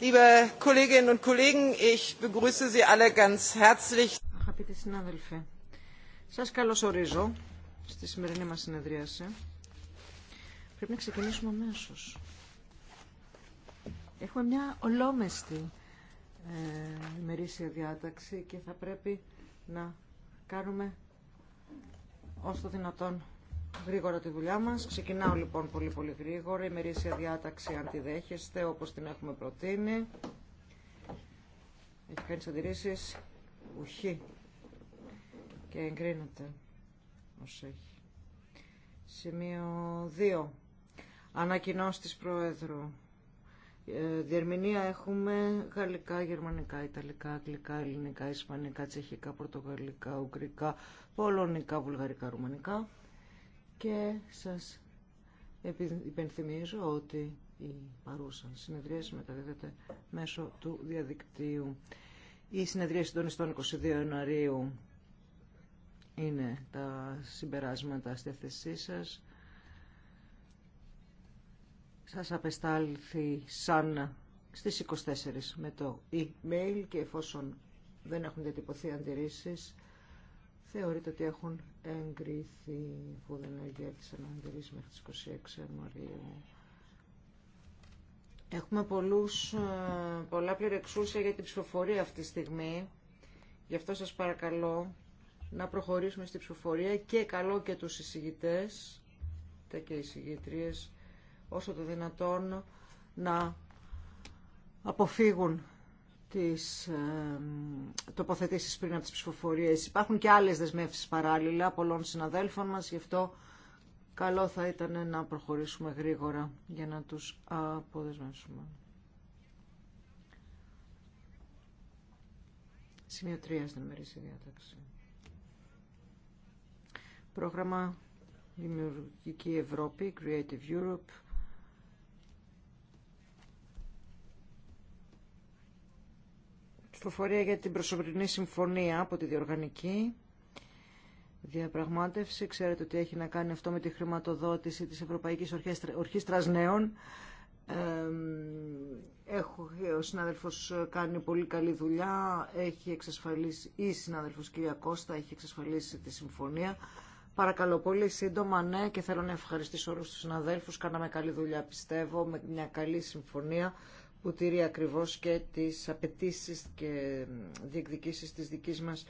Liebe Kolleginnen und Kollegen, ich begrüße Sie alle ganz Αγαπητοί συνάδελφοι, σας καλωσορίζω στη σημερινή μας συνεδρίαση. Πρέπει να ξεκινήσουμε αμέσω. Έχουμε μια ολόμεστη ε, ημερήσια διάταξη και θα πρέπει να κάνουμε όσο δυνατόν γρήγορα τη δουλειά μας. Ξεκινάω λοιπόν πολύ πολύ γρήγορα. Η μερίσια διάταξη αν τη δέχεστε όπως την έχουμε προτείνει. Έχει κάνει αντιρρήσεις. Ουχή. Και εγκρίνεται. Όσο Σημείο 2. Ανακοινώσεις της Προέδρου. Ε, διερμηνία έχουμε γαλλικά, γερμανικά, ιταλικά, αγγλικά, ελληνικά, ισπανικά, τσεχικά, πορτογαλικά, ουγγρικά, πολωνικά, βουλγαρικά, ρουμανικά και σας υπενθυμίζω ότι η παρούσα συνεδρίαση μεταδίδεται μέσω του διαδικτύου. Η συνεδρίαση των 22 Ιανουαρίου είναι τα συμπεράσματα στη θέσή σας. Σας απεστάλθη σαν στις 24 με το email και εφόσον δεν έχουν διατυπωθεί αντιρρήσεις θεωρείται ότι έχουν εγκρίθει που δεν αγγέλθησαν να μέχρι τις 26 Ιανουαρίου. Έχουμε πολλούς, ε, πολλά πληρεξούσια για την ψηφοφορία αυτή τη στιγμή. Γι' αυτό σας παρακαλώ να προχωρήσουμε στην ψηφοφορία και καλό και τους εισηγητές, τα και εισηγητρίες, όσο το δυνατόν να αποφύγουν τις ε, τοποθετήσεις πριν από τις ψηφοφορίες. Υπάρχουν και άλλες δεσμεύσεις παράλληλα πολλών συναδέλφων μας, γι' αυτό καλό θα ήταν να προχωρήσουμε γρήγορα για να τους αποδεσμεύσουμε. Σημείο 3 στην ημερήσια διάταξη. Πρόγραμμα Δημιουργική Ευρώπη, Creative Europe, Κυκλοφορία για την προσωπική συμφωνία από τη διοργανική διαπραγμάτευση. Ξέρετε ότι έχει να κάνει αυτό με τη χρηματοδότηση της Ευρωπαϊκής Ορχήστρας Νέων. Έχω, ο συνάδελφος κάνει πολύ καλή δουλειά, έχει εξασφαλίσει, η συνάδελφος κυρία Κώστα έχει εξασφαλίσει τη συμφωνία. Παρακαλώ πολύ σύντομα, ναι, και θέλω να ευχαριστήσω όλους τους συναδέλφους. Κάναμε καλή δουλειά, πιστεύω, με μια καλή συμφωνία που τηρεί ακριβώς και τις απαιτήσει και διεκδικήσεις της δικής μας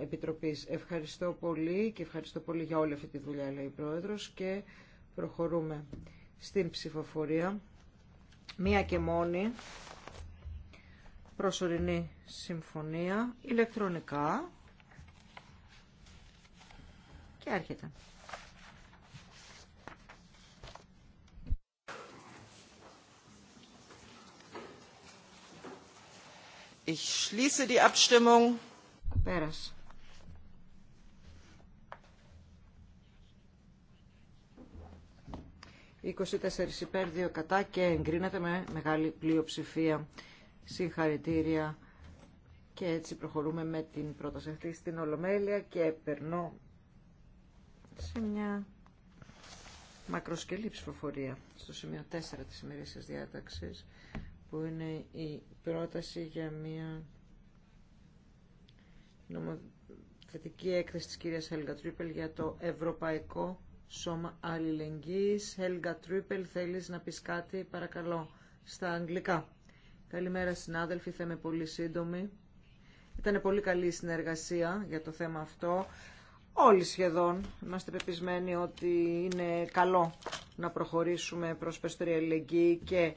Επιτροπής. Ευχαριστώ πολύ και ευχαριστώ πολύ για όλη αυτή τη δουλειά, λέει η Πρόεδρος, και προχωρούμε στην ψηφοφορία. Μία και μόνη προσωρινή συμφωνία ηλεκτρονικά και έρχεται. Ich schließe die Abstimmung. «24 υπέρ, 2 κατά και εγκρίνεται με μεγάλη πλειοψηφία. Συγχαρητήρια. Και έτσι προχωρούμε με την πρόταση αυτή στην Ολομέλεια και περνώ σε μια μακροσκελή ψηφοφορία στο σημείο 4 της ημερήσιας διάταξης που είναι η πρόταση για μια νομοθετική έκθεση της κυρίας Helga Trippel για το Ευρωπαϊκό Σώμα Αλληλεγγύης. Helga Trippel, θέλεις να πεις κάτι, παρακαλώ, στα αγγλικά. Καλημέρα συνάδελφοι, θα είμαι πολύ σύντομη. Ήταν πολύ καλή η συνεργασία για το θέμα αυτό. Όλοι σχεδόν είμαστε πεπισμένοι ότι είναι καλό να προχωρήσουμε προς πεστορία αλληλεγγύη και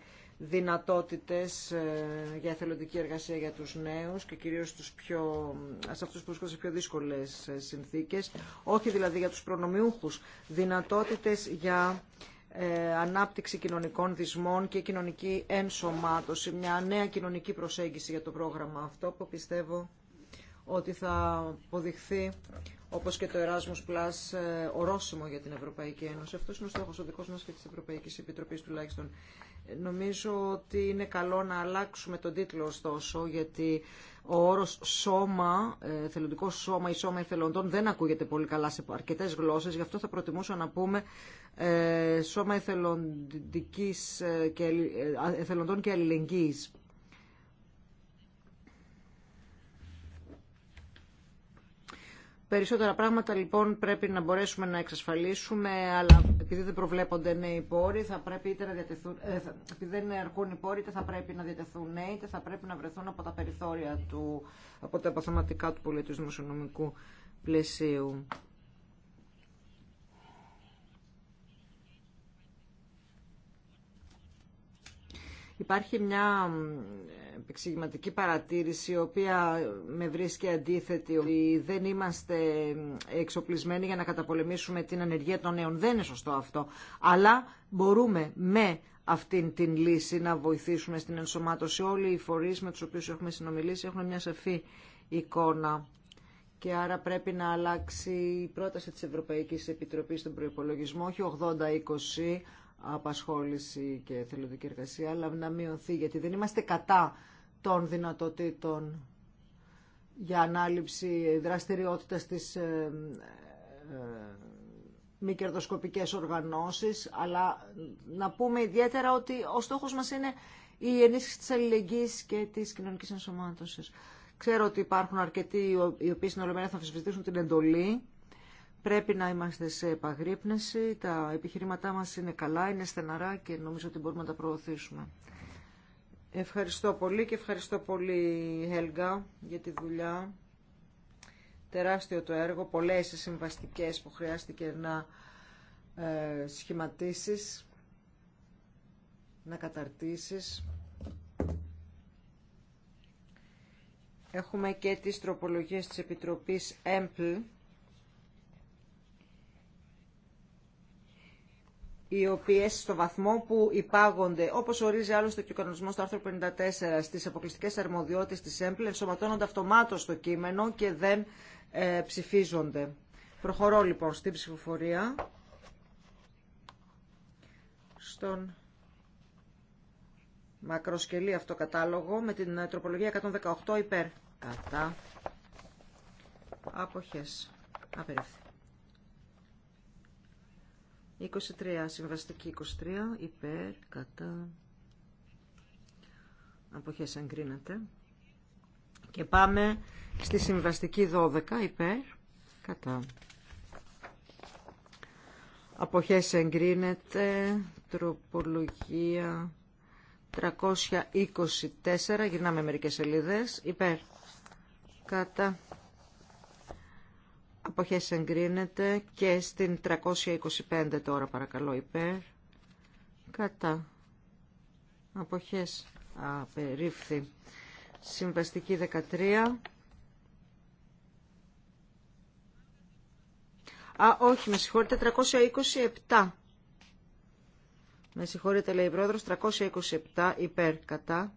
δυνατότητες ε, για εθελοντική εργασία για τους νέους και κυρίως τους πιο, σε αυτούς που βρίσκονται σε πιο δύσκολες ε, συνθήκες, όχι δηλαδή για τους προνομιούχους, δυνατότητες για ε, ανάπτυξη κοινωνικών δυσμών και κοινωνική ενσωμάτωση, μια νέα κοινωνική προσέγγιση για το πρόγραμμα αυτό που πιστεύω ότι θα αποδειχθεί όπω και το Erasmus Plus, ε, ορόσημο για την Ευρωπαϊκή Ένωση. Αυτό είναι ο στόχο ο δικό μα και τη Ευρωπαϊκή Επιτροπή τουλάχιστον. Ε, νομίζω ότι είναι καλό να αλλάξουμε τον τίτλο ωστόσο, γιατί ο όρος σώμα, ε, θελοντικό σώμα ή σώμα εθελοντών δεν ακούγεται πολύ καλά σε αρκετές γλώσσες, γι' αυτό θα προτιμούσα να πούμε σώμα και, εθελοντών και αλληλεγγύης. Περισσότερα πράγματα λοιπόν πρέπει να μπορέσουμε να εξασφαλίσουμε, αλλά επειδή δεν προβλέπονται νέοι πόροι, θα πρέπει είτε να διατεθούν, ε, επειδή δεν αρκούν οι πόροι, θα πρέπει να διατεθούν νέοι, είτε θα πρέπει να βρεθούν από τα περιθώρια του, από τα αποθεματικά του πολιτισμού οικονομικού πλαισίου. Υπάρχει μια επεξηγηματική παρατήρηση η οποία με βρίσκει αντίθετη ότι δεν είμαστε εξοπλισμένοι για να καταπολεμήσουμε την ανεργία των νέων. Δεν είναι σωστό αυτό. Αλλά μπορούμε με αυτήν την λύση να βοηθήσουμε στην ενσωμάτωση. Όλοι οι φορείς με τους οποίους έχουμε συνομιλήσει έχουν μια σαφή εικόνα και άρα πρέπει να αλλάξει η πρόταση της Ευρωπαϊκής Επιτροπής στον προϋπολογισμό, όχι 80-20, απασχόληση και θελοντική εργασία, αλλά να μειωθεί, γιατί δεν είμαστε κατά των δυνατοτήτων για ανάληψη δραστηριότητας της ε, ε, μη κερδοσκοπικές οργανώσεις, αλλά να πούμε ιδιαίτερα ότι ο στόχος μας είναι η ενίσχυση της αλληλεγγύης και της κοινωνικής ενσωμάτωσης. Ξέρω ότι υπάρχουν αρκετοί οι οποίοι στην θα αμφισβητήσουν την εντολή Πρέπει να είμαστε σε επαγρύπνεση, τα επιχειρήματά μας είναι καλά, είναι στεναρά και νομίζω ότι μπορούμε να τα προωθήσουμε. Ευχαριστώ πολύ και ευχαριστώ πολύ Ελγα, για τη δουλειά. Τεράστιο το έργο, πολλές συμβαστικέ συμβαστικές που χρειάστηκε να ε, σχηματίσεις, να καταρτήσεις. Έχουμε και τις τροπολογίες της Επιτροπής ΕΜΠΛ οι οποίε στο βαθμό που υπάγονται, όπως ορίζει άλλωστε και ο κανονισμός του άρθρου 54, στις αποκλειστικέ αρμοδιότητε τη ΕΜΠΛ, ενσωματώνονται αυτομάτως στο κείμενο και δεν ε, ψηφίζονται. Προχωρώ λοιπόν στην ψηφοφορία. Στον μακροσκελή αυτό κατάλογο με την ε, τροπολογία 118 υπέρ. Κατά. Αποχές. Απερίφθη. 23, συμβαστική 23, υπέρ, κατά, αποχές εγκρίνεται. Και πάμε στη συμβαστική 12, υπέρ, κατά. Αποχές εγκρίνεται, τροπολογία 324, γυρνάμε μερικές σελίδες, υπέρ, κατά, αποχές εγκρίνεται και στην 325 τώρα παρακαλώ υπέρ κατά αποχές απερίφθη συμβαστική 13 Α, όχι, με συγχωρείτε, 327. Με συγχωρείτε, λέει η πρόεδρος, 327 υπέρ κατά.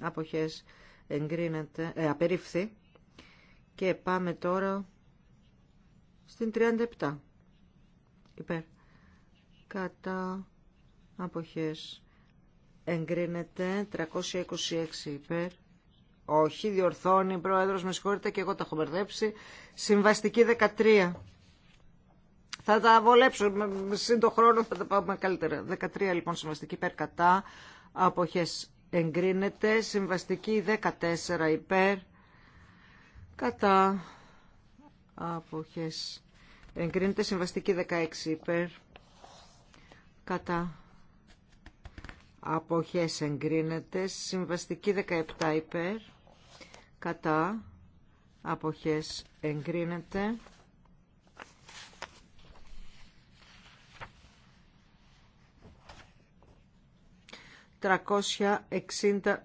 Αποχές εγκρίνεται, ε, απερίφθη. Και πάμε τώρα στην 37 υπέρ κατά αποχές εγκρίνεται 326 υπέρ όχι διορθώνει πρόεδρος με συγχωρείτε και εγώ τα έχω μπερδέψει συμβαστική 13 θα τα βολέψω με σύντο χρόνο θα τα πάμε καλύτερα 13 λοιπόν συμβαστική υπέρ κατά αποχές εγκρίνεται συμβαστική 14 υπέρ κατά αποχές εγκρίνεται συμβαστική 16 υπέρ κατά αποχές εγκρίνεται συμβαστική 17 υπέρ κατά αποχές εγκρίνεται 362 εξήντα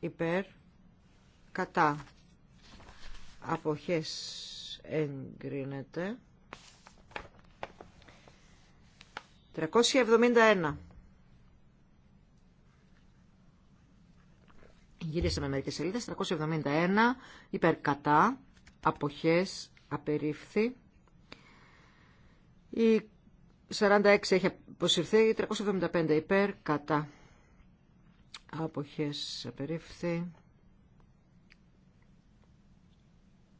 υπέρ κατά αποχές εγκρίνεται 371 γυρίσαμε μερικές σελίδες 371 Υπερκατά. αποχές απερίφθη η 46 έχει αποσυρθεί 375 υπέρ κατά αποχές απερίφθη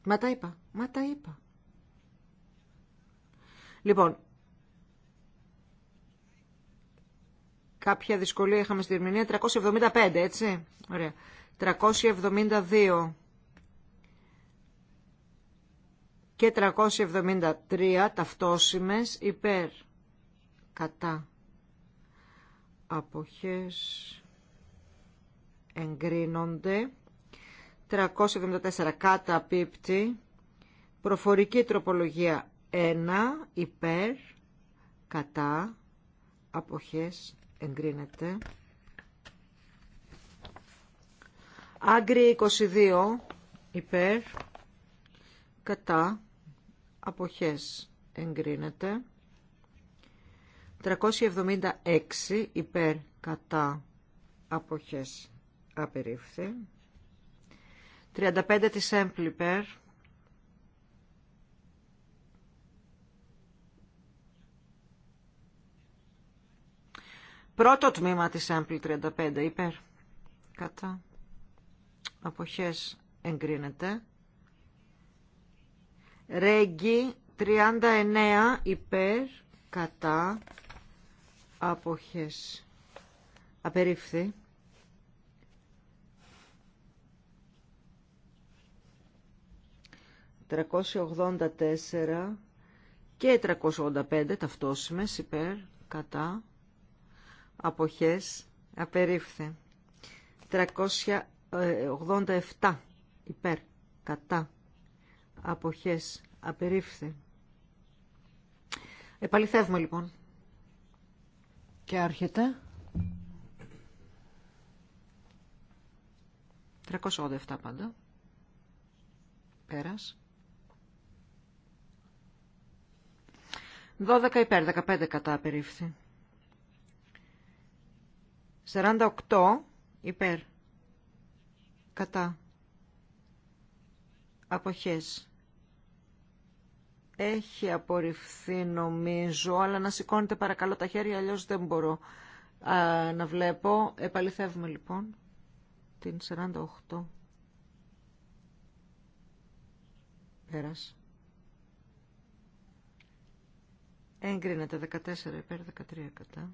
Μα τα είπα. Μα τα είπα. Λοιπόν, κάποια δυσκολία είχαμε στη ερμηνεία. 375, έτσι. Ωραία. 372 και 373 ταυτόσιμες υπέρ κατά αποχές εγκρίνονται 374 κατά πίπτη, προφορική τροπολογία 1 υπέρ, κατά, αποχές, εγκρίνεται. Άγκρι 22 υπέρ, κατά, αποχές, εγκρίνεται. 376 υπέρ, κατά, αποχές, απερίφθη. 35 της έμπλη υπέρ. Πρώτο τμήμα της έμπλη 35 υπέρ. Κατά. Αποχές εγκρίνεται. Ρέγγι 39 υπέρ. Κατά. Αποχές. Απερίφθη. 384 και 385 ταυτόσιμες υπέρ, κατά, αποχές, απερίφθη. 387 υπέρ, κατά, αποχές, απερίφθη. Επαληθεύουμε λοιπόν. Και άρχεται. 387 πάντα. Πέρας. 12 υπέρ, 15 κατά περίφθη. 48 υπέρ, κατά, αποχές. Έχει απορριφθεί νομίζω, αλλά να σηκώνετε παρακαλώ τα χέρια, αλλιώς δεν μπορώ να βλέπω. Επαληθεύουμε λοιπόν την 48. Πέρασε. Εγκρίνεται 14 υπέρ 13 κατά.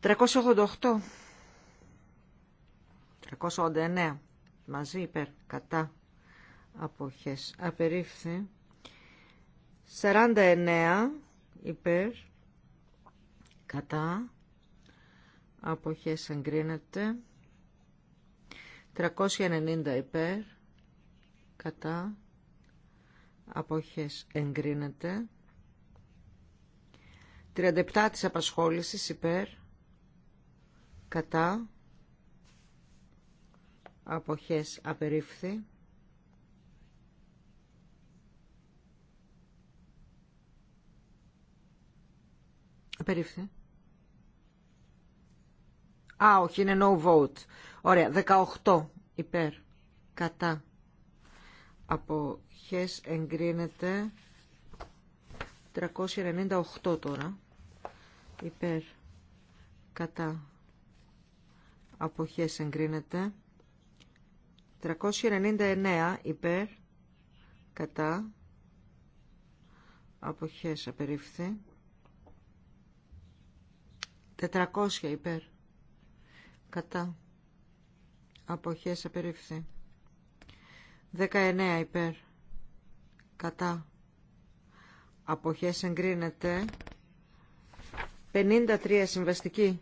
388. 389. Μαζί υπέρ κατά αποχές. Απερίφθη. 49 υπέρ κατά αποχές εγκρίνεται. 390 υπέρ κατά αποχές εγκρίνεται. 37 της απασχόλησης υπέρ, κατά, αποχές απερίφθη. Απερίφθη. Α, όχι, είναι no vote. Ωραία, 18 υπέρ, κατά, από αποχές εγκρίνεται 398 τώρα υπέρ κατά αποχές εγκρίνεται 399 υπέρ κατά αποχές απερίφθη 400 υπέρ κατά αποχές απερίφθη 19 υπέρ κατά αποχές εγκρίνεται 53 συμβαστική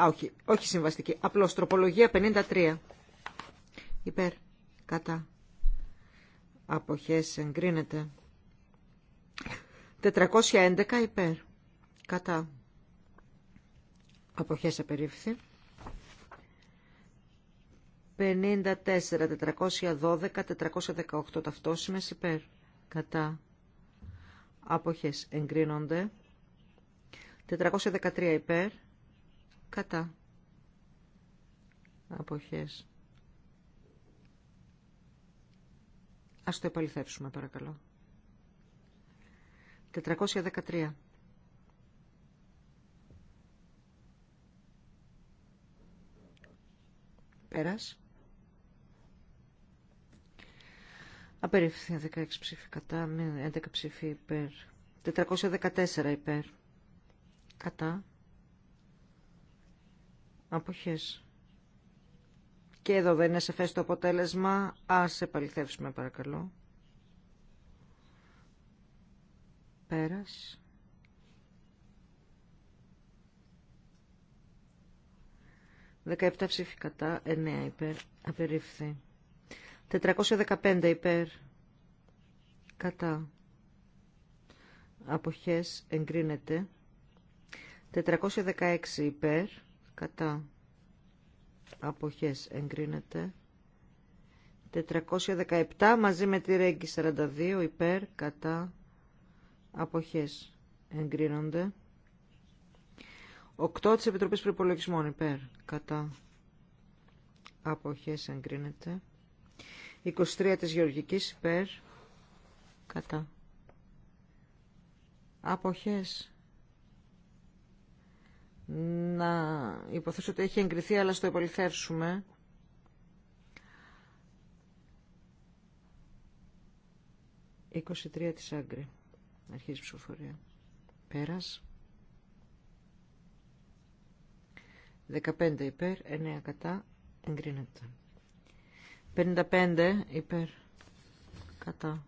α όχι, όχι συμβαστική απλώς τροπολογία 53 υπέρ κατά αποχές εγκρίνεται 411 υπέρ κατά αποχές απερίφθη 54, 412, 418 ταυτόσημες υπέρ κατά άποχες εγκρίνονται 413 υπέρ κατά αποχές Ας το επαληθεύσουμε παρακαλώ 413 Πέρας. Απερίφθη 16 ψήφοι κατά, 11 ψήφοι υπέρ. 414 υπέρ. Κατά. Αποχές. Και εδώ δεν είναι σεφές το αποτέλεσμα. Ας επαληθεύσουμε παρακαλώ. Πέρας. 17 ψήφοι κατά, εννέα υπέρ, απερίφθη. 415 υπέρ κατά αποχές εγκρίνεται 416 υπέρ κατά αποχές εγκρίνεται 417 μαζί με τη ρέγγι 42 υπέρ κατά αποχές εγκρίνονται 8 της Επιτροπής Προπολογισμών υπέρ κατά αποχές εγκρίνεται 23 της γεωργικής υπέρ κατά αποχές να υποθέσω ότι έχει εγκριθεί αλλά στο επαληθεύσουμε «23 της Άγκρη». Αρχίζει η ψηφοφορία. Πέρας. 15 υπέρ, 9 κατά, εγκρίνεται. 55 υπέρ κατά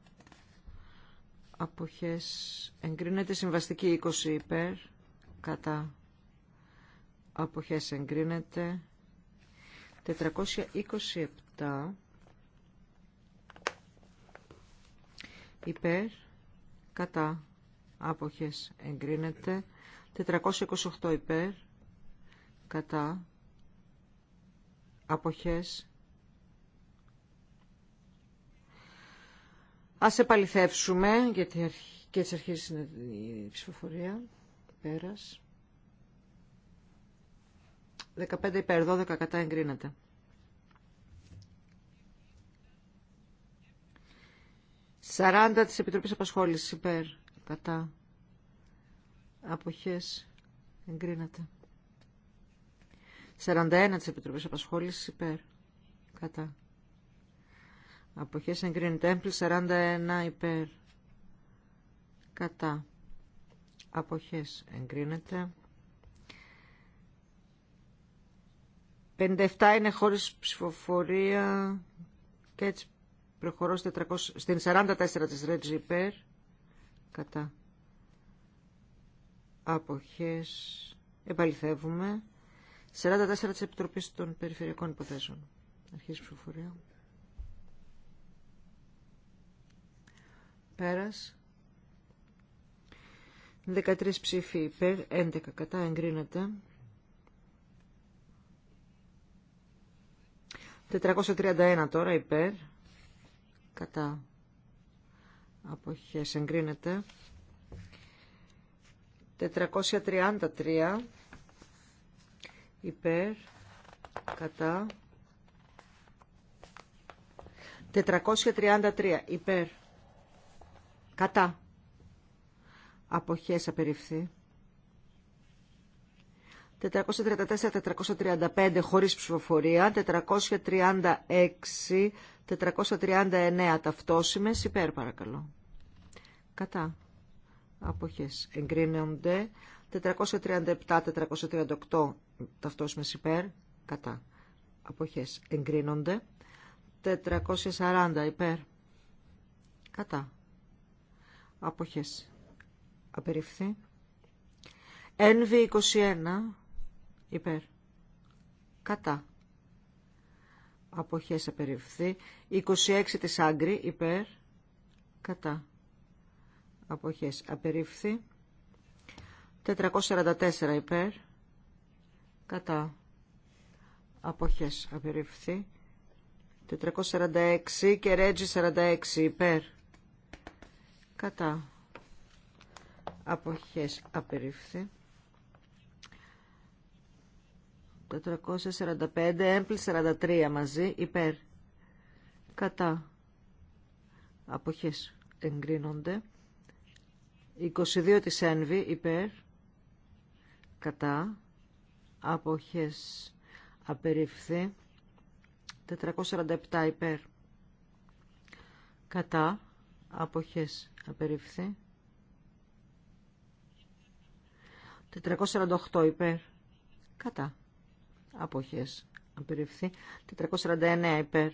αποχές εγκρίνεται συμβαστική 20 υπέρ κατά αποχές εγκρίνεται 427 υπέρ κατά άποχες εγκρίνεται 428 υπέρ κατά αποχές Ας επαληθεύσουμε, γιατί και έτσι αρχίζει η ψηφοφορία. Πέρας. 15 υπέρ 12 κατά εγκρίνεται. Σαράντα της Επιτροπής Απασχόλησης υπέρ, κατά, αποχές, εγκρίνεται. 41 ένα της Επιτροπής Απασχόλησης υπέρ, κατά, Αποχές εγκρίνεται. Temple 41 υπέρ. Κατά. Αποχές εγκρίνεται. 57 είναι χωρίς ψηφοφορία και έτσι προχωρώ 400, στην 44 της Ρέτζη υπέρ. Κατά. Αποχές. Επαληθεύουμε. 44 της Επιτροπής των Περιφερειακών Υποθέσεων. Αρχής ψηφοφορία. Πέρας. 13 ψήφοι υπέρ, 11 κατά, εγκρίνεται. 431 τώρα υπέρ, κατά, αποχές, εγκρίνεται. 433 υπέρ, κατά. 433 υπέρ, Κατά. Αποχές απεριφθεί. 434-435 χωρίς ψηφοφορία. 436-439 ταυτόσιμες, Υπέρ παρακαλώ. Κατά. Αποχές. Εγκρίνονται. 437-438 ταυτόσιμες υπέρ. Κατά. Αποχές. Εγκρίνονται. 440 υπέρ. Κατά αποχές απεριφθεί. NV21 υπέρ κατά αποχές απεριφθεί. 26 της άγκρη υπέρ κατά αποχές απεριφθεί. 444 υπέρ κατά αποχές απεριφθεί. 446 και Ρέτζι 46 υπέρ κατά αποχές απερίφθη 445 έμπλη 43 μαζί υπέρ κατά αποχές εγκρίνονται 22 της ένβη υπέρ κατά αποχές απερίφθη 447 υπέρ κατά αποχές απερίφθη 448 υπέρ κατά αποχές απερίφθη 449 υπέρ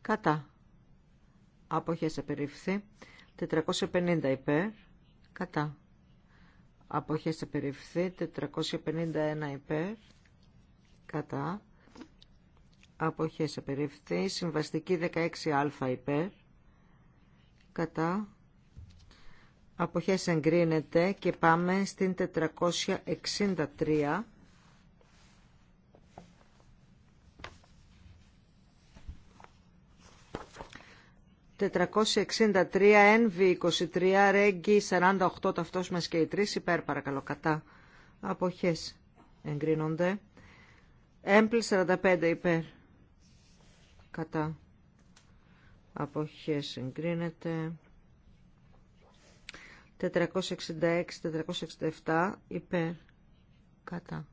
κατά αποχές απερίφθη 450 υπέρ κατά αποχές απερίφθη 451 υπέρ κατά αποχές απερίφθη συμβαστική 16α υπέρ κατά αποχές εγκρίνεται και πάμε στην 463 463, NV23, Ρέγγι 48, ταυτός μας και οι τρεις υπέρ παρακαλώ, κατά. Αποχές εγκρίνονται. Έμπλ 45 υπέρ. Κατά αποχές εγκρίνεται 466-467 υπέρ κατά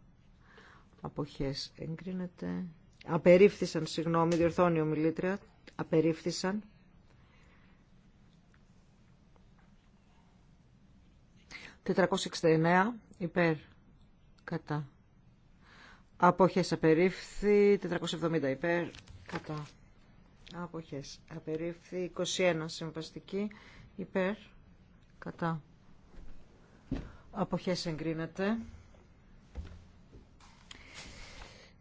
αποχές εγκρίνεται απερίφθησαν συγγνώμη διορθώνει ο μιλήτρια απερίφθησαν ...469 υπέρ κατά. Απόχες απερίφθη, 470 υπέρ κατά. Αποχές. Απερίφθη 21 συμβαστική υπέρ. Κατά. Αποχές εγκρίνεται.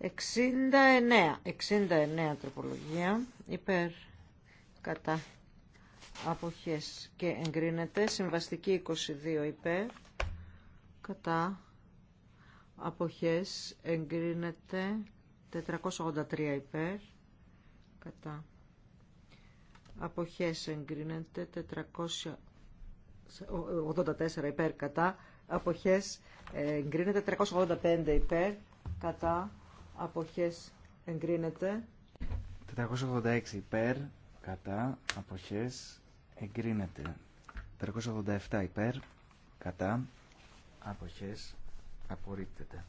69. 69 τροπολογία. Υπέρ. Κατά. Αποχές και εγκρίνεται. Συμβαστική 22 υπέρ. Κατά. Αποχές εγκρίνεται. 483 υπέρ. Κατά αποχές εγκρίνεται 484 ε, υπέρ κατά αποχές εγκρίνεται 385 υπέρ κατά αποχές εγκρίνεται 486 υπέρ κατά αποχές εγκρίνεται 387 υπέρ κατά αποχές απορρίπτεται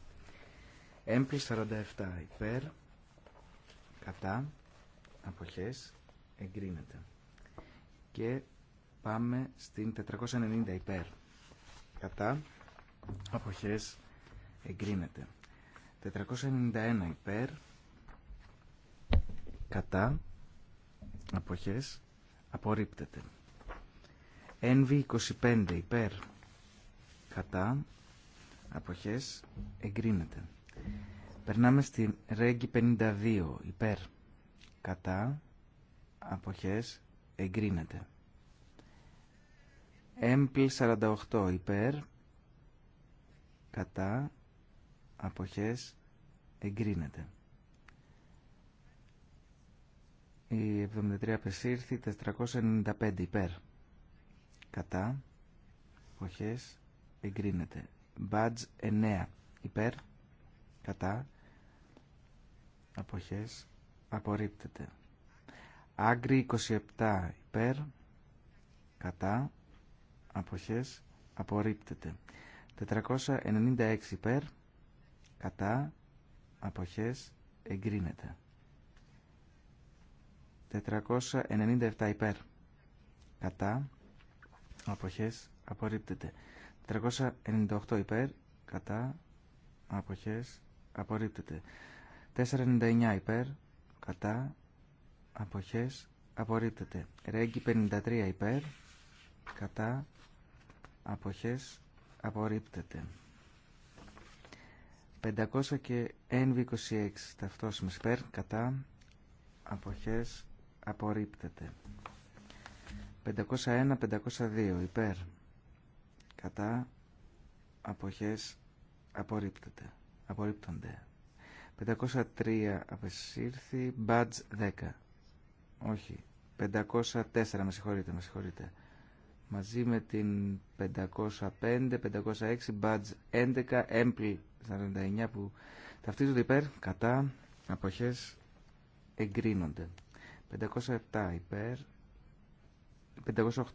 έμπλη 47 υπέρ κατά αποχές εγκρίνεται. Και πάμε στην 490 υπέρ. Κατά αποχές εγκρίνεται. 491 υπέρ. Κατά αποχές απορρίπτεται. Ένβη 25 υπέρ. Κατά αποχές εγκρίνεται. Περνάμε στην Ρέγγι 52 υπέρ. Κατά αποχές εγκρίνεται. Έμπλ 48 υπέρ κατά αποχές εγκρίνεται. Η 73 πεσύρθη 495 υπέρ κατά αποχές εγκρίνεται. Μπάτζ 9 υπέρ κατά αποχές απορρίπτεται. Άγκρι 27 υπέρ, κατά, αποχές, απορρίπτεται. 496 υπέρ, κατά, αποχές, εγκρίνεται. 497 υπέρ, κατά, αποχές, απορρίπτεται. 498 υπέρ, κατά, αποχές, απορρίπτεται. 499 υπέρ, κατά, αποχές απορρίπτεται. Ρέγγι 53 υπέρ, κατά, αποχές απορρίπτεται. 500 και NV26 ταυτόσιμες υπέρ, κατά, αποχές απορρίπτεται. 501-502 υπέρ, κατά, αποχές απορρίπτεται. Απορρίπτονται. 503 απεσύρθη, badge 10 όχι, 504 με συγχωρείτε, με συγχωρείτε. Μαζί με την 505, 506, badge 11, έμπλη 49 που ταυτίζονται υπέρ, κατά, αποχές εγκρίνονται. 507 υπέρ,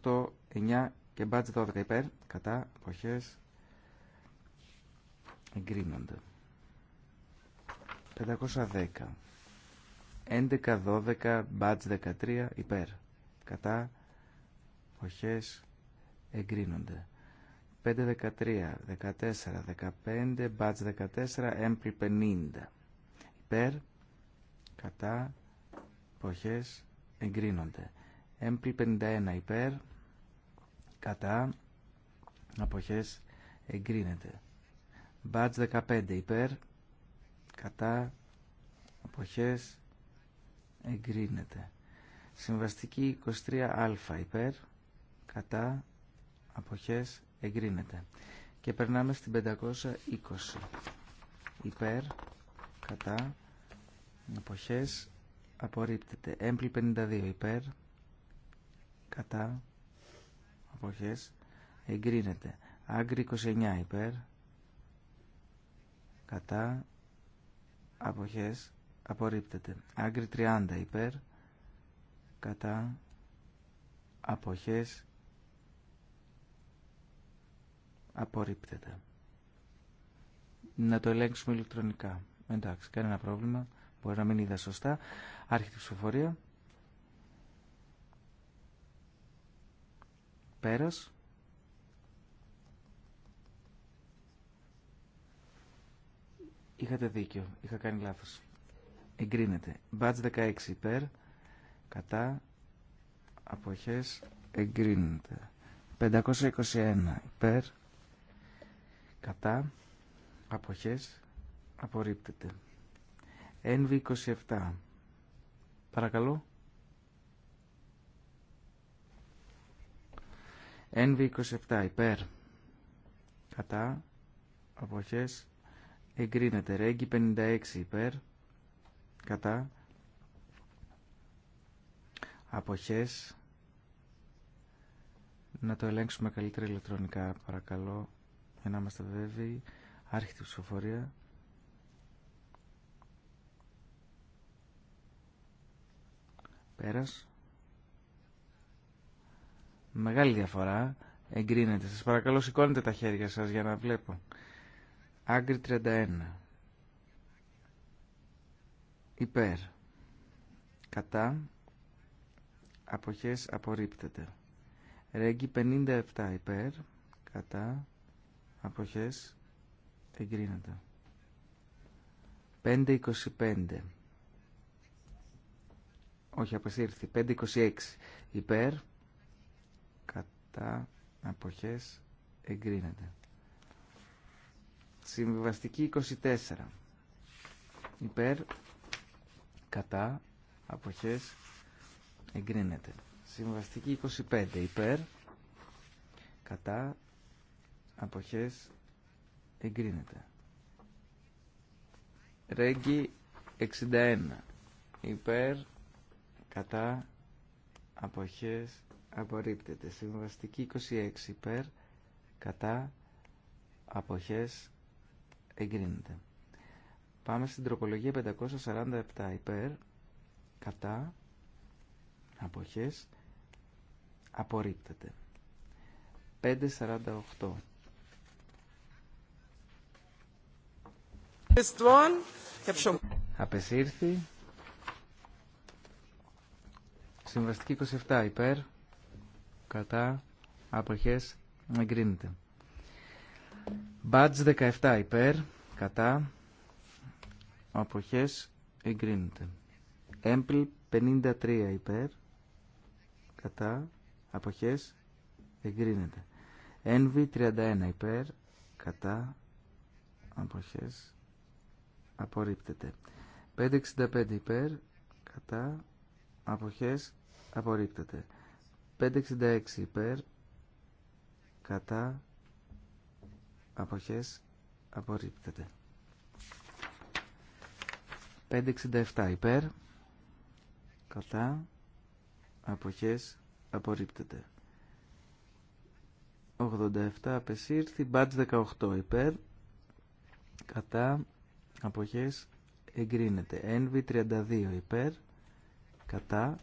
508, 9 και badge 12 υπέρ, κατά, αποχές εγκρίνονται. 510 11, 12, μπάτς 13 υπέρ. Κατά Κατά, εγκρίνονται. 5, 13, 14, 15, μπάτς 14, έμπλη 50. Υπέρ, κατά, αποχές εγκρίνονται. Έμπλη 51 υπέρ, κατά, αποχές εγκρίνεται. Μπάτς 15 υπέρ, κατά, αποχές εγκρίνεται. Συμβαστική 23α υπέρ, κατά, αποχές, εγκρίνεται. Και περνάμε στην 520 υπέρ, κατά, αποχές, απορρίπτεται. Έμπλη 52 υπέρ, κατά, αποχές, εγκρίνεται. Άγκρη 29 υπέρ, κατά, αποχές, απορρίπτεται. Άγκρι 30 υπέρ, κατά, αποχές, απορρίπτεται. Να το ελέγξουμε ηλεκτρονικά. Εντάξει, κανένα πρόβλημα. Μπορεί να μην είδα σωστά. Άρχεται ψηφοφορία. Πέρας. Είχατε δίκιο. Είχα κάνει λάθος εγκρίνεται. Μπάτς 16 υπέρ, κατά, αποχές, εγκρίνεται. 521 υπέρ, κατά, αποχές, απορρίπτεται. Ένβη 27. Παρακαλώ. Ένβη 27 υπέρ, κατά, αποχές, εγκρίνεται. Ρέγγι 56 υπέρ, κατά αποχές να το ελέγξουμε καλύτερα ηλεκτρονικά παρακαλώ για να είμαστε βέβαιοι άρχιτη ψηφοφορία πέρας μεγάλη διαφορά εγκρίνεται σας παρακαλώ σηκώνετε τα χέρια σας για να βλέπω Άγκρι 31 υπέρ κατά αποχές απορρίπτεται ρέγγι 57 υπέρ κατά αποχές εγκρίνεται 525 όχι αποσύρθη 526 υπέρ κατά αποχές εγκρίνεται συμβιβαστική 24 υπέρ κατά αποχές εγκρίνεται. Συμβαστική 25 υπέρ κατά αποχές εγκρίνεται. Ρέγγι 61 υπέρ κατά αποχές απορρίπτεται. Συμβαστική 26 υπέρ κατά αποχές εγκρίνεται. Πάμε στην τροπολογία 547 υπέρ, κατά, αποχές, απορρίπτεται. 548. Απεσύρθη. Συμβαστική 27 υπέρ, κατά, αποχές, εγκρίνεται. Μπάτζ 17 υπέρ, κατά, αποχές εγκρίνεται. Έμπλ 53 υπέρ, κατά, αποχές εγκρίνεται. Ένβι 31 υπέρ, κατά, αποχές απορρίπτεται. 565 υπέρ, κατά, αποχές απορρίπτεται. 566 υπέρ, κατά, αποχές απορρίπτεται. 567 υπέρ, κατά, αποχές, απορρίπτεται. 87 απεσύρθη, μπάτς 18 υπέρ, κατά, αποχές, εγκρίνεται. εγκρίνεται. 32 υπέρ, κατά,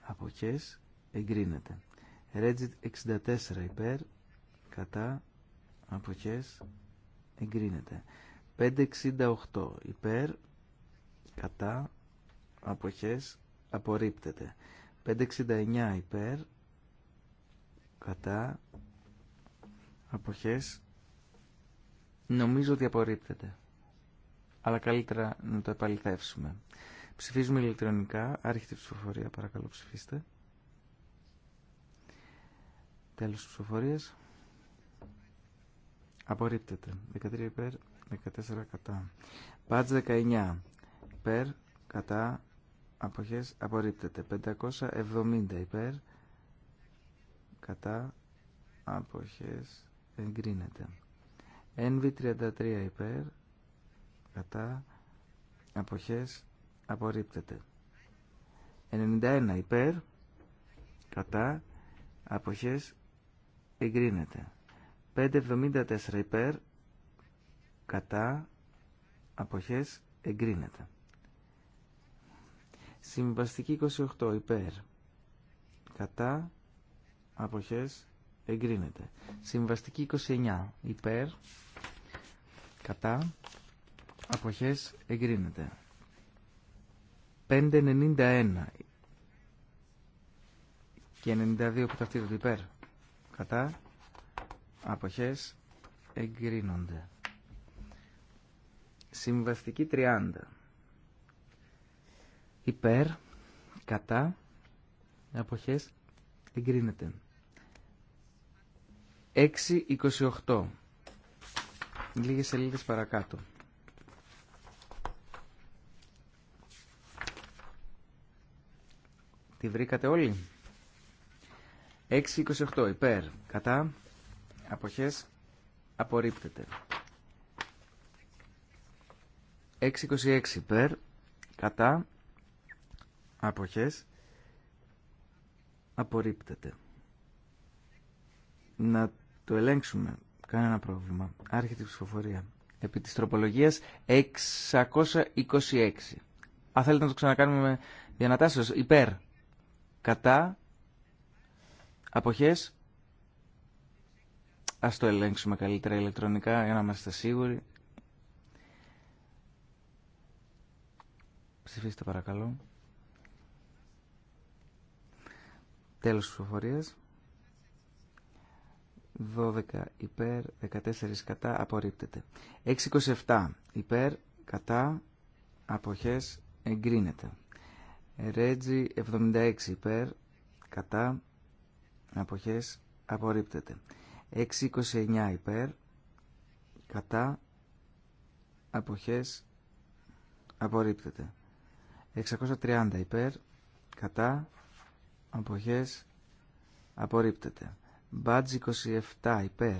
αποχές, εγκρίνεται. Ρέτζιτ 64 υπέρ, κατά, αποχές, εγκρίνεται. 568 υπέρ, κατά αποχές απορρίπτεται 569 υπέρ κατά αποχές νομίζω ότι απορρίπτεται αλλά καλύτερα να το επαληθεύσουμε ψηφίζουμε ηλεκτρονικά άρχιτε ψηφοφορία παρακαλώ ψηφίστε τέλος της ψηφοφορίας απορρίπτεται 13 υπέρ 14 κατά Πάτς 19 υπέρ κατά αποχές απορρίπτεται 570 υπέρ κατά αποχές εγκρίνεται NV33 υπέρ κατά αποχές απορρίπτεται 91 υπέρ κατά αποχές εγκρίνεται 574 υπέρ κατά αποχές εγκρίνεται Συμβαστική 28 υπέρ. Κατά αποχές εγκρίνεται. Συμβαστική 29 υπέρ. Κατά αποχές εγκρίνεται. 591 και 92 που ταυτίζονται υπέρ. Κατά αποχές εγκρίνονται. Συμβαστική 30 υπέρ, κατά, αποχές, εγκρίνεται. 6.28. Λίγες σελίδες παρακάτω. Τη βρήκατε όλοι. 6.28. Υπέρ. Κατά. Αποχές. Απορρίπτεται. 6.26. Υπέρ. Κατά αποχές απορρίπτεται. Να το ελέγξουμε. Κανένα πρόβλημα. Άρχεται η ψηφοφορία. Επί της τροπολογίας 626. Αν θέλετε να το ξανακάνουμε με διανατάσεις. Υπέρ. Κατά. Αποχές. Ας το ελέγξουμε καλύτερα ηλεκτρονικά για να είμαστε σίγουροι. Ψηφίστε παρακαλώ. Τέλος ψηφοφορίας. 12 υπέρ, 14 κατά, απορρίπτεται. 627 υπέρ, κατά, αποχές, εγκρίνεται. Ρέτζι 76 υπέρ, κατά, αποχές, απορρίπτεται. 629 υπέρ, κατά, αποχές, απορρίπτεται. 630 υπέρ, κατά, αποχές απορρίπτεται. Μπάτζ 27 υπέρ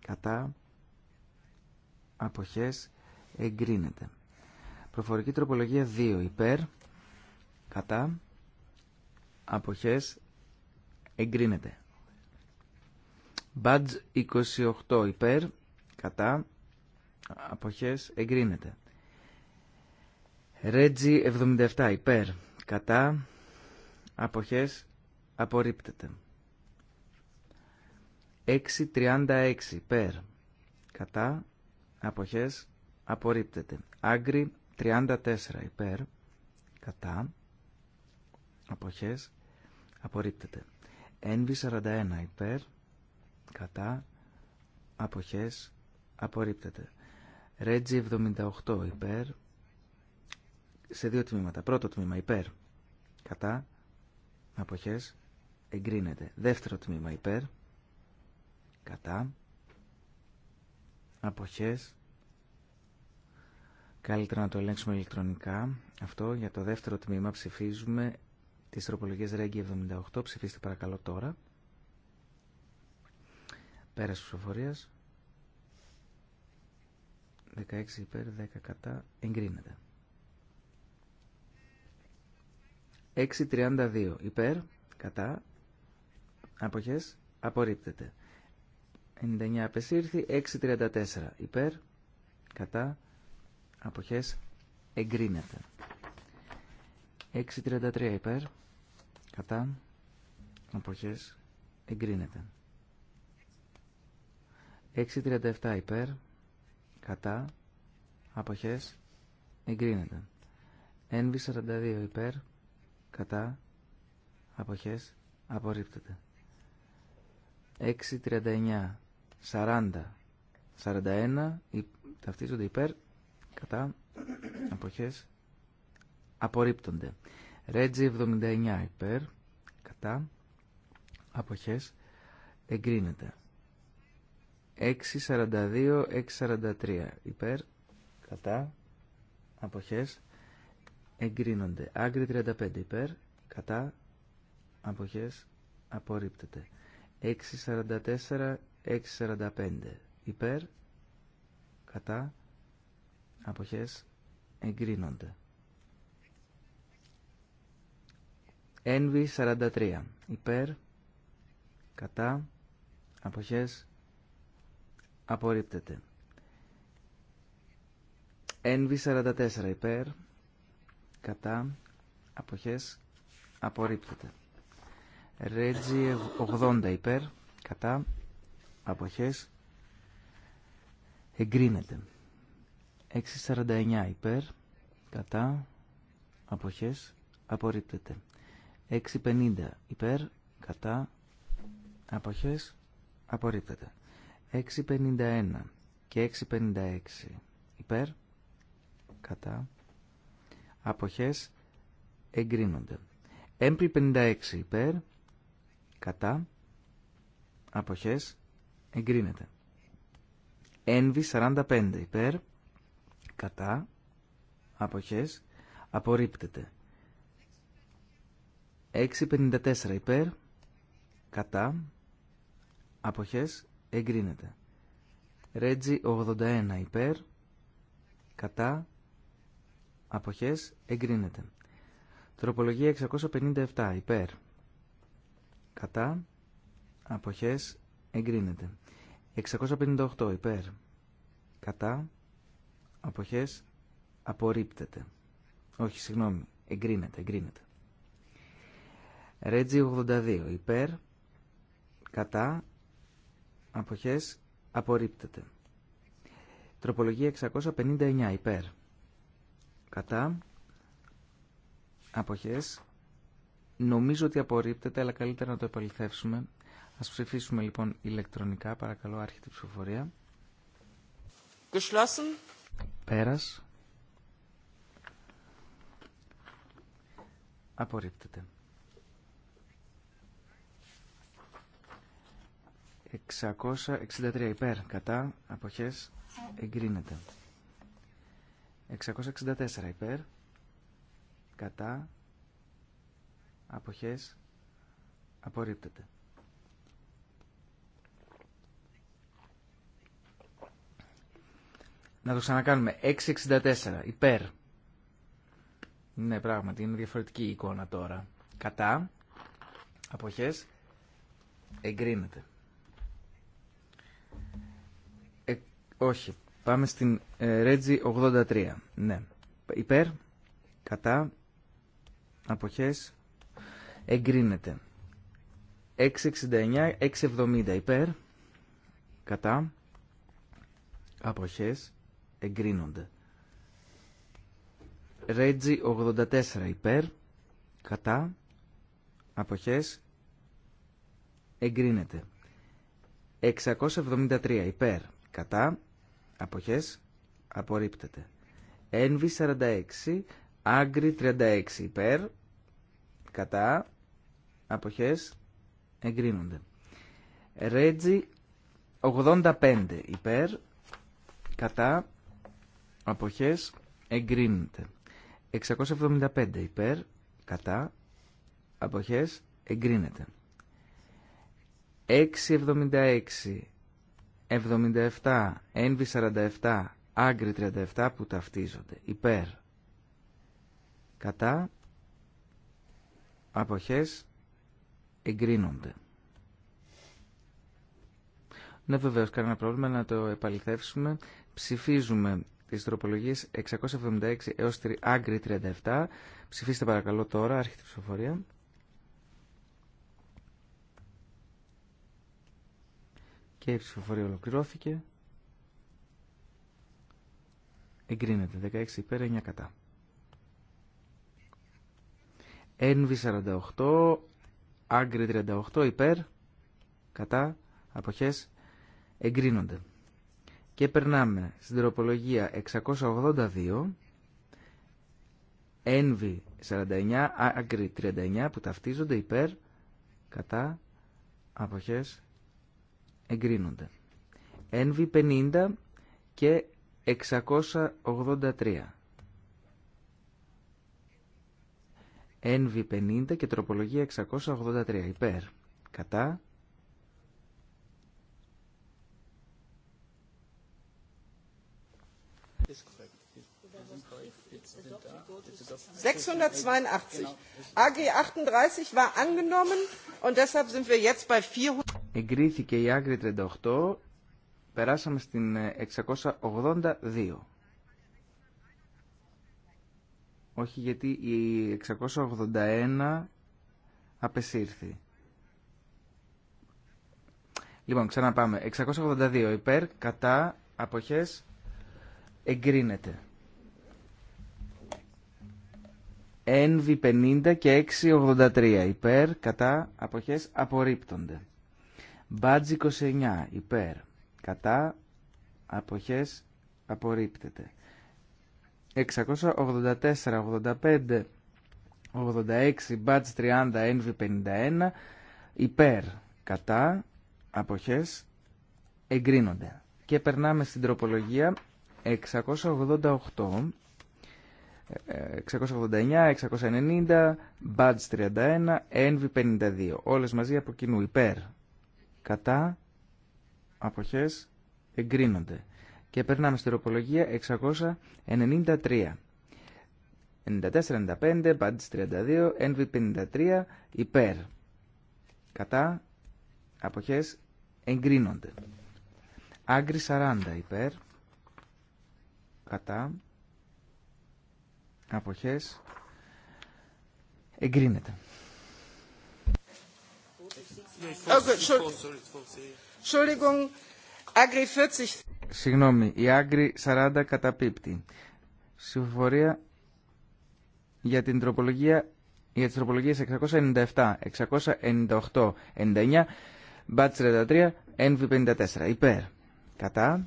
κατά αποχές εγκρίνεται. Προφορική τροπολογία 2 υπέρ κατά αποχές εγκρίνεται. Μπάτζ 28 υπέρ κατά αποχές εγκρίνεται. Ρέτζι 77 υπέρ κατά αποχές απορρίπτεται. 6.36 περ κατά αποχές απορρίπτεται. Άγκρι 34 υπέρ κατά αποχές απορρίπτεται. Ένβι 41 υπέρ κατά αποχές απορρίπτεται. Ρέτζι 78 υπέρ σε δύο τμήματα. Πρώτο τμήμα υπέρ κατά αποχές εγκρίνεται. Δεύτερο τμήμα υπέρ, κατά, αποχές, καλύτερα να το ελέγξουμε ηλεκτρονικά. Αυτό για το δεύτερο τμήμα ψηφίζουμε τις τροπολογίες Ρέγγι 78, ψηφίστε παρακαλώ τώρα. Πέρας ψηφοφορίας, 16 υπέρ, 10 κατά, εγκρίνεται. 6.32 υπέρ, κατά, αποχές, απορρίπτεται. 99 απεσύρθη, 6.34 υπέρ, κατά, αποχές, εγκρίνεται. 6.33 υπέρ, κατά, αποχές, εγκρίνεται. 6.37 υπέρ, κατά, αποχές, εγκρίνεται. NV42 υπέρ, κατά αποχές απορρίπτεται 6.39 40 41 ταυτίζονται υπέρ κατά αποχές απορρίπτονται Ρέτζι 79 υπέρ κατά αποχές εγκρίνεται 6.42 6.43 υπέρ κατά αποχές εγκρίνονται. Άγκρι 35 υπέρ, κατά, αποχές, απορρίπτεται. 644, 645 υπέρ, κατά, αποχές, εγκρίνονται. Ενβι 43 υπέρ, κατά, αποχές, απορρίπτεται. Ένβη 44 υπέρ, κατά αποχές απορρίπτεται. Ρέτζι 80 υπέρ κατά αποχές εγκρίνεται. 649 υπέρ κατά αποχές απορρίπτεται. 650 υπέρ κατά αποχές απορρίπτεται. 651 και 656 υπέρ κατά αποχές εγκρίνονται. Έμπλη 56 υπέρ, κατά, αποχές εγκρίνεται. Ένβι 45 υπέρ, κατά, αποχές απορρίπτεται. 6.54 υπέρ, κατά, αποχές εγκρίνεται. Ρέτζι 81 υπέρ, κατά, Αποχές εγκρίνεται. Τροπολογία 657 υπέρ. Κατά. Αποχές εγκρίνεται. 658 υπέρ. Κατά. Αποχές απορρίπτεται. Όχι, συγγνώμη. Εγκρίνεται, εγκρίνεται. Ρέτζι 82 υπέρ. Κατά. Αποχές απορρίπτεται. Τροπολογία 659 υπέρ κατά αποχές νομίζω ότι απορρίπτεται αλλά καλύτερα να το επαληθεύσουμε ας ψηφίσουμε λοιπόν ηλεκτρονικά παρακαλώ άρχεται ψηφοφορία Geschlossen. πέρας απορρίπτεται 663 υπέρ κατά αποχές εγκρίνεται 664 υπέρ, κατά, αποχές, απορρίπτεται. Να το ξανακάνουμε. 664 υπέρ. Ναι, πράγματι, είναι διαφορετική η εικόνα τώρα. Κατά, αποχές, εγκρίνεται. Ε, όχι, Πάμε στην ε, Ρέτζι 83. Ναι. Υπέρ, κατά, αποχές, εγκρίνεται. 669, 670 υπέρ, κατά, αποχές, εγκρίνονται. Ρέτζι 84 υπέρ, κατά, αποχές, εγκρίνεται. 673 υπέρ, κατά, αποχές απορρίπτεται. Envy, 46, Άγκρι 36 υπέρ, κατά, αποχές εγκρίνονται. Ρέτζι 85 υπέρ, κατά, αποχές Εγκρίνονται. 675 υπέρ, κατά, αποχές εγκρίνεται. 676 77, Envy 47, άγκρι 37 που ταυτίζονται. Υπέρ. Κατά. Αποχές εγκρίνονται. Ναι βεβαίως κανένα πρόβλημα να το επαληθεύσουμε. Ψηφίζουμε τις τροπολογίες 676 έως άγκρι 37. Ψηφίστε παρακαλώ τώρα, άρχιτε ψηφοφορία. Και η ψηφοφορία ολοκληρώθηκε. Εγκρίνεται 16 υπέρ 9 κατά. NV48, Άγκρι 38 υπέρ, κατά, αποχές, εγκρίνονται. Και περνάμε στην τροπολογία 682, nv 49, Άγκρι 39 που ταυτίζονται υπέρ, κατά, αποχές, εγκρίνονται. NV50 και 683. NV50 και τροπολογία 683 υπέρ. Κατά. ...682. AG 38 war angenommen und deshalb sind wir jetzt bei 400... Εγκρίθηκε η Άγκρη 38. Περάσαμε στην 682. Όχι γιατί η 681 απεσύρθη. Λοιπόν, ξαναπάμε. 682 υπέρ, κατά, αποχές, εγκρίνεται. NV50 και 683 υπέρ, κατά, αποχές, απορρίπτονται. Μπάτζ 29 υπέρ. Κατά αποχές απορρίπτεται. 684, 85, 86, Μπάτζ 30, ένβι 51, υπέρ, κατά, αποχές, εγκρίνονται. Και περνάμε στην τροπολογία 688, 689, 690, μπάτς 31, NV 52. Όλες μαζί από κοινού υπέρ, κατά, αποχές, εγκρίνονται. Και περνάμε στη ροπολογία 693. 94-95, Μπάντς 32, nv 53, υπέρ. Κατά, αποχές, εγκρίνονται. Άγκρι 40, υπέρ. Κατά, αποχές, εγκρίνεται. Oh, Συγγνώμη, η Άγκρη 40 καταπίπτει. Συμφορία για την τροπολογία για τις τροπολογίες 697, 698, 99, Μπάτ 33, NV 54. Υπέρ. Κατά.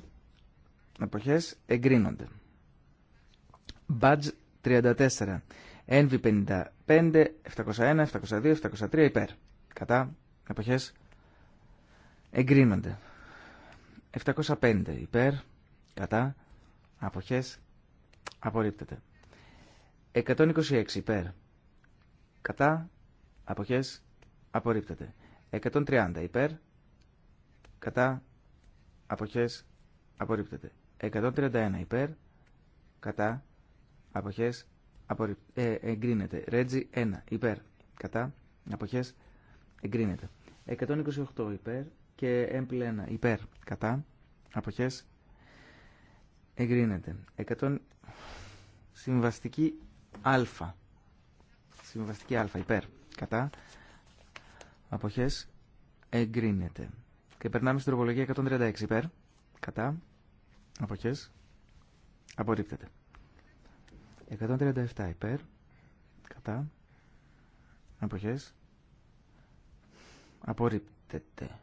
Εποχές εγκρίνονται. Μπατ 34, NV 55, 701, 702, 703. Υπέρ. Κατά αποχές εγκρίνονται. 705 υπέρ, κατά, αποχές απορρίπτεται. 126 υπέρ, κατά, αποχές απορρίπτεται. 130 υπέρ, κατά, αποχές απορρίπτεται. 131 υπέρ, κατά, αποχές απορρίπτεται. εγκρίνεται. Ρέτζι 1 υπέρ, κατά, αποχές Εγκρίνεται. 128 υπέρ και έμπλενα 1 υπέρ. Κατά. Αποχές. Εγκρίνεται. 100... Συμβαστική α. Συμβαστική α υπέρ. Κατά. Αποχές. Εγκρίνεται. Και περνάμε στην τροπολογία 136 υπέρ. Κατά. Αποχές. Απορρίπτεται. 137 υπέρ. Κατά. Αποχές. Απορρίπτεται.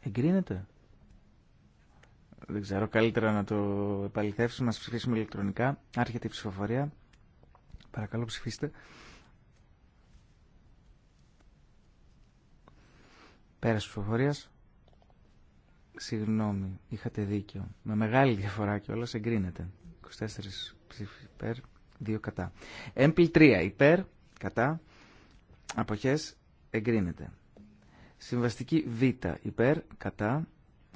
Εγκρίνεται. Δεν ξέρω, καλύτερα να το επαληθεύσουμε, να ψηφίσουμε ηλεκτρονικά. Άρχεται η ψηφοφορία. Παρακαλώ ψηφίστε. Πέρας ψηφοφορίας. Συγγνώμη, είχατε δίκιο. Με μεγάλη διαφορά κιόλας εγκρίνεται. 24 ψήφι υπέρ, 2 κατά. Έμπλ 3 υπέρ, κατά αποχές εγκρίνεται. Συμβαστική Β υπέρ, κατά,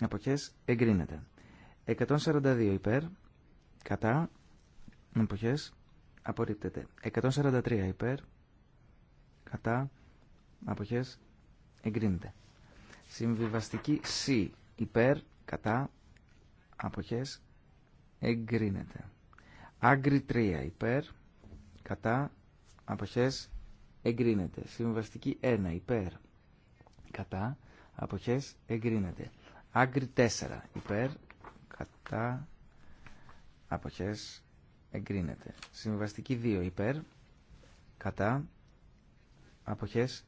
αποχές εγκρίνεται. 142 υπέρ, κατά, αποχές απορρίπτεται. 143 υπέρ, κατά, αποχές εγκρίνεται. Συμβιβαστική Σ υπέρ, κατά, αποχές εγκρίνεται. Άγκρι 3 υπέρ, κατά, αποχές εγκρίνεται. Συμβαστική 1 υπέρ κατά αποχές εγκρίνεται. Άγκρι 4 υπέρ κατά αποχές εγκρίνεται. Συμβαστική 2 υπέρ κατά αποχές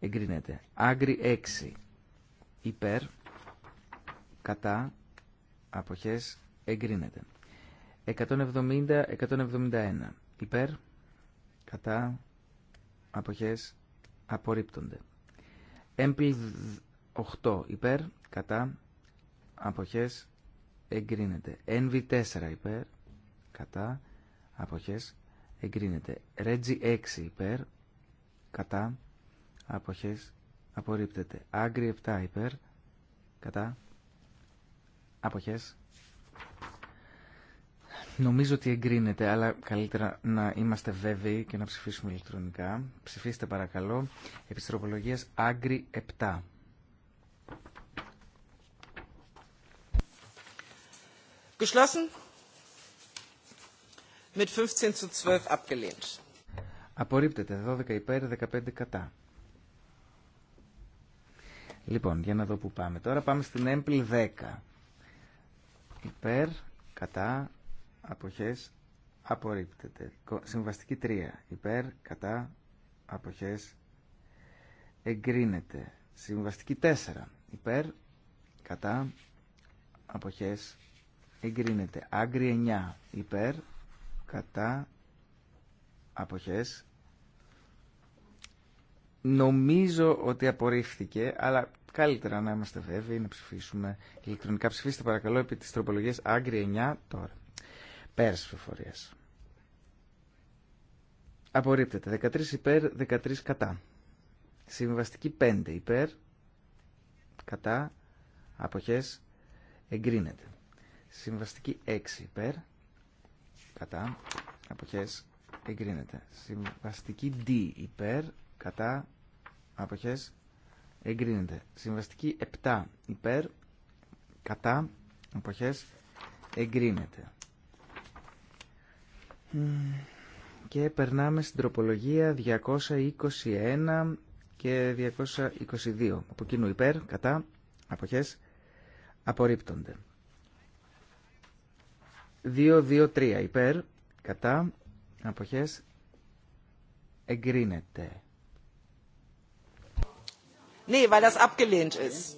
εγκρίνεται. Άγκρι 6 υπέρ κατά αποχές εγκρίνεται. 170-171 υπέρ κατά αποχές απορρίπτονται. Έμπλ 8 υπέρ, κατά, αποχές εγκρίνεται. nv 4 υπέρ, κατά, αποχές εγκρίνεται. Ρέτζι 6 υπέρ, κατά, αποχές απορρίπτεται. Άγκρι 7 υπέρ, κατά, αποχές Νομίζω ότι εγκρίνεται, αλλά καλύτερα να είμαστε βέβαιοι και να ψηφίσουμε ηλεκτρονικά. Ψηφίστε παρακαλώ. Επιστροπολογίας Άγκρι 7. Geschlossen. Mit 15 zu 12 abgelehnt. Απορρίπτεται 12 υπέρ, 15 κατά. Λοιπόν, για να δω που πάμε. Τώρα πάμε στην έμπλη 10. Υπέρ, κατά, αποχές απορρίπτεται. Συμβαστική 3 υπέρ κατά αποχές εγκρίνεται. Συμβαστική 4 υπέρ κατά αποχές εγκρίνεται. Άγκρι 9 υπέρ κατά αποχές Νομίζω ότι απορρίφθηκε, αλλά καλύτερα να είμαστε βέβαιοι να ψηφίσουμε ηλεκτρονικά. Ψηφίστε παρακαλώ επί της τροπολογίας Άγκρι 9 τώρα. Πέρας ψηφοφορίας. Απορρίπτεται. 13 υπέρ, 13 κατά. Συμβαστική 5 υπέρ, κατά, αποχές, εγκρίνεται. Συμβαστική 6 υπέρ, κατά, αποχές, εγκρίνεται. Συμβαστική D υπέρ, κατά, αποχές, εγκρίνεται. Συμβαστική 7 υπέρ, κατά, αποχές, εγκρίνεται. Και περνάμε στην τροπολογία 221 και 222. Από κοινού υπέρ, κατά, αποχές, απορρίπτονται. 2-2-3 υπέρ, κατά, αποχές, εγκρίνεται. Ναι, weil das abgelehnt ist.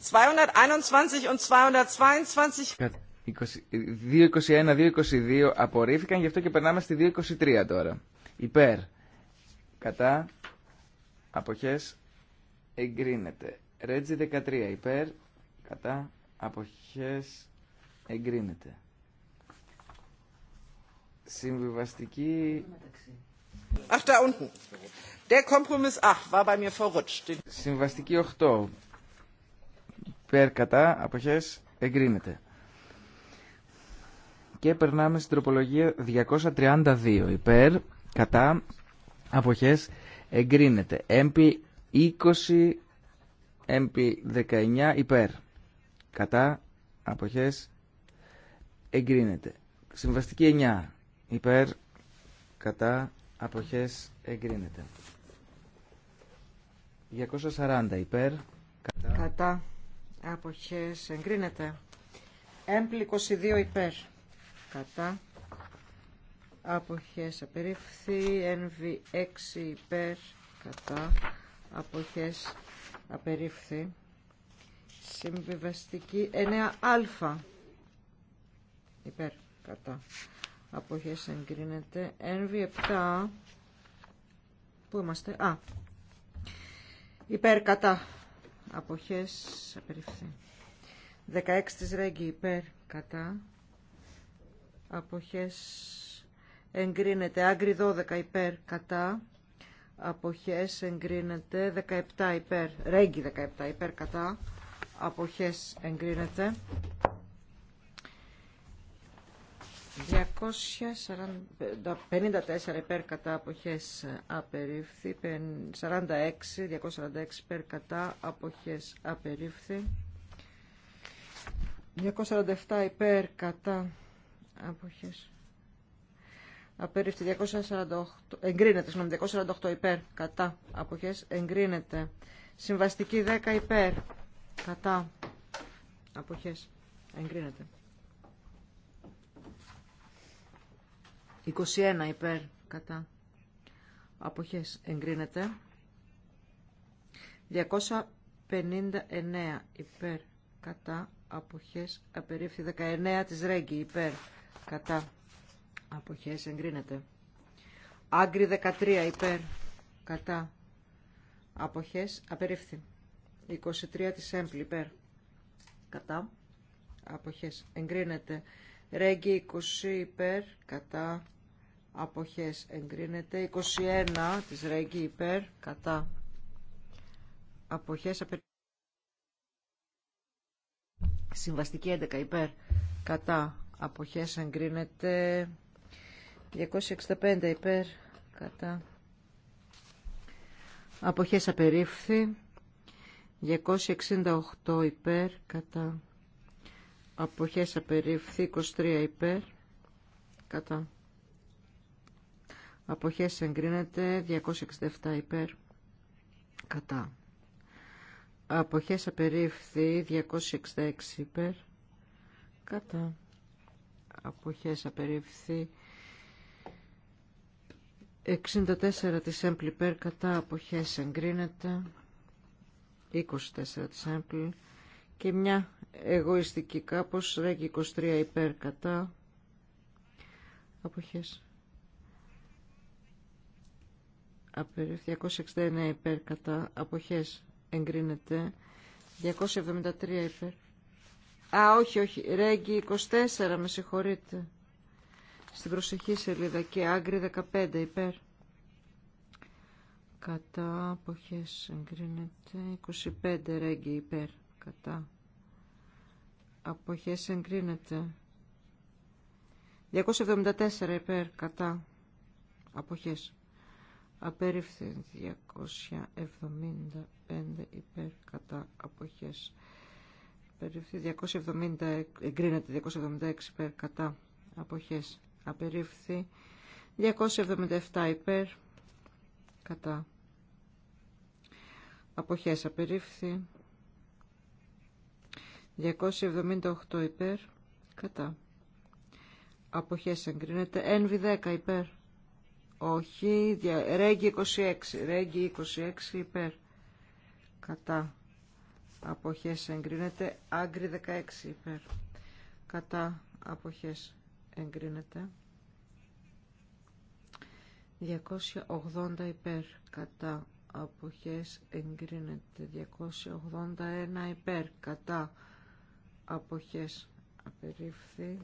221 und 222. 2.21, 2.22 ε, απορρίφθηκαν, γι' αυτό και περνάμε στη 2-23 τώρα. Υπέρ. Κατά. Αποχές. Εγκρίνεται. Ρέτζι 13. Υπέρ. Κατά. Αποχές. Εγκρίνεται. Συμβιβαστική... Συμβιβαστική Der Kompromiss 8 war bei mir verrutscht. Συμβαστική 8. Υπέρ κατά. Αποχές. Εγκρίνεται. Και περνάμε στην τροπολογία 232. Υπέρ, κατά, αποχές, εγκρίνεται. Έμπι 20, έμπι 19, υπέρ. Κατά, αποχές, εγκρίνεται. Συμβαστική 9, υπέρ, κατά, αποχές, εγκρίνεται. 240, υπέρ, κατά. Κατά, αποχές, εγκρίνεται. Έμπλη 22 υπέρ κατά αποχές απερίφθη NV6 υπέρ κατά αποχές απερίφθη συμβιβαστική 9α υπέρ κατά αποχές εγκρίνεται NV7 που είμαστε α υπέρ κατά αποχές απερίφθη 16 της Ρέγγι υπέρ κατά αποχές εγκρίνεται άγκρι 12 υπέρ κατά αποχές εγκρίνεται 17 υπέρ ρέγγι 17 υπέρ κατά αποχές εγκρίνεται 254 υπέρ κατά αποχές απερίφθη 46, 246 υπέρ κατά αποχές απερίφθη 247 υπέρ κατά αποχές απερίφθη 248 εγκρίνεται συγγνώμη 248 υπέρ κατά αποχές εγκρίνεται συμβαστική 10 υπέρ κατά αποχές εγκρίνεται 21 υπέρ κατά αποχές εγκρίνεται 259 υπέρ κατά αποχές απερίφθη 19 της Ρέγγι υπέρ κατά αποχές εγκρίνεται. Άγκρι 13 υπέρ κατά αποχές απερίφθη. 23 της έμπλη υπέρ κατά αποχές εγκρίνεται. Ρέγγι 20 υπέρ κατά αποχές εγκρίνεται. 21 της Ρέγγι υπέρ κατά αποχές απερίφθη. Συμβαστική 11 υπέρ κατά αποχές εγκρίνεται 265 υπέρ κατά αποχές απερίφθη 268 υπέρ κατά αποχές απερίφθη 23 υπέρ κατά αποχές εγκρίνεται 267 υπέρ κατά αποχές απερίφθη 266 υπέρ κατά αποχές απερίφθη 64 της έμπλη υπέρ κατά αποχές εγκρίνεται 24 της έμπλη και μια εγωιστική κάπως ρέγγι 23 υπέρ κατά αποχές απερίφθη 269 υπέρ κατά αποχές εγκρίνεται 273 υπέρ Α, όχι, όχι. Ρέγγι 24, με συγχωρείτε. Στην προσεχή σελίδα και άγκρι 15 υπέρ. Κατά αποχές εγκρίνεται. 25 ρέγγι υπέρ. Κατά αποχές εγκρίνεται. 274 υπέρ. Κατά αποχές. Απέριφθη 275 υπέρ. Κατά αποχές απερίφθη 270, εγκρίνεται 276 υπέρ κατά αποχές απερίφθη 277 υπέρ κατά αποχές απερίφθη 278 υπέρ κατά αποχές εγκρίνεται NV10 υπέρ όχι, ρέγγι 26, ρέγγι 26 υπέρ, κατά, αποχές εγκρίνεται άγκρι 16 υπέρ κατά αποχές εγκρίνεται 280 υπέρ κατά αποχές εγκρίνεται 281 υπέρ κατά αποχές απερίφθη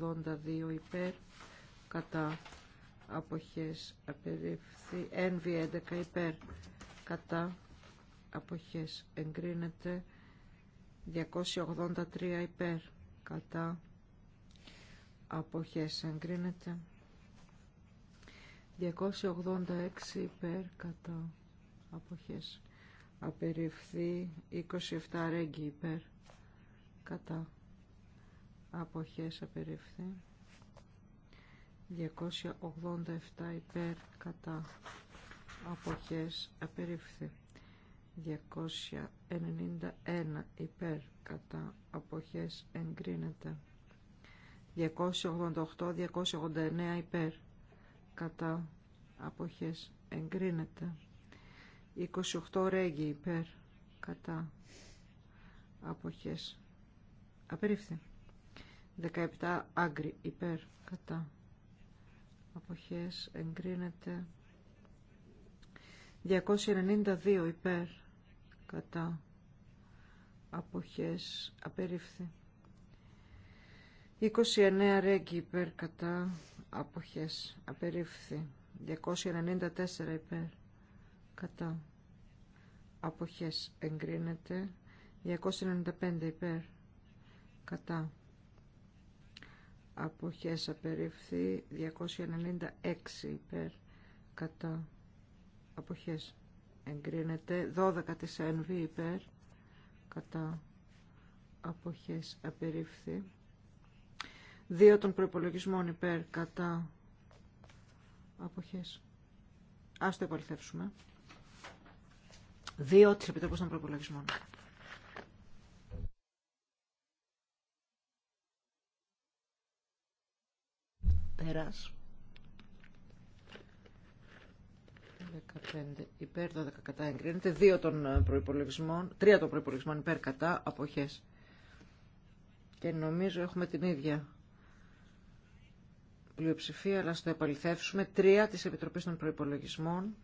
282 υπέρ κατά αποχές απερίφθη NV11 υπέρ κατά αποχές εγκρίνεται 283 υπέρ κατά αποχές εγκρίνεται 286 υπέρ κατά αποχές απεριφθεί 27 ρέγγι υπέρ κατά αποχές απεριφθεί 287 υπέρ κατά αποχές απεριφθεί 291 υπέρ κατά αποχές εγκρίνεται 288-289 υπέρ κατά αποχές εγκρίνεται 28 ρέγγι υπέρ κατά αποχές απερίφθη 17 άγκρι υπέρ κατά αποχές εγκρίνεται 292 υπέρ κατά αποχές απερίφθη 29 ρέγγι υπέρ κατά αποχές απερίφθη 294 υπέρ κατά αποχές εγκρίνεται 295 υπέρ κατά αποχές απερίφθη 296 υπέρ κατά αποχές εγκρίνεται 12 της ΕΝΒ υπέρ κατά αποχές απερίφθη 2 των προπολογισμών υπέρ κατά αποχές ας το επαληθεύσουμε 2 της Επιτροπής των Προπολογισμών Πέρας 15 υπέρ, 12 κατά εγκρίνεται. 2 των ε, προϋπολογισμών, 3 των προϋπολογισμών υπέρ κατά αποχές. Και νομίζω έχουμε την ίδια πλειοψηφία, αλλά στο επαληθεύσουμε. 3 της Επιτροπής των Προϋπολογισμών.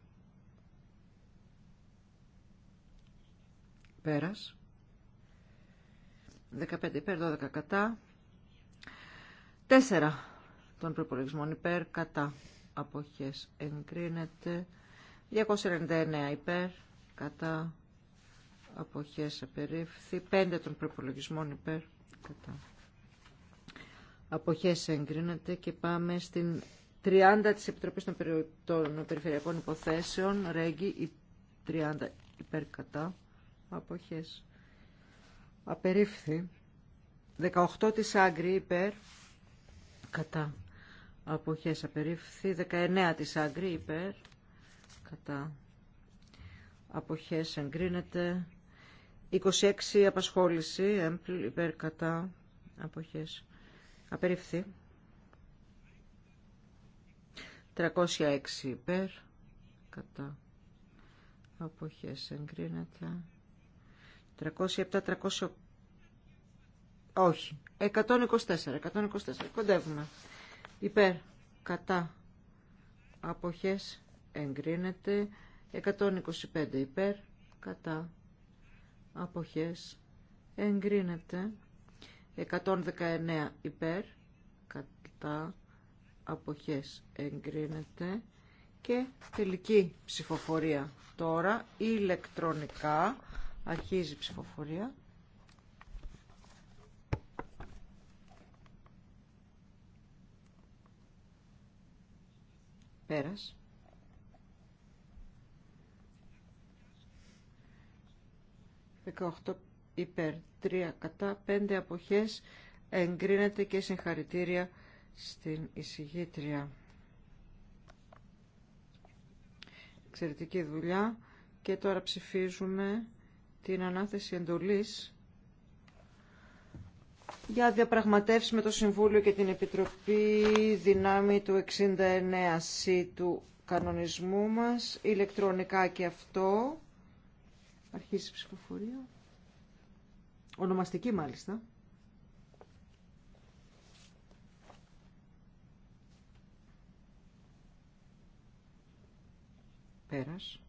Πέρας. 15 υπέρ, 12 κατά. 4 των προϋπολογισμών υπέρ κατά αποχές εγκρίνεται 299 υπέρ, κατά αποχές απερίφθη, 5 των προπολογισμών υπέρ, κατά αποχές εγκρίνεται και πάμε στην 30 της Επιτροπής των Περιφερειακών Υποθέσεων, Ρέγγι, 30 υπέρ κατά αποχές απερίφθη, 18 της Άγκρη υπέρ, κατά αποχές απερίφθη, 19 της Άγκρη υπέρ, κατά αποχές εγκρίνεται 26 απασχόληση έμπλ υπέρ κατά αποχές απεριφθεί 306 υπέρ κατά αποχές εγκρίνεται 307 300 όχι 124 124 κοντεύουμε υπέρ κατά αποχές εγκρίνεται 125 υπέρ κατά αποχές εγκρίνεται 119 υπέρ κατά αποχές εγκρίνεται και τελική ψηφοφορία τώρα ηλεκτρονικά αρχίζει η ψηφοφορία πέρας 18 υπέρ, 3 κατά, 5 αποχές εγκρίνεται και συγχαρητήρια στην εισηγήτρια. Εξαιρετική δουλειά και τώρα ψηφίζουμε την ανάθεση εντολής για διαπραγματεύσει με το Συμβούλιο και την Επιτροπή δυνάμει του 69C του κανονισμού μας, ηλεκτρονικά και αυτό. Αρχίζει η ψηφοφορία. Ονομαστική μάλιστα. Πέρας.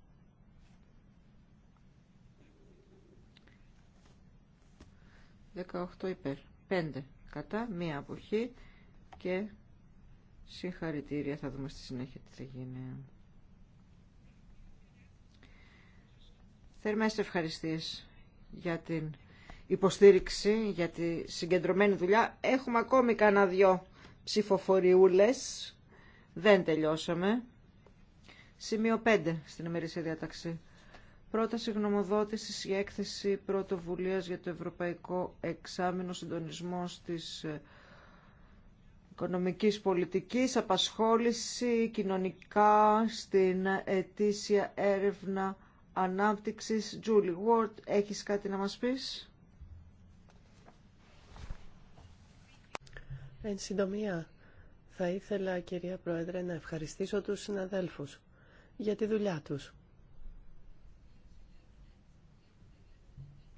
Δεκαοχτώ υπέρ. Πέντε κατά, μία αποχή και συγχαρητήρια. Θα δούμε στη συνέχεια τι θα γίνει. Θερμές ευχαριστίες για την υποστήριξη, για τη συγκεντρωμένη δουλειά. Έχουμε ακόμη κανένα δυο ψηφοφοριούλες. Δεν τελειώσαμε. Σημείο 5 στην ημερήσια διάταξη. Πρόταση γνωμοδότηση για έκθεση πρωτοβουλία για το Ευρωπαϊκό Εξάμεινο Συντονισμό τη ε, Οικονομική Πολιτική, Απασχόληση, Κοινωνικά, στην ετήσια έρευνα ανάπτυξης. Julie Ward, έχεις κάτι να μας πεις? Εν συντομία, θα ήθελα κυρία Πρόεδρε να ευχαριστήσω τους συναδέλφους για τη δουλειά τους.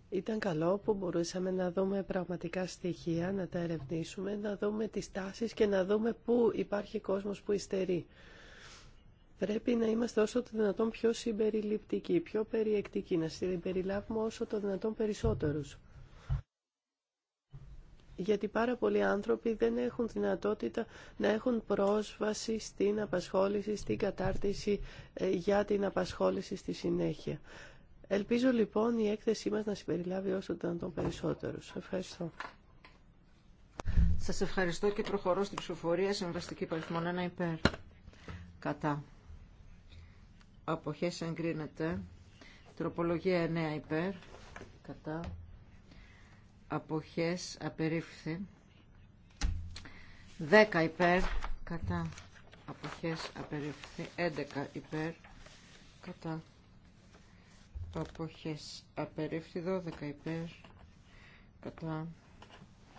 Ήταν καλό που μπορούσαμε να δούμε πραγματικά στοιχεία, να τα ερευνήσουμε, να δούμε τις τάσεις και να δούμε πού υπάρχει κόσμος που υπαρχει κοσμος που υστερει Πρέπει να είμαστε όσο το δυνατόν πιο συμπεριληπτικοί, πιο περιεκτικοί, να συμπεριλάβουμε όσο το δυνατόν περισσότερους. Γιατί πάρα πολλοί άνθρωποι δεν έχουν δυνατότητα να έχουν πρόσβαση στην απασχόληση, στην κατάρτιση ε, για την απασχόληση στη συνέχεια. Ελπίζω λοιπόν η έκθεσή μας να συμπεριλάβει όσο το δυνατόν περισσότερους. Ευχαριστώ. Σας ευχαριστώ και προχωρώ στην ψηφοφορία συμβαστική παρελθόν ένα υπέρ. Κατά αποχές εγκρίνεται. Τροπολογία 9 υπέρ, κατά, αποχές απερίφθη. 10 υπέρ, κατά, αποχές απερίφθη. 11 υπέρ, κατά, αποχές απερίφθη. 12 υπέρ, κατά,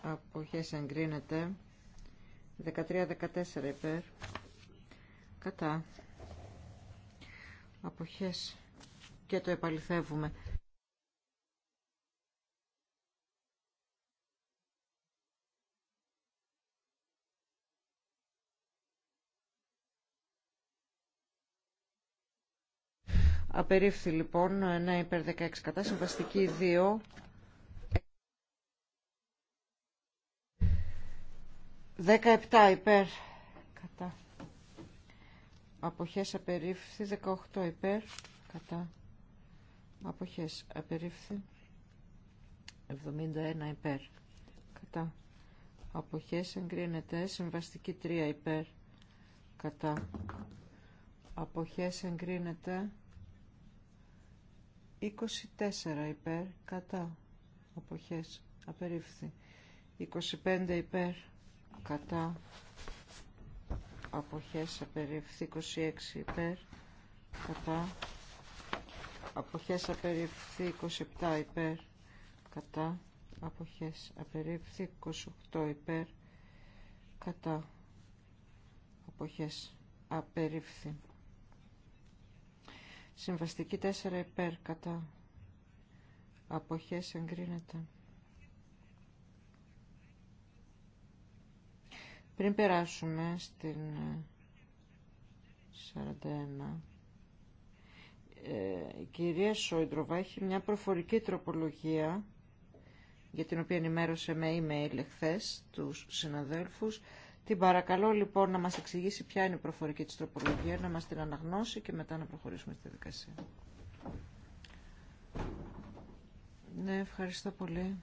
αποχές εγκρίνεται. 13-14 υπέρ, κατά, αποχές και το επαληθεύουμε. Απερίφθη λοιπόν ένα υπέρ 16 κατά, συμβαστική 2. Δεκαεπτά υπέρ κατά αποχές απερίφθη 18 υπέρ κατά αποχές απερίφθη 71 υπέρ κατά αποχές εγκρίνεται συμβαστική 3 υπέρ κατά αποχές εγκρίνεται 24 υπέρ κατά αποχές απερίφθη 25 υπέρ κατά αποχές απεριφθεί 26 υπέρ κατά αποχές απεριφθεί 27 υπέρ κατά αποχές απεριφθεί 28 υπέρ κατά αποχές απερίφθη συμβαστική 4 υπέρ κατά αποχές εγκρίνεται Πριν περάσουμε στην 41, ε, ε, η κυρία Σόιντροβα έχει μια προφορική τροπολογία για την οποία ενημέρωσε με email εχθέ τους συναδέλφους. Την παρακαλώ λοιπόν να μας εξηγήσει ποια είναι η προφορική τη τροπολογία, να μας την αναγνώσει και μετά να προχωρήσουμε στη δικασία. Ναι, ευχαριστώ πολύ.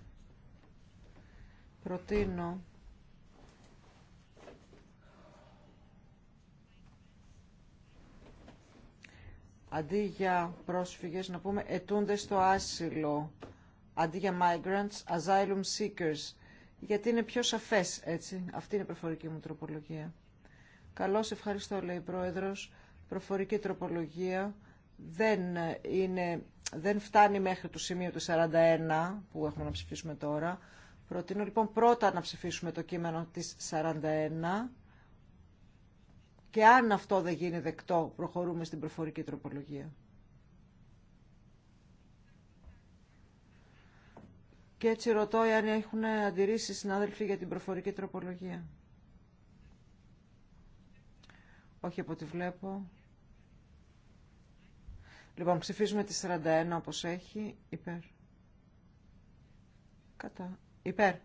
Προτείνω Αντί για πρόσφυγες να πούμε ετούνται στο άσυλο. Αντί για migrants, asylum seekers. Γιατί είναι πιο σαφές έτσι. Αυτή είναι η προφορική μου τροπολογία. Καλώς ευχαριστώ λέει Πρόεδρος. Προφορική τροπολογία δεν, είναι, δεν φτάνει μέχρι το σημείο του 41 που έχουμε να ψηφίσουμε τώρα. Προτείνω λοιπόν πρώτα να ψηφίσουμε το κείμενο της 41 και αν αυτό δεν γίνει δεκτό, προχωρούμε στην προφορική τροπολογία. Και έτσι ρωτώ αν έχουν αντιρρήσει συνάδελφοι για την προφορική τροπολογία. Όχι από ό,τι βλέπω. Λοιπόν, ψηφίζουμε τη 41 όπως έχει. Υπέρ. Κατά. Υπέρ.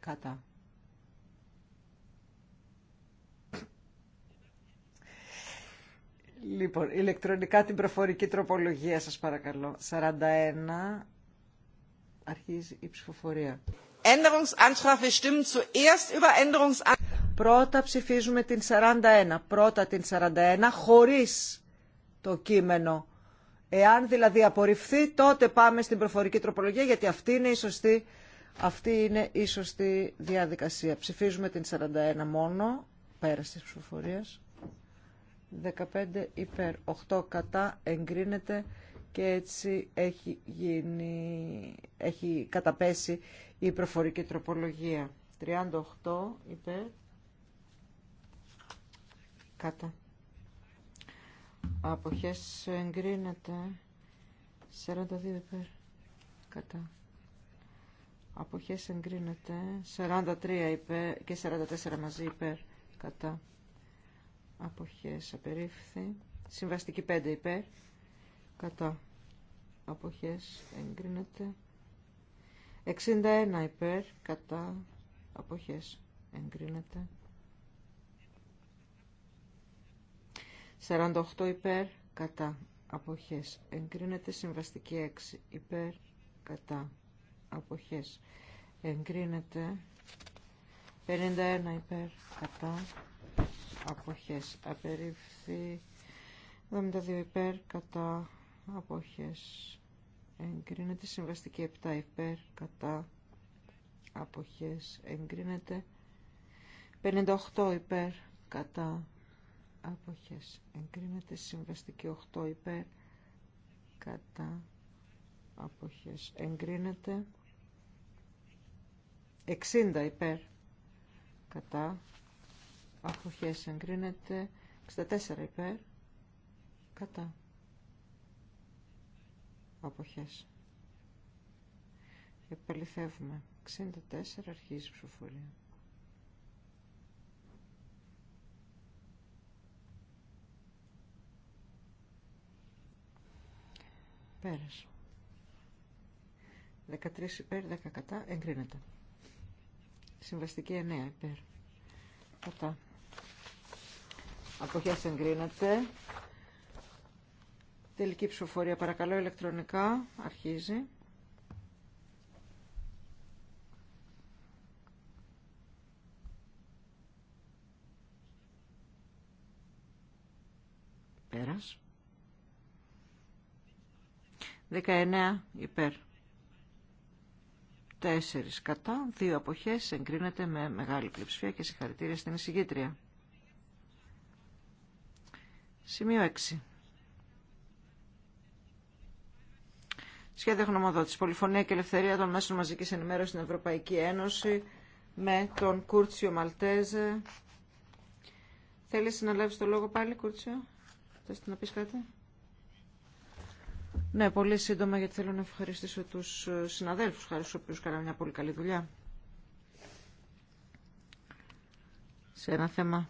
Κατά. Λοιπόν, ηλεκτρονικά την προφορική τροπολογία σας παρακαλώ. 41 αρχίζει η ψηφοφορία. Πρώτα ψηφίζουμε την 41. Πρώτα την 41 χωρίς το κείμενο. Εάν δηλαδή απορριφθεί, τότε πάμε στην προφορική τροπολογία, γιατί αυτή είναι η σωστή, αυτή είναι η σωστή διαδικασία. Ψηφίζουμε την 41 μόνο, πέρας της ψηφοφορίας. 15 υπέρ, 8 κατά, εγκρίνεται και έτσι έχει, γίνει, έχει καταπέσει η προφορική τροπολογία. 38 υπέρ, κατά. Αποχές εγκρίνεται, 42 υπέρ, κατά. Αποχές εγκρίνεται, 43 υπέρ και 44 μαζί υπέρ, κατά αποχές απερίφθη συμβαστική 5 υπέρ κατά αποχές εγκρίνεται 61 υπέρ κατά αποχές εγκρίνεται 48 υπέρ κατά αποχές εγκρίνεται συμβαστική 6 υπέρ κατά αποχές εγκρίνεται 51 υπέρ κατά αποχές απερίφθη 72 υπέρ κατά αποχές εγκρίνεται συμβαστική 7 υπέρ κατά αποχές εγκρίνεται 58 υπέρ κατά αποχές εγκρίνεται συμβαστική 8 υπέρ κατά αποχές εγκρίνεται 60 υπέρ κατά αποχές εγκρίνεται 64 υπέρ κατά αποχές επαληθεύουμε 64 αρχίζει η ψηφοφορία Πέρασε 13 υπέρ 10 κατά εγκρίνεται συμβαστική 9 υπέρ κατά αποχές εγκρίνεται. Τελική ψηφοφορία παρακαλώ ηλεκτρονικά. Αρχίζει. Πέρας. 19 υπέρ. 4 κατά, 2 αποχές, εγκρίνεται με μεγάλη πλειοψηφία και συγχαρητήρια στην εισηγήτρια. Σημείο 6. Σχέδιο γνωμοδότηση. Πολυφωνία και ελευθερία των μέσων μαζικής ενημέρωση στην Ευρωπαϊκή Ένωση με τον Κούρτσιο Μαλτέζε. Θέλεις να λάβει το λόγο πάλι, Κούρτσιο. Θες να πεις κάτι. Ναι, πολύ σύντομα γιατί θέλω να ευχαριστήσω τους ε, συναδέλφους, χάρη στου οποίου κάναμε μια πολύ καλή δουλειά. Σε ένα θέμα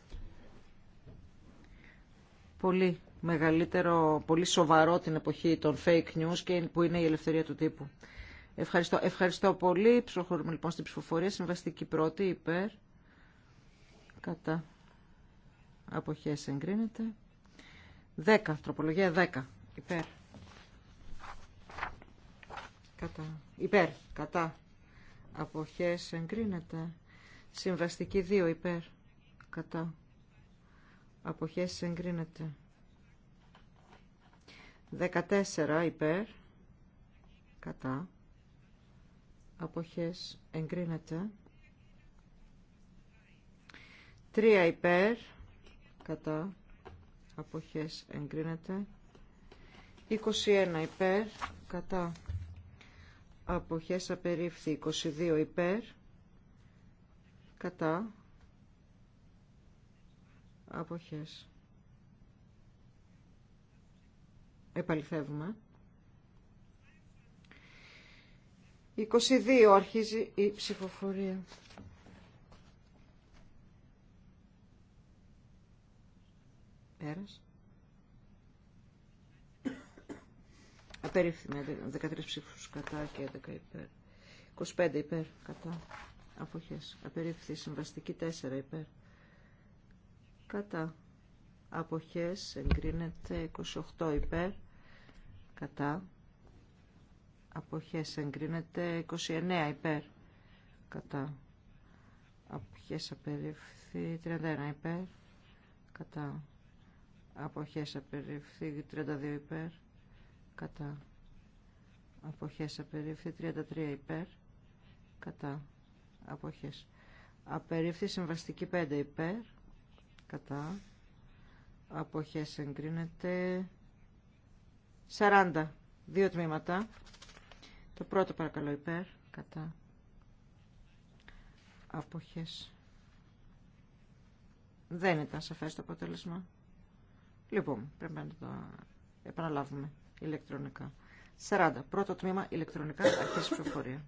πολύ μεγαλύτερο, πολύ σοβαρό την εποχή των fake news και που είναι η ελευθερία του τύπου. Ευχαριστώ, ευχαριστώ πολύ. Ψοχωρούμε λοιπόν στην ψηφοφορία. Συμβαστική πρώτη υπέρ. Κατά. Αποχές εγκρίνεται. 10. Τροπολογία 10. Υπέρ. Κατά. Υπέρ. Κατά. Αποχές εγκρίνεται. Συμβαστική 2 υπέρ. Κατά αποχές εγκρίνεται 14 υπέρ κατά αποχές εγκρίνεται 3 υπέρ κατά αποχές εγκρίνεται 21 υπέρ κατά αποχές απερίφθη 22 υπέρ κατά αποχές επαληθεύουμε 22 αρχίζει η ψηφοφορία πέρας απερίφθη 13 ψήφους κατά και 11 υπέρ 25 υπέρ κατά αποχές απερίφθη συμβαστική 4 υπέρ κατά αποχές εγκρίνεται 28 υπέρ κατά αποχές εγκρίνεται 29 υπέρ κατά αποχές απεριφθεί 31 υπέρ κατά αποχές απεριφθεί 32 υπέρ κατά αποχές απεριφθεί 33 υπέρ κατά αποχές Απερίφθη συμβαστική 5 υπέρ κατά αποχές εγκρίνεται 40 δύο τμήματα το πρώτο παρακαλώ υπέρ κατά αποχές δεν ήταν σαφές το αποτέλεσμα λοιπόν πρέπει να το επαναλάβουμε ηλεκτρονικά 40 πρώτο τμήμα ηλεκτρονικά αρχής ψηφοφορία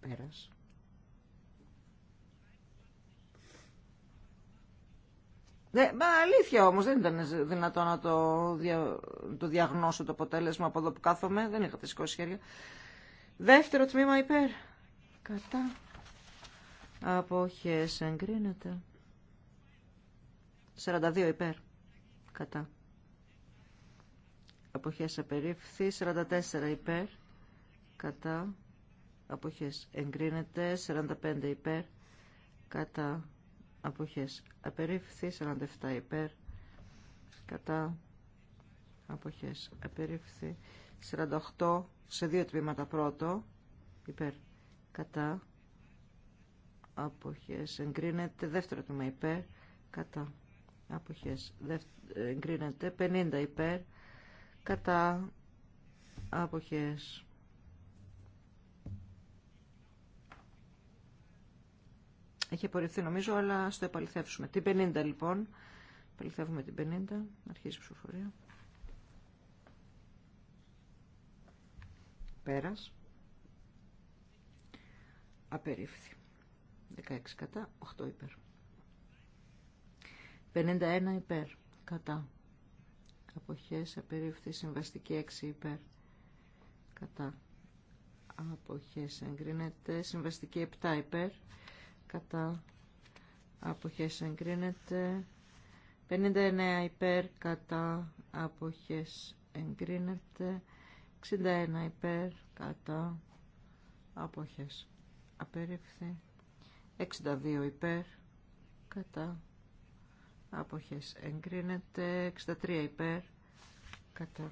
πέρας Ναι, μα αλήθεια όμως δεν ήταν δυνατό να το, το διαγνώσω το αποτέλεσμα από εδώ που κάθομαι. Δεν είχατε σηκώσει χέρια. Δεύτερο τμήμα υπέρ. Κατά. Αποχές εγκρίνεται. 42 υπέρ. Κατά. Αποχές απερίφθη. 44 υπέρ. Κατά. Αποχές εγκρίνεται. 45 υπέρ. Κατά αποχές απερίφθη 47 υπέρ κατά αποχές απερίφθη 48 σε δύο τμήματα πρώτο υπέρ κατά αποχές εγκρίνεται δεύτερο τμήμα υπέρ κατά αποχές εγκρίνεται 50 υπέρ κατά αποχές Έχει απορριφθεί νομίζω, αλλά το επαληθεύσουμε. Την 50 λοιπόν. Επαληθεύουμε την 50. Αρχίζει η ψηφοφορία. Πέρας. Απερίφθη. 16 κατά, 8 υπέρ. 51 υπέρ. Κατά. Αποχές απερίφθη. Συμβαστική 6 υπέρ. Κατά. Αποχές εγκρίνεται. Συμβαστική 7 υπέρ κατά αποχές εγκρίνεται 59 υπέρ κατά αποχές εγκρίνεται 61 υπέρ κατά αποχές απερίφθη 62 υπέρ κατά αποχές εγκρίνεται 63 υπέρ κατά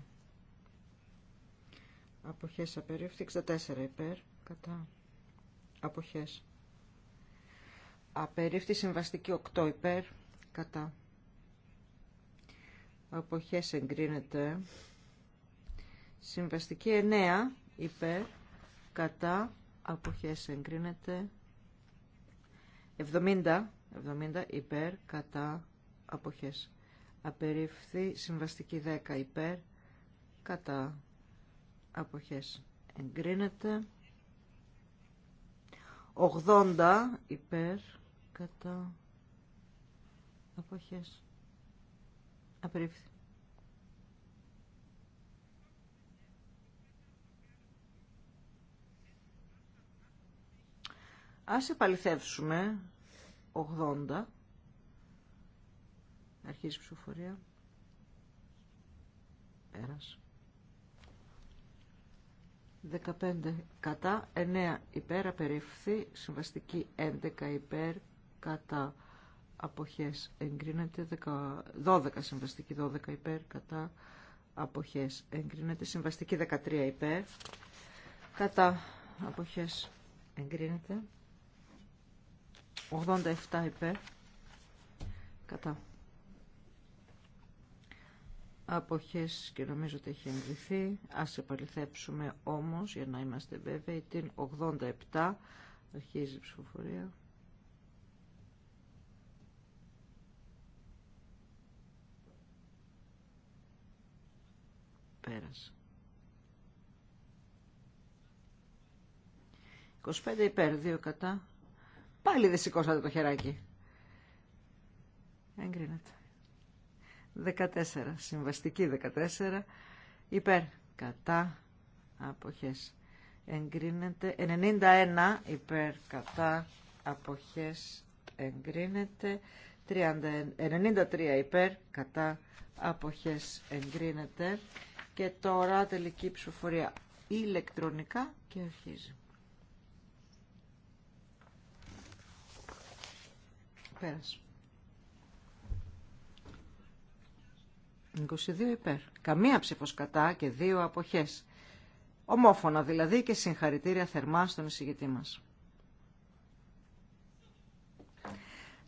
αποχές απερίφθη 64 υπέρ κατά αποχές Απερίφθη συμβαστική 8 υπέρ κατά. Αποχές εγκρίνεται. Συμβαστική 9 υπέρ κατά. Αποχές εγκρίνεται. 70, 70 υπέρ κατά. Αποχές. Απερίφθη συμβαστική 10 υπέρ κατά. Αποχές εγκρίνεται. 80 υπέρ κατά αποχές απερίφθη. Ας επαληθεύσουμε 80. Αρχίζει η ψηφοφορία. Πέρας. 15 κατά, 9 υπέρ, απεριφθή συμβαστική 11 υπέρ, κατά αποχές εγκρίνεται 12 συμβαστική 12 υπέρ κατά αποχές εγκρίνεται συμβαστική 13 υπέρ κατά αποχές εγκρίνεται 87 υπέρ κατά αποχές και νομίζω ότι έχει εγκριθεί ας επαληθέψουμε όμως για να είμαστε βέβαιοι την 87 αρχίζει η ψηφοφορία 25 υπέρ, 2 κατά. Πάλι δεν σηκώσατε το χεράκι. Εγκρίνεται. 14. Συμβαστική 14. Υπέρ. Κατά. Αποχές. Εγκρίνεται. 91. Υπέρ. Κατά. Αποχές. Εγκρίνεται. 93. Υπέρ. Κατά. Αποχές. Εγκρίνεται. Και τώρα τελική ψηφοφορία ηλεκτρονικά και αρχίζει. Πέρασε. 22 υπέρ. Καμία ψήφος κατά και δύο αποχές. Ομόφωνα δηλαδή και συγχαρητήρια θερμά στον εισηγητή μας.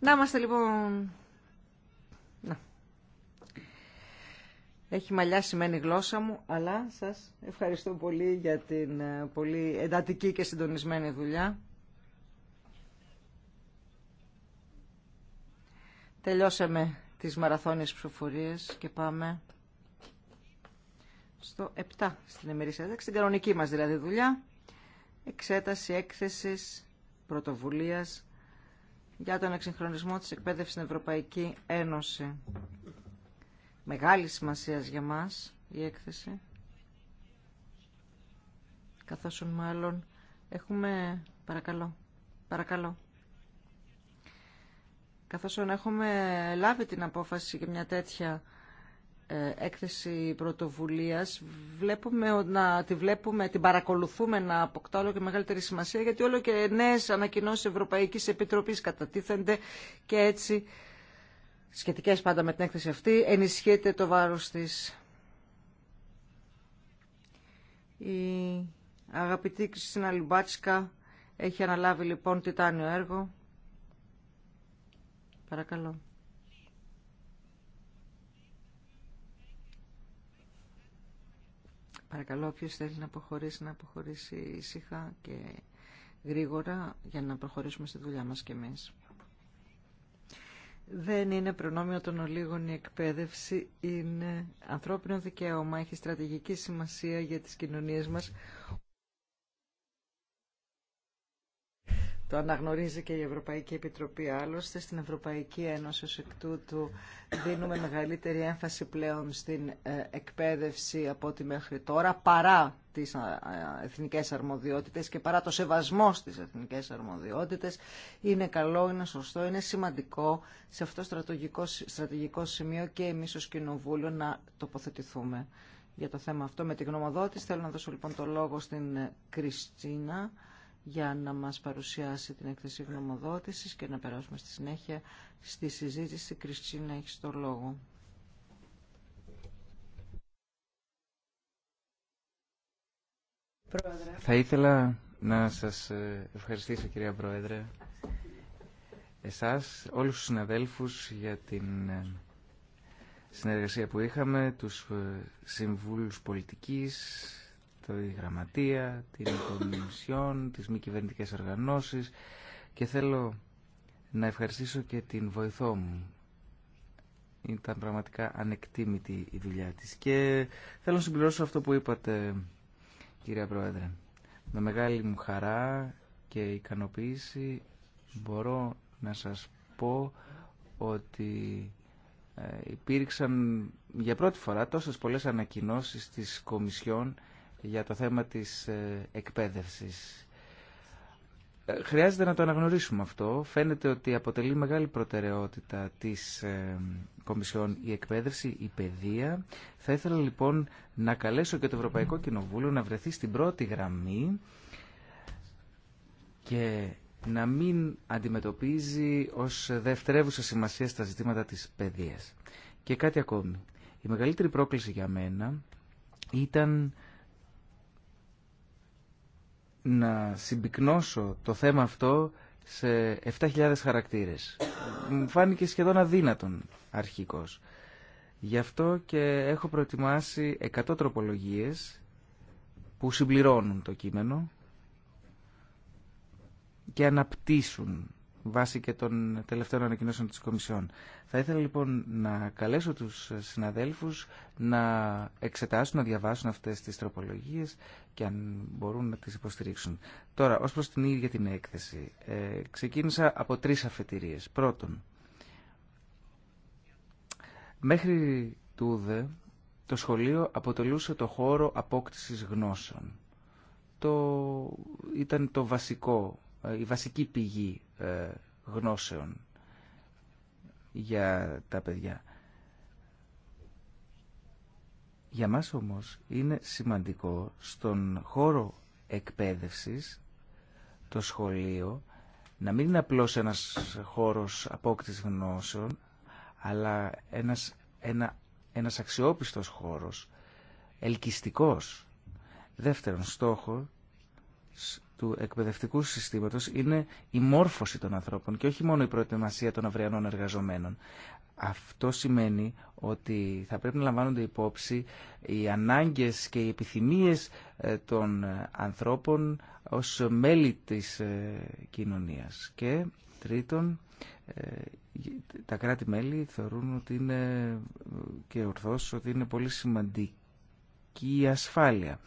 Να είμαστε λοιπόν Έχει μαλλιά σημαίνει γλώσσα μου, αλλά σας ευχαριστώ πολύ για την ε, πολύ εντατική και συντονισμένη δουλειά. Τελειώσαμε τις μαραθώνιες ψηφοφορίες και πάμε στο 7 στην ημερήσια Στην κανονική μας δηλαδή δουλειά, εξέταση έκθεσης πρωτοβουλίας για τον εξυγχρονισμό της εκπαίδευσης στην Ευρωπαϊκή Ένωση μεγάλη σημασία για μας η έκθεση καθώς μάλλον έχουμε παρακαλώ παρακαλώ καθώς έχουμε λάβει την απόφαση για μια τέτοια ε, έκθεση πρωτοβουλίας βλέπουμε να τη βλέπουμε, την παρακολουθούμε να αποκτά όλο και μεγαλύτερη σημασία γιατί όλο και νέες ανακοινώσεις Ευρωπαϊκής Επιτροπής κατατίθενται και έτσι σχετικές πάντα με την έκθεση αυτή, ενισχύεται το βάρος της. Η αγαπητή Κριστίνα Λιμπάτσικα έχει αναλάβει λοιπόν τιτάνιο έργο. Παρακαλώ. Παρακαλώ, όποιο θέλει να αποχωρήσει, να αποχωρήσει ήσυχα και γρήγορα για να προχωρήσουμε στη δουλειά μας κι εμείς δεν είναι προνόμιο των ολίγων η εκπαίδευση, είναι ανθρώπινο δικαίωμα, έχει στρατηγική σημασία για τις κοινωνίες μας, Το αναγνωρίζει και η Ευρωπαϊκή Επιτροπή. Άλλωστε, στην Ευρωπαϊκή Ένωση ως εκ τούτου δίνουμε μεγαλύτερη έμφαση πλέον στην ε, εκπαίδευση από ό,τι μέχρι τώρα, παρά τις ε, ε, εθνικές αρμοδιότητες και παρά το σεβασμό στις εθνικές αρμοδιότητες. Είναι καλό, είναι σωστό, είναι σημαντικό σε αυτό το στρατηγικό, στρατηγικό σημείο και εμείς ως Κοινοβούλιο να τοποθετηθούμε για το θέμα αυτό με τη γνωμοδότηση. Θέλω να δώσω λοιπόν το λόγο στην Κριστίνα για να μας παρουσιάσει την εκθεσή γνωμοδότησης και να περάσουμε στη συνέχεια στη συζήτηση. Κριστίνα, έχει το λόγο. Θα ήθελα να σας ε, ευχαριστήσω κυρία Πρόεδρε, εσάς, όλους τους συναδέλφους για την ε, συνεργασία που είχαμε, τους ε, συμβούλους πολιτικής, τη Γραμματεία, την Κομισιόν, τις μη κυβερνητικές οργανώσεις και θέλω να ευχαριστήσω και την βοηθό μου. Ήταν πραγματικά ανεκτήμητη η δουλειά της και θέλω να συμπληρώσω αυτό που είπατε κυρία Πρόεδρε. Με μεγάλη μου χαρά και ικανοποίηση μπορώ να σας πω ότι ε, υπήρξαν για πρώτη φορά τόσες πολλές ανακοινώσεις της Κομισιόν για το θέμα της ε, εκπαίδευσης. Ε, χρειάζεται να το αναγνωρίσουμε αυτό. Φαίνεται ότι αποτελεί μεγάλη προτεραιότητα της ε, Κομισιόν η εκπαίδευση, η παιδεία. Θα ήθελα λοιπόν να καλέσω και το Ευρωπαϊκό Κοινοβούλιο να βρεθεί στην πρώτη γραμμή και να μην αντιμετωπίζει ως δευτερεύουσα σημασία στα ζητήματα της παιδείας. Και κάτι ακόμη. Η μεγαλύτερη πρόκληση για μένα ήταν να συμπυκνώσω το θέμα αυτό σε 7.000 χαρακτήρες. Μου φάνηκε σχεδόν αδύνατον αρχικός. Γι' αυτό και έχω προετοιμάσει 100 τροπολογίες που συμπληρώνουν το κείμενο και αναπτύσσουν βάσει και των τελευταίων ανακοινώσεων της Κομισιόν. Θα ήθελα λοιπόν να καλέσω τους συναδέλφους να εξετάσουν, να διαβάσουν αυτές τις τροπολογίες και αν μπορούν να τις υποστηρίξουν. Τώρα, ως προς την ίδια την έκθεση, ε, ξεκίνησα από τρεις αφετηρίες. Πρώτον, μέχρι τούδε το σχολείο αποτελούσε το χώρο απόκτησης γνώσεων. Το ήταν το βασικό ε, η βασική πηγή ε, γνώσεων για τα παιδιά. Για μας όμως είναι σημαντικό στον χώρο εκπαίδευσης το σχολείο να μην είναι απλώς ένας χώρος απόκτησης γνώσεων αλλά ένας, ένα, ένας αξιόπιστος χώρος, ελκυστικός. Δεύτερον στόχο του εκπαιδευτικού συστήματος είναι η μόρφωση των ανθρώπων και όχι μόνο η προετοιμασία των αυριανών εργαζομένων. Αυτό σημαίνει ότι θα πρέπει να λαμβάνονται υπόψη οι ανάγκες και οι επιθυμίες ε, των ε, ανθρώπων ως μέλη της ε, κοινωνίας. Και τρίτον, τα κράτη-μέλη θεωρούν ότι είναι και ορθώς ότι είναι πολύ σημαντική η ασφάλεια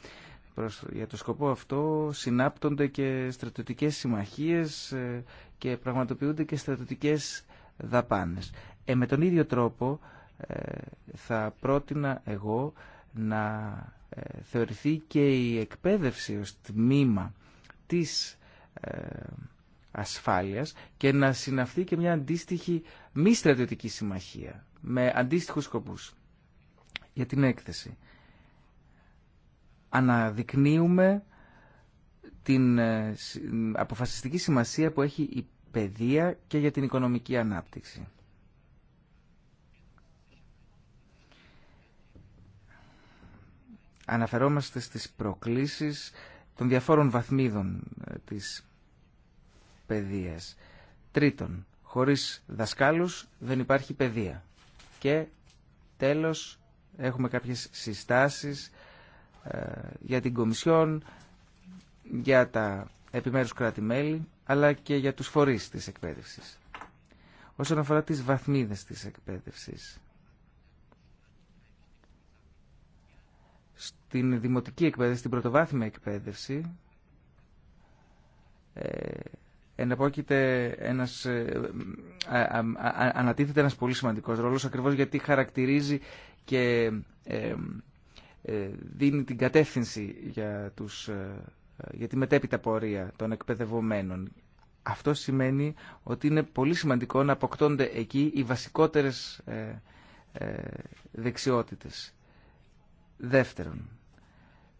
για το σκοπό αυτό συνάπτονται και στρατιωτικές συμμαχίες ε, και πραγματοποιούνται και στρατιωτικές δαπάνες. Ε, με τον ίδιο τρόπο ε, θα πρότεινα εγώ να ε, θεωρηθεί και η εκπαίδευση ως τμήμα της ασφάλειας και να συναυθεί και μια αντίστοιχη μη στρατιωτική συμμαχία με αντίστοιχους σκοπούς για την έκθεση αναδεικνύουμε την ε, αποφασιστική σημασία που έχει η παιδεία και για την οικονομική ανάπτυξη. Αναφερόμαστε στις προκλήσεις των διαφόρων βαθμίδων ε, της παιδείας. Τρίτον, χωρίς δασκάλους δεν υπάρχει παιδεία. Και τέλος έχουμε κάποιες συστάσεις ε, για την Κομισιόν, για τα επιμέρους κράτη-μέλη, αλλά και για τους φορείς της εκπαίδευσης. Όσον αφορά τις βαθμίδες της εκπαίδευσης, στην δημοτική εκπαίδευση, στην πρωτοβάθμια εκπαίδευση, ε, εναπόκειται ένας, ε, ανατίθεται ένας πολύ σημαντικός ρόλος, ακριβώς γιατί χαρακτηρίζει και ε, δίνει την κατεύθυνση για, τους, ε, ε, τη μετέπειτα πορεία των εκπαιδευομένων. Αυτό σημαίνει ότι είναι πολύ σημαντικό να αποκτώνται εκεί οι βασικότερες δεξιότητες. Δεύτερον,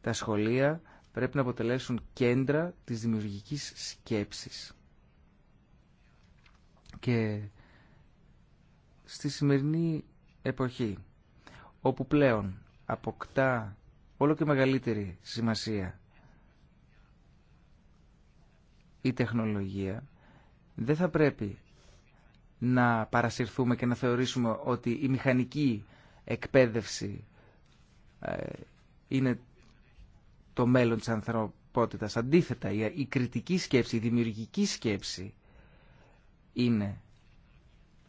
τα σχολεία πρέπει να αποτελέσουν κέντρα της δημιουργικής σκέψης. Και στη σημερινή εποχή, όπου πλέον αποκτά όλο και μεγαλύτερη σημασία η τεχνολογία, δεν θα πρέπει να παρασυρθούμε και να θεωρήσουμε ότι η μηχανική εκπαίδευση ε, είναι το μέλλον της ανθρωπότητας. Αντίθετα, η κριτική σκέψη, η δημιουργική σκέψη είναι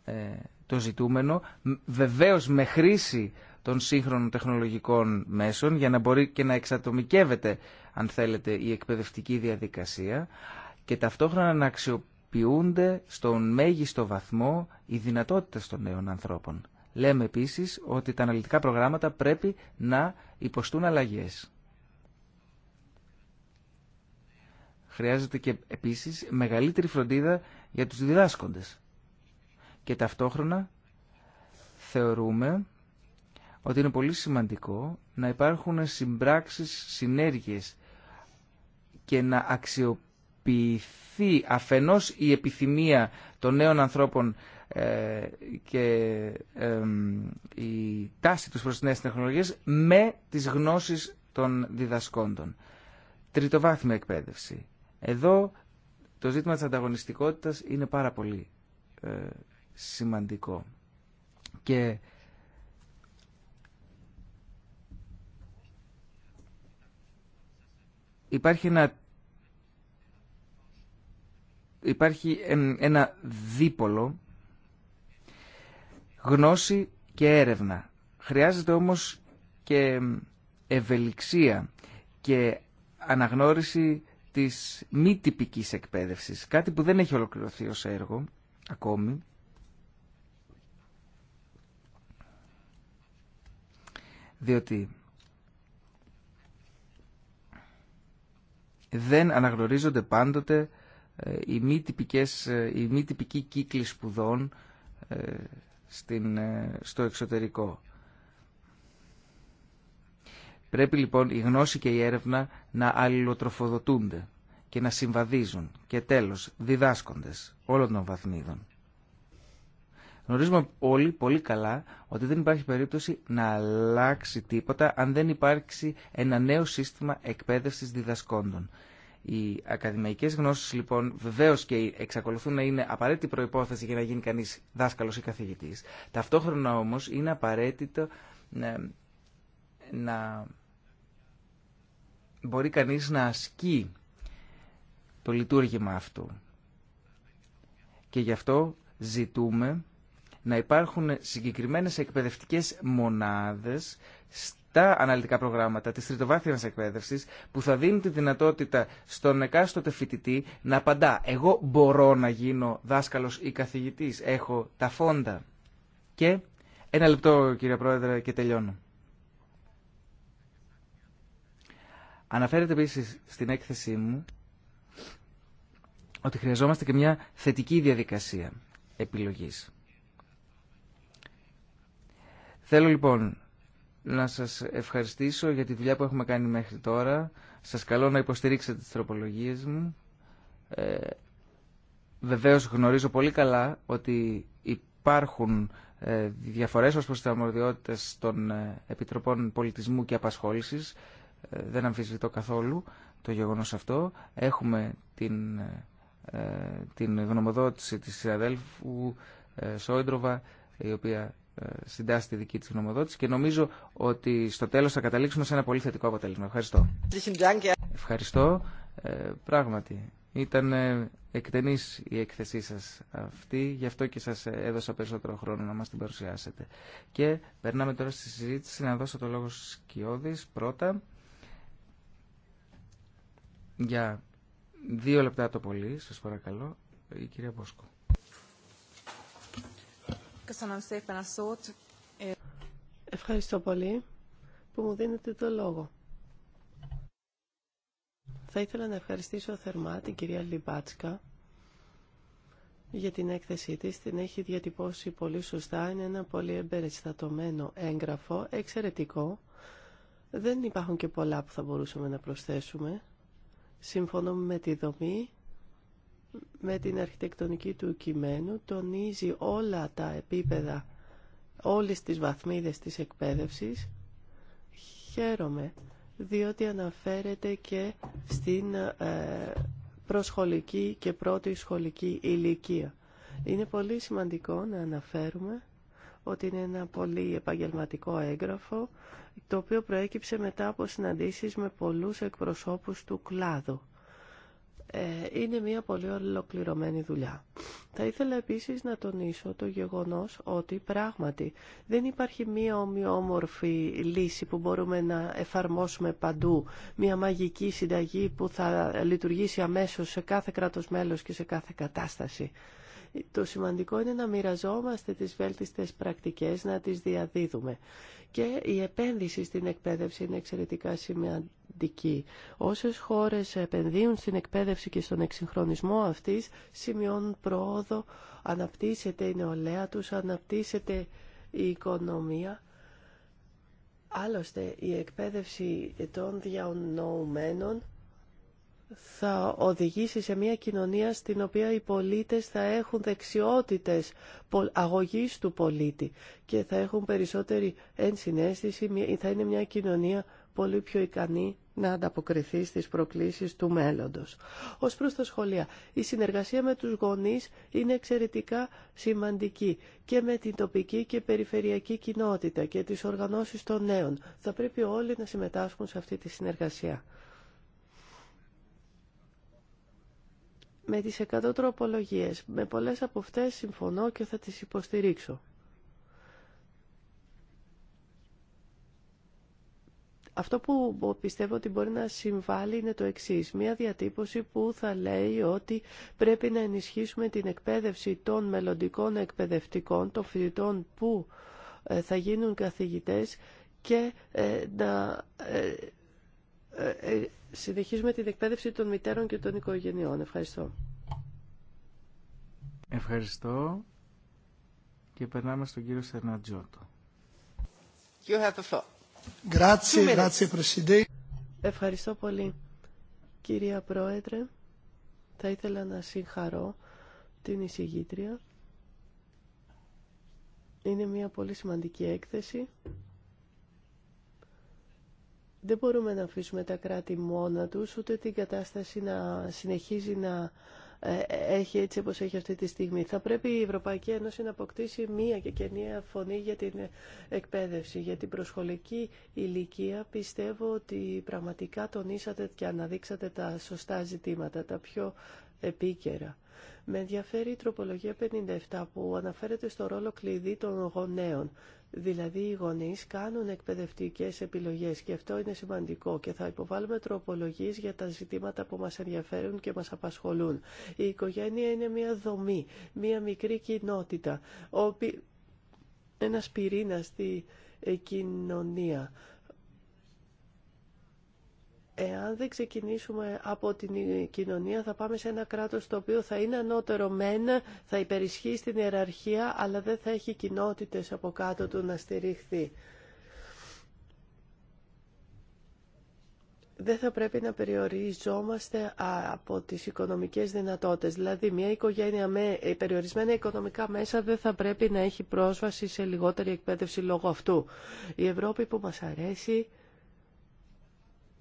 ε, το ζητούμενο. Βεβαίως με χρήση των σύγχρονων τεχνολογικών μέσων για να μπορεί και να εξατομικεύεται, αν θέλετε, η εκπαιδευτική διαδικασία και ταυτόχρονα να αξιοποιούνται στον μέγιστο βαθμό οι δυνατότητες των νέων ανθρώπων. Λέμε επίσης ότι τα αναλυτικά προγράμματα πρέπει να υποστούν αλλαγές. Χρειάζεται και επίσης μεγαλύτερη φροντίδα για τους διδάσκοντες. Και ταυτόχρονα θεωρούμε ότι είναι πολύ σημαντικό να υπάρχουν συμπράξεις, συνέργειες και να αξιοποιηθεί αφενός η επιθυμία των νέων ανθρώπων ε, και η τάση τους προς τις νέες τεχνολογίες με τις γνώσεις των διδασκόντων. Τριτοβάθμια εκπαίδευση. Εδώ το ζήτημα της ανταγωνιστικότητας είναι πάρα πολύ ε, σημαντικό. Και υπάρχει ένα υπάρχει ένα δίπολο γνώση και έρευνα. Χρειάζεται όμως και ευελιξία και αναγνώριση της μη τυπικής εκπαίδευσης, κάτι που δεν έχει ολοκληρωθεί ως έργο ακόμη. Διότι δεν αναγνωρίζονται πάντοτε ε, οι μη, τυπικές, ε, οι μη τυπικοί κύκλοι σπουδών ε, στην, στο εξωτερικό. Πρέπει λοιπόν η γνώση και η έρευνα να αλληλοτροφοδοτούνται και να συμβαδίζουν και τέλος διδάσκοντες όλων των βαθμίδων. Γνωρίζουμε όλοι πολύ καλά ότι δεν υπάρχει περίπτωση να αλλάξει τίποτα αν δεν υπάρξει ένα νέο σύστημα εκπαίδευσης διδασκόντων. Οι ακαδημαϊκές γνώσεις λοιπόν βεβαίως και εξακολουθούν να είναι απαραίτητη προϋπόθεση για να γίνει κανείς δάσκαλος ή καθηγητής. Ταυτόχρονα όμως είναι απαραίτητο να, ε, να μπορεί κανείς να ασκεί το λειτουργήμα αυτού. Και γι' αυτό ζητούμε να υπάρχουν συγκεκριμένες εκπαιδευτικές μονάδες στα αναλυτικά προγράμματα της τριτοβάθμιας εκπαίδευσης που θα δίνουν τη δυνατότητα στον εκάστοτε φοιτητή να απαντά «Εγώ μπορώ να γίνω δάσκαλος ή καθηγητής, έχω τα φόντα». Και ένα λεπτό κύριε Πρόεδρε και τελειώνω. Αναφέρεται επίση στην έκθεσή μου ότι χρειαζόμαστε και μια θετική διαδικασία επιλογής. Θέλω λοιπόν να σας ευχαριστήσω για τη δουλειά που έχουμε κάνει μέχρι τώρα. Σας καλώ να υποστηρίξετε τις τροπολογίες μου. Ε, βεβαίως γνωρίζω πολύ καλά ότι υπάρχουν ε, διαφορές ως προς τις των ε, Επιτροπών Πολιτισμού και Απασχόλησης. Ε, δεν αμφισβητώ καθόλου το γεγονός αυτό. Έχουμε την, ε, την γνωμοδότηση της αδέλφου Σόιντροβα, η οποία ε, συντάσσει τη δική τη γνωμοδότηση και νομίζω ότι στο τέλος θα καταλήξουμε σε ένα πολύ θετικό αποτέλεσμα. Ευχαριστώ. Ευχαριστώ. Ε, πράγματι, ήταν ε, εκτενής η έκθεσή σας αυτή, γι' αυτό και σας έδωσα περισσότερο χρόνο να μας την παρουσιάσετε. Και περνάμε τώρα στη συζήτηση να δώσω το λόγο στους πρώτα για δύο λεπτά το πολύ, σας παρακαλώ, η κυρία Μπόσκο. Ευχαριστώ πολύ που μου δίνετε το λόγο. Θα ήθελα να ευχαριστήσω θερμά την κυρία Λιμπάτσκα για την έκθεσή της. Την έχει διατυπώσει πολύ σωστά. Είναι ένα πολύ εμπεριστατωμένο έγγραφο, εξαιρετικό. Δεν υπάρχουν και πολλά που θα μπορούσαμε να προσθέσουμε. Συμφωνώ με τη δομή με την αρχιτεκτονική του κειμένου τονίζει όλα τα επίπεδα, όλες τις βαθμίδες της εκπαίδευσης. Χαίρομαι, διότι αναφέρεται και στην ε, προσχολική και πρώτη σχολική ηλικία. Είναι πολύ σημαντικό να αναφέρουμε ότι είναι ένα πολύ επαγγελματικό έγγραφο, το οποίο προέκυψε μετά από συναντήσεις με πολλούς εκπροσώπους του κλάδου. Ε, είναι μια πολύ ολοκληρωμένη δουλειά. Θα ήθελα επίσης να τονίσω το γεγονός ότι πράγματι δεν υπάρχει μια ομοιόμορφη λύση που μπορούμε να εφαρμόσουμε παντού, μια μαγική συνταγή που θα λειτουργήσει αμέσως σε κάθε κράτος μέλος και σε κάθε κατάσταση. Το σημαντικό είναι να μοιραζόμαστε τις βέλτιστες πρακτικές, να τις διαδίδουμε και η επένδυση στην εκπαίδευση είναι εξαιρετικά σημαντική. Όσες χώρες επενδύουν στην εκπαίδευση και στον εξυγχρονισμό αυτής, σημειώνουν πρόοδο, αναπτύσσεται η νεολαία τους, αναπτύσσεται η οικονομία. Άλλωστε, η εκπαίδευση των διανοουμένων θα οδηγήσει σε μια κοινωνία στην οποία οι πολίτες θα έχουν δεξιότητες αγωγής του πολίτη και θα έχουν περισσότερη ενσυναίσθηση, θα είναι μια κοινωνία πολύ πιο ικανή να ανταποκριθεί στις προκλήσεις του μέλλοντος. Ως προς τα σχολεία, η συνεργασία με τους γονείς είναι εξαιρετικά σημαντική και με την τοπική και περιφερειακή κοινότητα και τις οργανώσεις των νέων. Θα πρέπει όλοι να συμμετάσχουν σε αυτή τη συνεργασία. με τις 100 τροπολογίες. Με πολλές από αυτές συμφωνώ και θα τις υποστηρίξω. Αυτό που πιστεύω ότι μπορεί να συμβάλλει είναι το εξής. Μία διατύπωση που θα λέει ότι πρέπει να ενισχύσουμε την εκπαίδευση των μελλοντικών εκπαιδευτικών, των φοιτητών που ε, θα γίνουν καθηγητές και ε, να ε, ε, ε, συνεχίζουμε την εκπαίδευση των μητέρων και των οικογενειών. Ευχαριστώ. Ευχαριστώ και περνάμε στον κύριο Σερνατζότο. Ευχαριστώ πολύ. Κυρία Πρόεδρε, θα ήθελα να συγχαρώ την εισηγήτρια. Είναι μια πολύ σημαντική έκθεση δεν μπορούμε να αφήσουμε τα κράτη μόνα τους, ούτε την κατάσταση να συνεχίζει να ε, έχει έτσι όπως έχει αυτή τη στιγμή. Θα πρέπει η Ευρωπαϊκή Ένωση να αποκτήσει μία και καινία φωνή για την εκπαίδευση, για την προσχολική ηλικία. Πιστεύω ότι πραγματικά τονίσατε και αναδείξατε τα σωστά ζητήματα, τα πιο επίκαιρα. Με ενδιαφέρει η τροπολογία 57 που αναφέρεται στο ρόλο κλειδί των γονέων. Δηλαδή οι γονείς κάνουν εκπαιδευτικές επιλογές και αυτό είναι σημαντικό και θα υποβάλουμε τροπολογίες για τα ζητήματα που μας ενδιαφέρουν και μας απασχολούν. Η οικογένεια είναι μια δομή, μια μικρή κοινότητα, ένας πυρήνας στη ε, κοινωνία. Εάν δεν ξεκινήσουμε από την κοινωνία θα πάμε σε ένα κράτος το οποίο θα είναι ανώτερο μεν, θα υπερισχύει στην ιεραρχία, αλλά δεν θα έχει κοινότητες από κάτω του να στηριχθεί. δεν θα πρέπει να περιοριζόμαστε από τις οικονομικές δυνατότητες. Δηλαδή, μια οικογένεια με ε, περιορισμένα οικονομικά μέσα δεν θα πρέπει να έχει πρόσβαση σε λιγότερη εκπαίδευση λόγω αυτού. Η Ευρώπη που μας αρέσει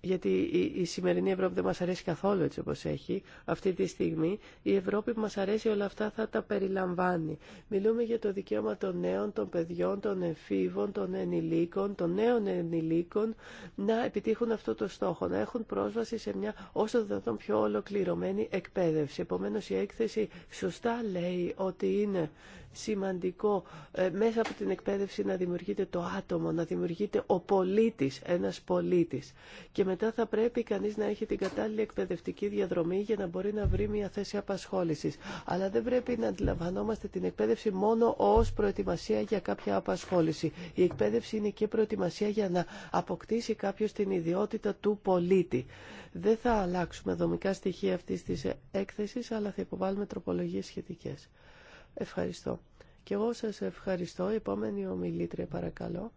γιατί η, σημερινή Ευρώπη δεν μας αρέσει καθόλου έτσι όπως έχει αυτή τη στιγμή, η Ευρώπη που μας αρέσει όλα αυτά θα τα περιλαμβάνει. Μιλούμε για το δικαίωμα των νέων, των παιδιών, των εφήβων, των ενηλίκων, των νέων ενηλίκων να επιτύχουν αυτό το στόχο, να έχουν πρόσβαση σε μια όσο δυνατόν πιο ολοκληρωμένη εκπαίδευση. Επομένως η έκθεση σωστά λέει ότι είναι σημαντικό ε, μέσα από την εκπαίδευση να δημιουργείται το άτομο, να δημιουργείται ο πολίτης, ένας πολίτης. Και μετά θα πρέπει κανείς να έχει την κατάλληλη εκπαιδευτική διαδρομή για να μπορεί να βρει μια θέση απασχόλησης. Αλλά δεν πρέπει να αντιλαμβανόμαστε την εκπαίδευση μόνο ως προετοιμασία για κάποια απασχόληση. Η εκπαίδευση είναι και προετοιμασία για να αποκτήσει κάποιος την ιδιότητα του πολίτη. Δεν θα αλλάξουμε δομικά στοιχεία αυτής της έκθεσης, αλλά θα υποβάλουμε τροπολογίες σχετικές. Ευχαριστώ. Και εγώ σας ευχαριστώ. Επόμενη ομιλήτρια παρακαλώ.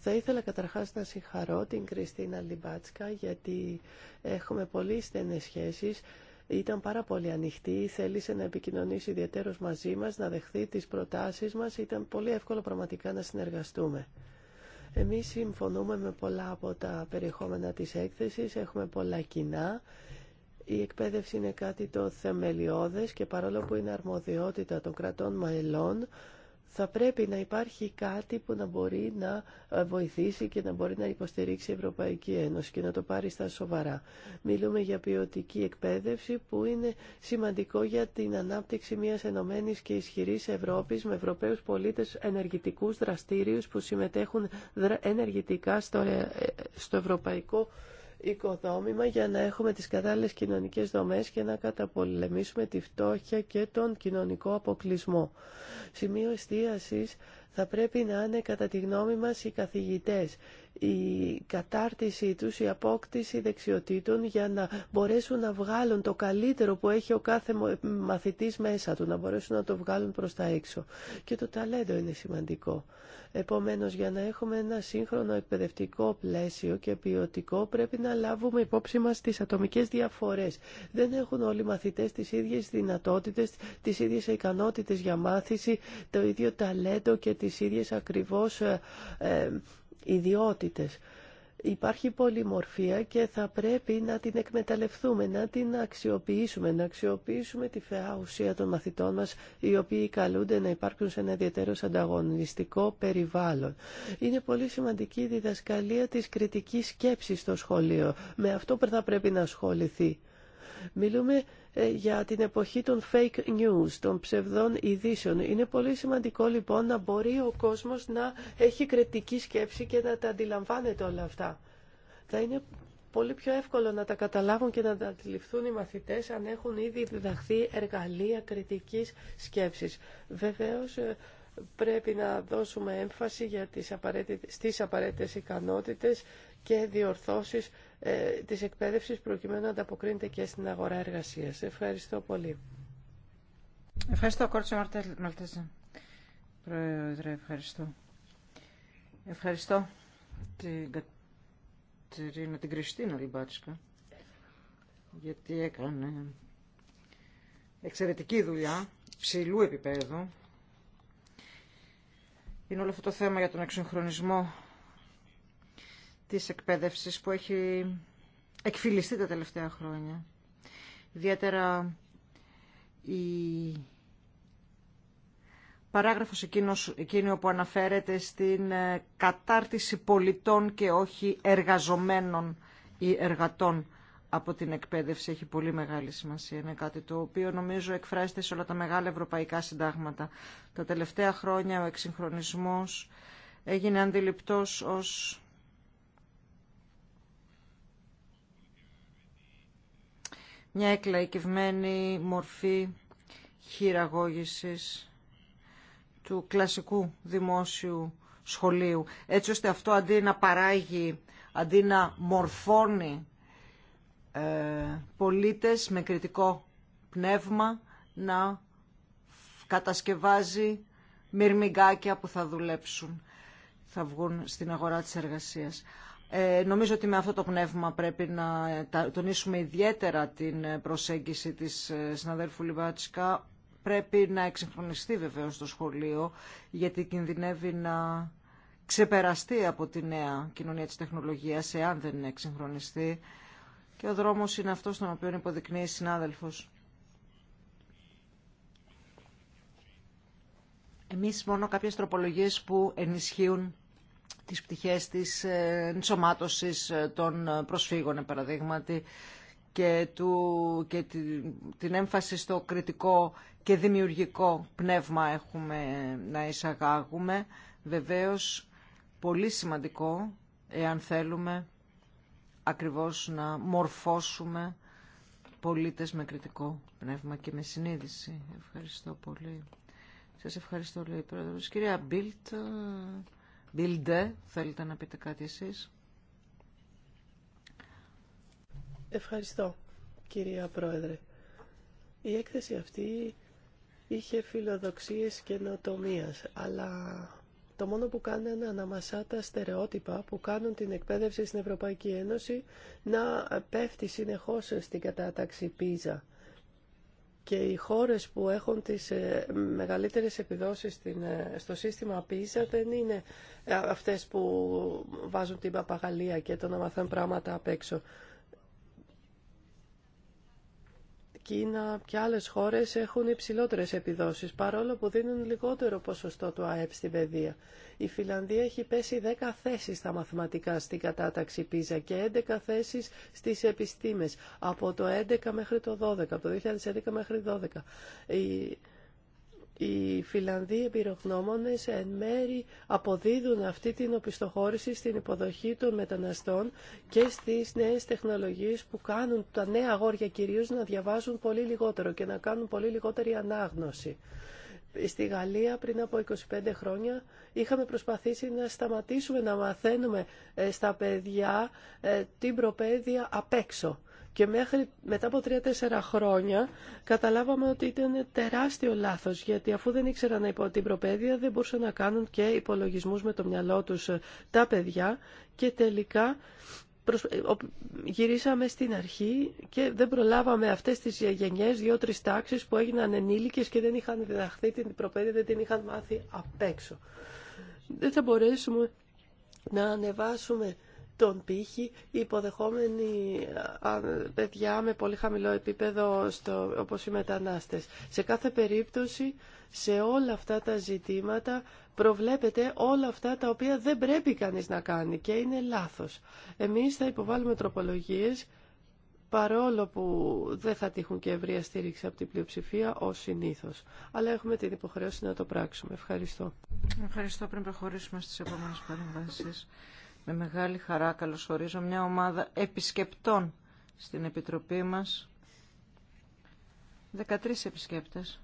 Θα ήθελα καταρχάς να συγχαρώ την Κριστίνα Λιμπάτσκα γιατί έχουμε πολύ στενές σχέσεις. Ήταν πάρα πολύ ανοιχτή, θέλησε να επικοινωνήσει ιδιαίτερος μαζί μας, να δεχθεί τις προτάσεις μας. Ήταν πολύ εύκολο πραγματικά να συνεργαστούμε. Εμείς συμφωνούμε με πολλά από τα περιεχόμενα της έκθεσης, έχουμε πολλά κοινά. Η εκπαίδευση είναι κάτι το θεμελιώδες και παρόλο που είναι αρμοδιότητα των κρατών μαελών, θα πρέπει να υπάρχει κάτι που να μπορεί να ε, βοηθήσει και να μπορεί να υποστηρίξει η Ευρωπαϊκή Ένωση και να το πάρει στα σοβαρά. Μιλούμε για ποιοτική εκπαίδευση που είναι σημαντικό για την ανάπτυξη μιας ενωμένης και ισχυρής Ευρώπης με Ευρωπαίους πολίτες ενεργητικούς δραστήριους που συμμετέχουν ενεργητικά στο ε, ε, ευρωπαϊκό οικοδόμημα για να έχουμε τις κατάλληλες κοινωνικές δομές και να καταπολεμήσουμε τη φτώχεια και τον κοινωνικό αποκλεισμό. Σημείο εστίασης θα πρέπει να είναι κατά τη γνώμη μας οι καθηγητές, η κατάρτισή τους, η απόκτηση δεξιοτήτων για να μπορέσουν να βγάλουν το καλύτερο που έχει ο κάθε μαθητής μέσα του, να μπορέσουν να το βγάλουν προς τα έξω. Και το ταλέντο είναι σημαντικό. Επομένως, για να έχουμε ένα σύγχρονο εκπαιδευτικό πλαίσιο και ποιοτικό, πρέπει να λάβουμε υπόψη μας τις ατομικές διαφορές. Δεν έχουν όλοι οι μαθητές τις ίδιες δυνατότητες, τις ίδιες ικανότητες για μάθηση, το ίδιο ταλέντο και τις ίδιες ακριβώς ε, ε, ιδιότητες. Υπάρχει πολυμορφία και θα πρέπει να την εκμεταλλευτούμε, να την αξιοποιήσουμε, να αξιοποιήσουμε τη φαιά ουσία των μαθητών μας, οι οποίοι καλούνται να υπάρχουν σε ένα ιδιαίτερο ανταγωνιστικό περιβάλλον. Είναι πολύ σημαντική η διδασκαλία της κριτικής σκέψης στο σχολείο. Με αυτό θα πρέπει να ασχοληθεί Μιλούμε ε, για την εποχή των fake news, των ψευδών ειδήσεων. Είναι πολύ σημαντικό λοιπόν να μπορεί ο κόσμος να έχει κριτική σκέψη και να τα αντιλαμβάνεται όλα αυτά. Θα είναι πολύ πιο εύκολο να τα καταλάβουν και να τα αντιληφθούν οι μαθητές αν έχουν ήδη διδαχθεί εργαλεία κριτικής σκέψης. Βεβαίως ε, πρέπει να δώσουμε έμφαση για τις απαραίτητες, στις ικανότητες και διορθώσεις ε, της εκπαίδευσης προκειμένου να ανταποκρίνεται και στην αγορά εργασίας. Ευχαριστώ πολύ. Ευχαριστώ, Κόρτσο Μαλτέζα. Πρόεδρε, ευχαριστώ. Ευχαριστώ την Κατερίνα, την Κριστίνα Λιμπάτσικα, γιατί έκανε εξαιρετική δουλειά, ψηλού επίπεδου. Είναι όλο αυτό το θέμα για τον εξυγχρονισμό της εκπαίδευσης που έχει εκφυλιστεί τα τελευταία χρόνια. Ιδιαίτερα η παράγραφος εκείνος, εκείνο που αναφέρεται στην ε, κατάρτιση πολιτών και όχι εργαζομένων ή εργατών από την εκπαίδευση έχει πολύ μεγάλη σημασία. Είναι κάτι το οποίο νομίζω εκφράζεται σε όλα τα μεγάλα ευρωπαϊκά συντάγματα. Τα τελευταία χρόνια ο εξυγχρονισμός έγινε αντιληπτός ως μια εκλαϊκευμένη μορφή χειραγώγησης του κλασικού δημόσιου σχολείου. Έτσι ώστε αυτό αντί να παράγει, αντί να μορφώνει ε, πολίτες με κριτικό πνεύμα, να κατασκευάζει μυρμηγκάκια που θα δουλέψουν, θα βγουν στην αγορά της εργασίας. Ε, νομίζω ότι με αυτό το πνεύμα πρέπει να τονίσουμε ιδιαίτερα την ε, προσέγγιση της ε, συναδέλφου Λιβάτσικα. Πρέπει να εξυγχρονιστεί βεβαίως το σχολείο, γιατί κινδυνεύει να ξεπεραστεί από τη νέα κοινωνία της τεχνολογίας, εάν δεν εξυγχρονιστεί. Και ο δρόμος είναι αυτός τον οποίο υποδεικνύει η συνάδελφος. Εμείς μόνο κάποιες τροπολογίες που ενισχύουν τις πτυχές της ενσωμάτωσης των προσφύγων, παραδείγματι, και, του, και την έμφαση στο κριτικό και δημιουργικό πνεύμα έχουμε να εισαγάγουμε. Βεβαίως, πολύ σημαντικό, εάν θέλουμε ακριβώς να μορφώσουμε πολίτες με κριτικό πνεύμα και με συνείδηση. Ευχαριστώ πολύ. Σας ευχαριστώ, λέει η Πρόεδρος. Κυρία Μπίλτ, Μπίλντε, θέλετε να πείτε κάτι εσείς. Ευχαριστώ, κυρία Πρόεδρε. Η έκθεση αυτή είχε φιλοδοξίες καινοτομία, αλλά το μόνο που κάνει είναι αναμασά τα στερεότυπα που κάνουν την εκπαίδευση στην Ευρωπαϊκή Ένωση να πέφτει συνεχώς στην κατάταξη πίζα και οι χώρες που έχουν τις ε, μεγαλύτερες επιδόσεις ε, στο σύστημα PISA δεν είναι ε, αυτές που βάζουν την παπαγαλία και το να μαθαίνουν πράγματα απ' έξω. Κίνα και άλλες χώρες έχουν υψηλότερες επιδόσεις, παρόλο που δίνουν λιγότερο ποσοστό του ΑΕΠ στην παιδεία. Η Φιλανδία έχει πέσει 10 θέσεις στα μαθηματικά στην κατάταξη PISA και 11 θέσεις στις επιστήμες, από το 11 μέχρι το 12, το 2011 μέχρι 12. Οι Φιλανδοί εμπειρογνώμονες εν μέρη αποδίδουν αυτή την οπισθοχώρηση στην υποδοχή των μεταναστών και στις νέες τεχνολογίες που κάνουν τα νέα αγόρια κυρίως να διαβάζουν πολύ λιγότερο και να κάνουν πολύ λιγότερη ανάγνωση. Στη Γαλλία πριν από 25 χρόνια είχαμε προσπαθήσει να σταματήσουμε να μαθαίνουμε ε, στα παιδιά ε, την προπαίδεια απ' έξω και μέχρι, μετά από τρία-τέσσερα χρόνια καταλάβαμε ότι ήταν τεράστιο λάθος, γιατί αφού δεν ήξεραν υπό την προπαίδεια δεν μπορούσαν να κάνουν και υπολογισμούς με το μυαλό τους ε, τα παιδιά και τελικά ε, γυρίσαμε στην αρχή και δεν προλάβαμε αυτές τις γενιές, δύο-τρεις τάξεις που έγιναν ενήλικες και δεν είχαν διδαχθεί την προπαίδεια, δεν την είχαν μάθει απ' έξω. Δεν θα μπορέσουμε να ανεβάσουμε τον πύχη, υποδεχόμενοι παιδιά με πολύ χαμηλό επίπεδο στο, όπως οι μετανάστες. Σε κάθε περίπτωση, σε όλα αυτά τα ζητήματα προβλέπεται όλα αυτά τα οποία δεν πρέπει κανείς να κάνει και είναι λάθος. Εμείς θα υποβάλουμε τροπολογίες παρόλο που δεν θα τύχουν και ευρεία στήριξη από την πλειοψηφία ω συνήθω Αλλά έχουμε την υποχρέωση να το πράξουμε. Ευχαριστώ. Ευχαριστώ πριν προχωρήσουμε στις επόμενες παρεμβάσεις. Με μεγάλη χαρά καλωσορίζω μια ομάδα επισκεπτών στην Επιτροπή μας. 13 επισκέπτες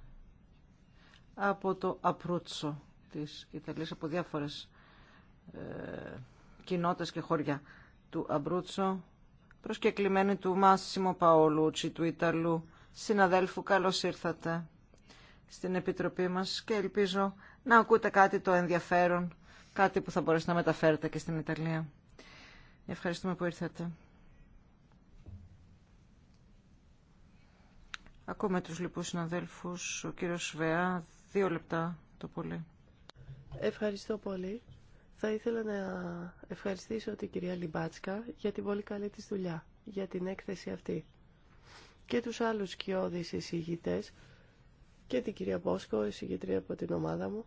από το Απρούτσο της Ιταλίας, από διάφορες ε, κοινότητες και χωριά του Απρούτσο. Προσκεκλημένοι του Μάσιμο Παολούτσι, του Ιταλού. Συναδέλφου, καλώς ήρθατε στην Επιτροπή μας και ελπίζω να ακούτε κάτι το ενδιαφέρον κάτι που θα μπορέσετε να μεταφέρετε και στην Ιταλία. Ευχαριστούμε που ήρθατε. Ακούμε τους λοιπούς συναδέλφους. Ο κύριος Σβεά, δύο λεπτά το πολύ. Ευχαριστώ πολύ. Θα ήθελα να ευχαριστήσω την κυρία Λιμπάτσκα για την πολύ καλή της δουλειά, για την έκθεση αυτή. Και τους άλλους κοιόδης εισηγητές και την κυρία Πόσκο, εισηγητρία από την ομάδα μου.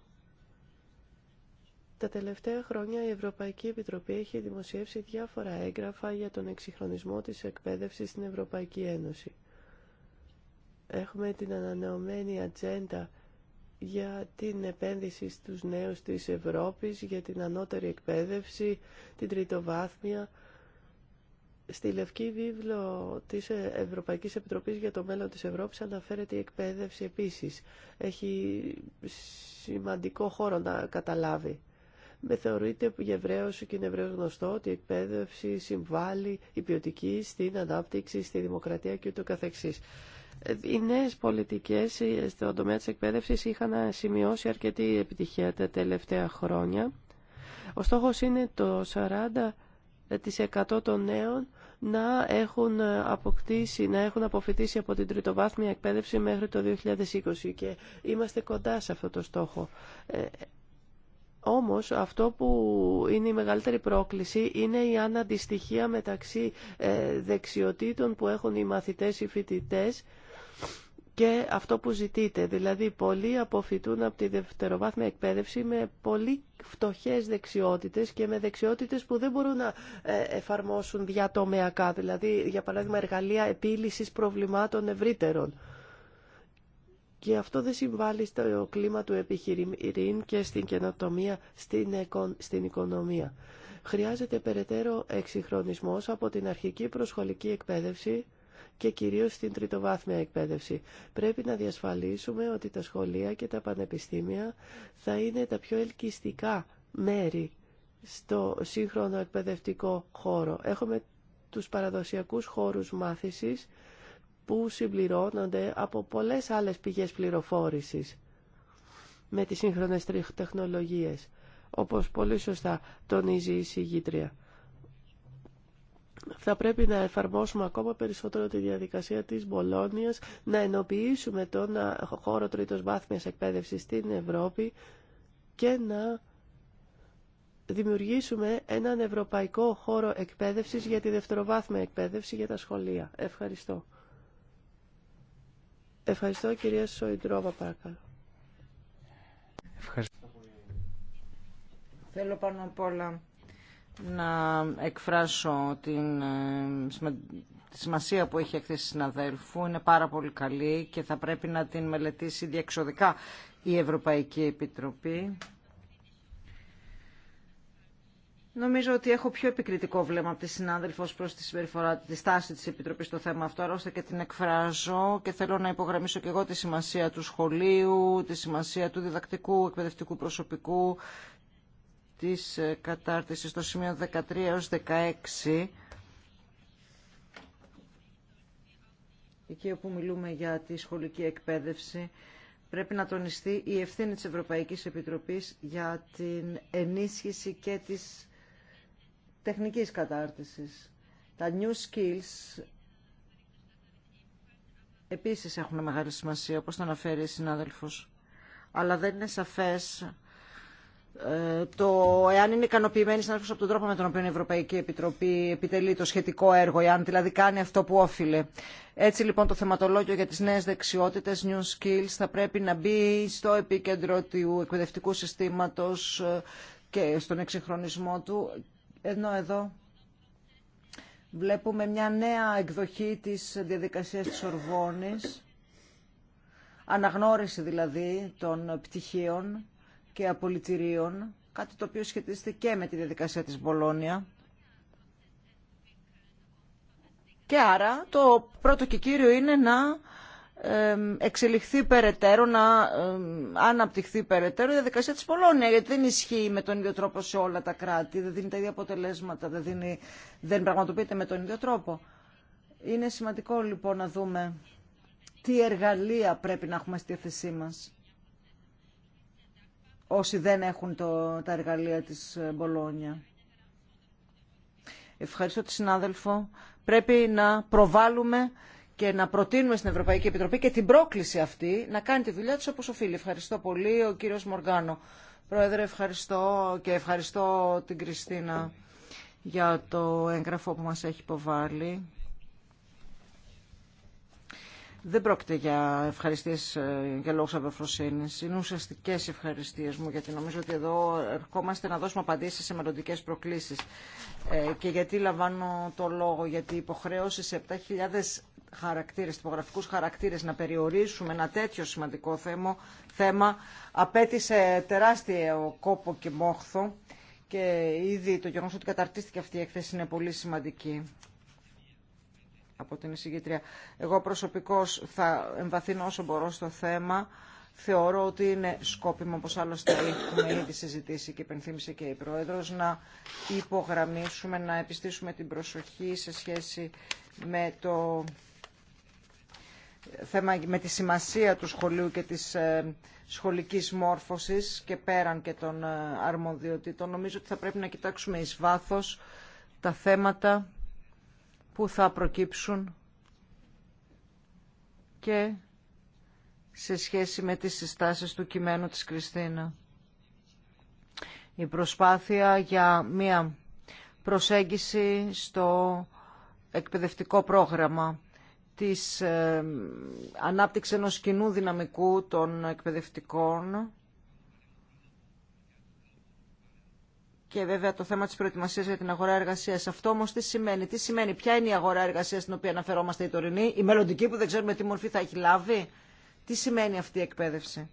Τα τελευταία χρόνια η Ευρωπαϊκή Επιτροπή έχει δημοσιεύσει διάφορα έγγραφα για τον εξυγχρονισμό της εκπαίδευσης στην Ευρωπαϊκή Ένωση. Έχουμε την ανανεωμένη ατζέντα για την επένδυση στους νέους της Ευρώπης, για την ανώτερη εκπαίδευση, την τριτοβάθμια. Στη Λευκή Βίβλο της Ευρωπαϊκής Επιτροπής για το μέλλον της Ευρώπης αναφέρεται η εκπαίδευση επίσης. Έχει σημαντικό χώρο να καταλάβει με θεωρείται σου και είναι ευρέως γνωστό ότι η εκπαίδευση συμβάλλει η ποιοτική στην ανάπτυξη, στη δημοκρατία και ούτω καθεξής. Οι νέε πολιτικέ ε, στον τομέα τη εκπαίδευση είχαν σημειώσει αρκετή επιτυχία τα τελευταία χρόνια. Ο στόχο είναι το 40% των νέων να έχουν ε, αποκτήσει, να έχουν αποφοιτήσει από την τριτοβάθμια εκπαίδευση μέχρι το 2020 και είμαστε κοντά σε αυτό το στόχο. Ε, όμως αυτό που είναι η μεγαλύτερη πρόκληση είναι η αναντιστοιχία μεταξύ ε, δεξιοτήτων που έχουν οι μαθητές οι φοιτητές και αυτό που ζητείτε. Δηλαδή, πολλοί αποφυτούν από τη δευτεροβάθμια εκπαίδευση με πολύ φτωχές δεξιότητες και με δεξιότητες που δεν μπορούν να ε, εφαρμόσουν διατομεακά, δηλαδή, για παράδειγμα, εργαλεία επίλυσης προβλημάτων ευρύτερων και αυτό δεν συμβάλλει στο κλίμα του επιχειρήν και στην καινοτομία στην στην οικονομία. Χρειάζεται περαιτέρω εξυγχρονισμός από την αρχική προσχολική εκπαίδευση και κυρίως στην τριτοβάθμια εκπαίδευση. Πρέπει να διασφαλίσουμε ότι τα σχολεία και τα πανεπιστήμια θα είναι τα πιο ελκυστικά μέρη στο σύγχρονο εκπαιδευτικό χώρο. Έχουμε τους παραδοσιακούς χώρους μάθησης που συμπληρώνονται από πολλές άλλες πηγές πληροφόρησης με τις σύγχρονες τεχνολογίες, όπως πολύ σωστά τονίζει η συγγήτρια. Θα πρέπει να εφαρμόσουμε ακόμα περισσότερο τη διαδικασία της Μπολόνιας, να ενοποιήσουμε τον χώρο τρίτος βάθμιας εκπαίδευσης στην Ευρώπη και να δημιουργήσουμε έναν ευρωπαϊκό χώρο εκπαίδευσης για τη δευτεροβάθμια εκπαίδευση για τα σχολεία. Ευχαριστώ. Ευχαριστώ κυρία Σοϊντρόβα παρακαλώ. Ευχαριστώ. Θέλω πάνω απ' όλα να εκφράσω την ε, τη σημασία που έχει εκθέσει συναδέλφου. Είναι πάρα πολύ καλή και θα πρέπει να την μελετήσει διεξοδικά η Ευρωπαϊκή Επιτροπή. Νομίζω ότι έχω πιο επικριτικό βλέμμα από τη συνάδελφο προ τη συμπεριφορά, τη στάση τη Επιτροπή στο θέμα αυτό. Άλλωστε και την εκφράζω και θέλω να υπογραμμίσω και εγώ τη σημασία του σχολείου, τη σημασία του διδακτικού, εκπαιδευτικού προσωπικού, τη ε, κατάρτιση στο σημείο 13 έω 16. Εκεί όπου μιλούμε για τη σχολική εκπαίδευση, πρέπει να τονιστεί η ευθύνη της Ευρωπαϊκής Επιτροπής για την ενίσχυση και της τεχνικής κατάρτισης. Τα new skills επίσης έχουν μεγάλη σημασία, όπως το αναφέρει η συνάδελφος. Αλλά δεν είναι σαφές ε, το εάν είναι ικανοποιημένη συνάδελφος από τον τρόπο με τον οποίο η Ευρωπαϊκή Επιτροπή επιτελεί το σχετικό έργο, εάν δηλαδή κάνει αυτό που όφιλε. Έτσι λοιπόν το θεματολόγιο για τις νέες δεξιότητες, new skills, θα πρέπει να μπει στο επίκεντρο του εκπαιδευτικού συστήματος ε, και στον εξυγχρονισμό του ενώ εδώ βλέπουμε μια νέα εκδοχή της διαδικασίας της Ορβόνης, αναγνώριση δηλαδή των πτυχίων και απολυτηρίων, κάτι το οποίο σχετίζεται και με τη διαδικασία της Μπολόνια. Και άρα το πρώτο και κύριο είναι να εξελιχθεί περαιτέρω, να αναπτυχθεί περαιτέρω η διαδικασία της Πολώνια, γιατί δεν ισχύει με τον ίδιο τρόπο σε όλα τα κράτη, δεν δίνει τα ίδια αποτελέσματα, δεν, δίνει, δεν πραγματοποιείται με τον ίδιο τρόπο. Είναι σημαντικό λοιπόν να δούμε τι εργαλεία πρέπει να έχουμε στη θέση μας όσοι δεν έχουν το, τα εργαλεία της ε, Πολώνια Ευχαριστώ τη συνάδελφο. Πρέπει να προβάλλουμε και να προτείνουμε στην Ευρωπαϊκή Επιτροπή και την πρόκληση αυτή να κάνει τη δουλειά της όπως οφείλει. Ευχαριστώ πολύ ο κύριος Μοργάνο. Πρόεδρε, ευχαριστώ και ευχαριστώ την Κριστίνα για το έγγραφο που μας έχει υποβάλει. Δεν πρόκειται για ευχαριστίε ε, για λόγου απεφροσύνης. Είναι ουσιαστικέ ευχαριστίες μου, γιατί νομίζω ότι εδώ ερχόμαστε να δώσουμε απαντήσει σε μελλοντικέ προκλήσεις. Ε, και γιατί λαμβάνω το λόγο, γιατί η υποχρέωση σε 7.000 χαρακτήρες, τυπογραφικούς χαρακτήρες να περιορίσουμε ένα τέτοιο σημαντικό θέμα, θέμα τεράστιο κόπο και μόχθο και ήδη το γεγονό ότι καταρτίστηκε αυτή η έκθεση είναι πολύ σημαντική από την εισηγήτρια. Εγώ προσωπικώς θα εμβαθύνω όσο μπορώ στο θέμα. Θεωρώ ότι είναι σκόπιμο, όπως άλλωστε έχουμε ήδη συζητήσει και υπενθύμησε και η Πρόεδρος, να υπογραμμίσουμε, να επιστήσουμε την προσοχή σε σχέση με το θέμα με τη σημασία του σχολείου και της ε, σχολικής μόρφωσης και πέραν και των ε, αρμοδιοτήτων. Νομίζω ότι θα πρέπει να κοιτάξουμε εις βάθος τα θέματα που θα προκύψουν και σε σχέση με τις συστάσεις του κειμένου της Κριστίνα. Η προσπάθεια για μία προσέγγιση στο εκπαιδευτικό πρόγραμμα της ε, ανάπτυξης ενός κοινού δυναμικού των εκπαιδευτικών και βέβαια το θέμα τη προετοιμασία για την αγορά εργασία. Αυτό όμω τι σημαίνει, τι σημαίνει, ποια είναι η αγορά εργασία στην οποία αναφερόμαστε η τωρινή, η μελλοντική που δεν ξέρουμε τι μορφή θα έχει λάβει. Τι σημαίνει αυτή η εκπαίδευση.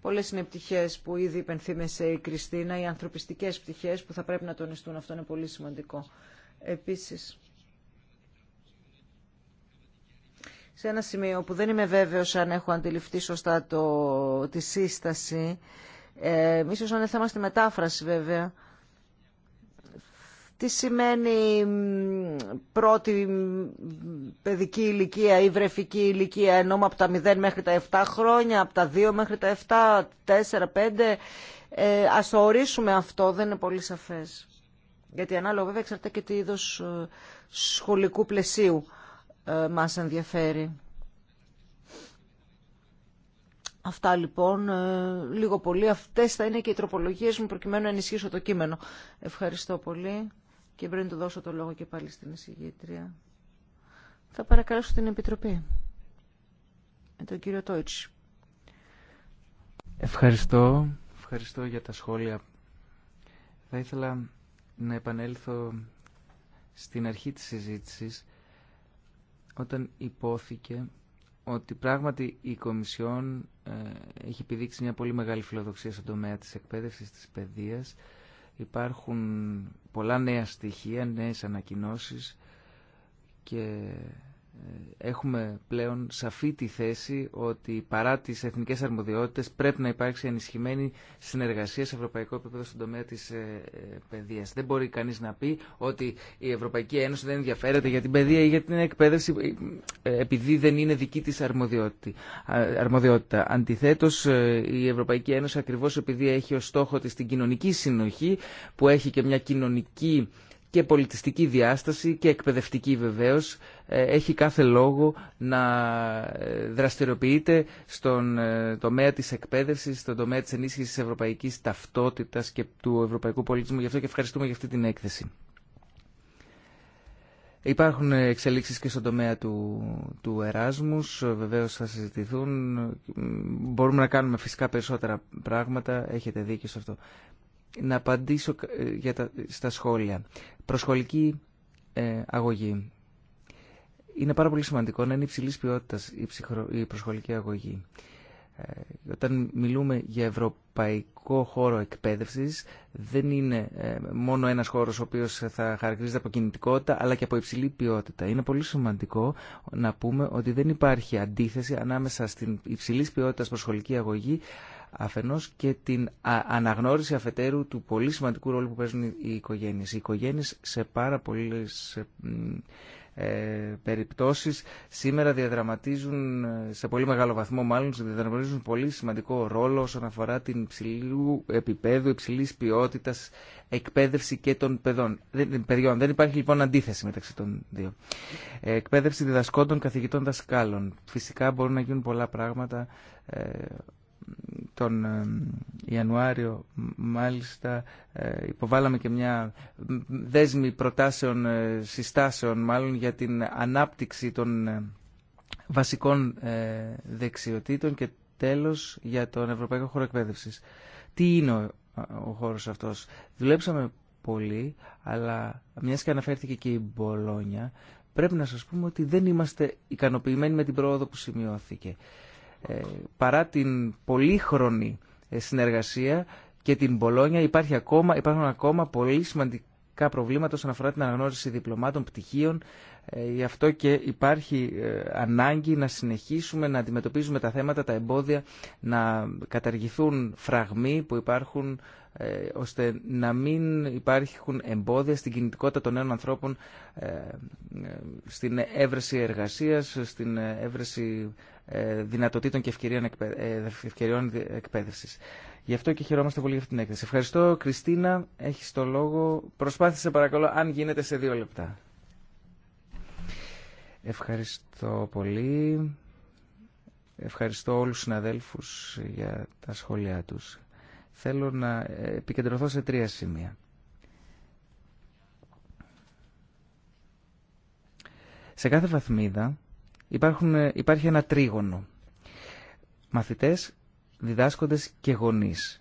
Πολλέ είναι οι πτυχέ που ήδη υπενθύμησε η Κριστίνα, οι ανθρωπιστικέ πτυχέ που θα πρέπει να τονιστούν. Αυτό είναι πολύ σημαντικό. Επίσης, σε ένα σημείο που δεν είμαι βέβαιος αν έχω αντιληφθεί σωστά το, τη σύσταση, ε, ίσως να είναι θέμα στη μετάφραση βέβαια. Τι σημαίνει πρώτη παιδική ηλικία ή βρεφική ηλικία, ενώ από τα 0 μέχρι τα 7 χρόνια, από τα 2 μέχρι τα 7, 4, 5. Ε, ας το ορίσουμε αυτό, δεν είναι πολύ σαφές. Γιατί ανάλογα βέβαια εξαρτάται και τι είδος ε, σχολικού πλαισίου ε, μας ενδιαφέρει. Αυτά λοιπόν, ε, λίγο πολύ, αυτές θα είναι και οι τροπολογίες μου προκειμένου να ενισχύσω το κείμενο. Ευχαριστώ πολύ και πριν του δώσω το λόγο και πάλι στην εισηγήτρια. Θα παρακαλέσω την Επιτροπή, ε, τον κύριο Τόιτς. Ευχαριστώ. Ευχαριστώ για τα σχόλια. Θα ήθελα να επανέλθω στην αρχή της συζήτησης όταν υπόθηκε ότι πράγματι η Κομισιόν ε, έχει επιδείξει μια πολύ μεγάλη φιλοδοξία στον τομέα της εκπαίδευσης της παιδείας. Υπάρχουν πολλά νέα στοιχεία, νέες ανακοινώσεις και ε, έχουμε πλέον σαφή τη θέση ότι παρά τις εθνικές αρμοδιότητες πρέπει να υπάρξει ενισχυμένη συνεργασία σε ευρωπαϊκό επίπεδο στον τομέα της ε, ε, παιδείας. Δεν μπορεί κανείς να πει ότι η Ευρωπαϊκή Ένωση δεν ενδιαφέρεται για την παιδεία ή για την εκπαίδευση επειδή δεν είναι δική της αρμοδιότητα. Αντιθέτως η Ευρωπαϊκή Ένωση ακριβώς επειδή έχει ως στόχο της την κοινωνική συνοχή που έχει και μια κοινωνική και πολιτιστική διάσταση και εκπαιδευτική βεβαίως ε, έχει κάθε λόγο να ε, δραστηριοποιείται στον ε, τομέα της εκπαίδευσης, στον τομέα της ενίσχυσης ευρωπαϊκής ταυτότητας και του ευρωπαϊκού πολιτισμού. Γι' αυτό και ευχαριστούμε για αυτή την έκθεση. Υπάρχουν εξελίξεις και στον τομέα του, του Εράσμους, βεβαίως θα συζητηθούν. Μπορούμε να κάνουμε φυσικά περισσότερα πράγματα, έχετε δίκιο σε αυτό να απαντήσω ε, για τα, στα σχόλια. Προσχολική ε, αγωγή. Είναι πάρα πολύ σημαντικό να είναι υψηλής ποιότητας η, η προσχολική αγωγή. Ε, όταν μιλούμε για ευρωπαϊκό χώρο εκπαίδευσης, δεν είναι μόνο ένας χώρος ο οποίος θα χαρακτηρίζεται από κινητικότητα, αλλά και από υψηλή ποιότητα. Είναι πολύ σημαντικό να πούμε ότι δεν υπάρχει αντίθεση ανάμεσα στην υψηλής ποιότητας προσχολική αγωγή αφενός και την αναγνώριση αφετέρου του πολύ σημαντικού ρόλου που παίζουν οι οικογένειες. Οι οικογένειες σε πάρα πολλές ε, περιπτώσεις σήμερα διαδραματίζουν σε πολύ μεγάλο βαθμό μάλλον διαδραματίζουν πολύ σημαντικό ρόλο όσον αφορά την υψηλού επίπεδου υψηλής ποιότητας εκπαίδευση και των παιδών, δεν, ε, παιδιών. Δεν υπάρχει λοιπόν αντίθεση μεταξύ των δύο. Ε, εκπαίδευση διδασκόντων, καθηγητών, δασκάλων. Φυσικά μπορούν να γίνουν πολλά πράγματα ε, τον ε, Ιανουάριο μάλιστα ε, υποβάλαμε και μια δέσμη προτάσεων, ε, συστάσεων μάλλον για την ανάπτυξη των βασικών δεξιοτήτων και τέλος για τον Ευρωπαϊκό Χώρο Εκπαίδευσης. Τι είναι ο, χώρος αυτός. Δουλέψαμε πολύ, αλλά μια και αναφέρθηκε και η Μπολόνια, πρέπει να σας πούμε ότι δεν είμαστε ικανοποιημένοι με την πρόοδο που σημειώθηκε. Ε, παρά την πολύχρονη ε, συνεργασία και την Πολόνια υπάρχει ακόμα, υπάρχουν ακόμα πολύ σημαντικά προβλήματα όσον αφορά την αναγνώριση διπλωμάτων, πτυχίων. Ε, γι' αυτό και υπάρχει ανάγκη να συνεχίσουμε να αντιμετωπίζουμε τα θέματα, τα εμπόδια, να καταργηθούν φραγμοί που υπάρχουν ώστε να μην υπάρχουν εμπόδια στην κινητικότητα των νέων ανθρώπων στην έβρεση εργασίας, στην έβρεση ε, δυνατοτήτων και ευκαιριών ε, εκπαίδευση. Γι' αυτό και χαιρόμαστε πολύ για αυτή την έκθεση. Ευχαριστώ. Κριστίνα, έχει το λόγο. Προσπάθησε παρακαλώ, αν γίνεται, σε δύο λεπτά. Ευχαριστώ πολύ. Ευχαριστώ όλους τους συναδέλφους για τα σχόλιά τους. Θέλω να επικεντρωθώ σε τρία σημεία. Σε κάθε βαθμίδα υπάρχουν, υπάρχει ένα τρίγωνο. Μαθητές, διδάσκοντες και γονείς.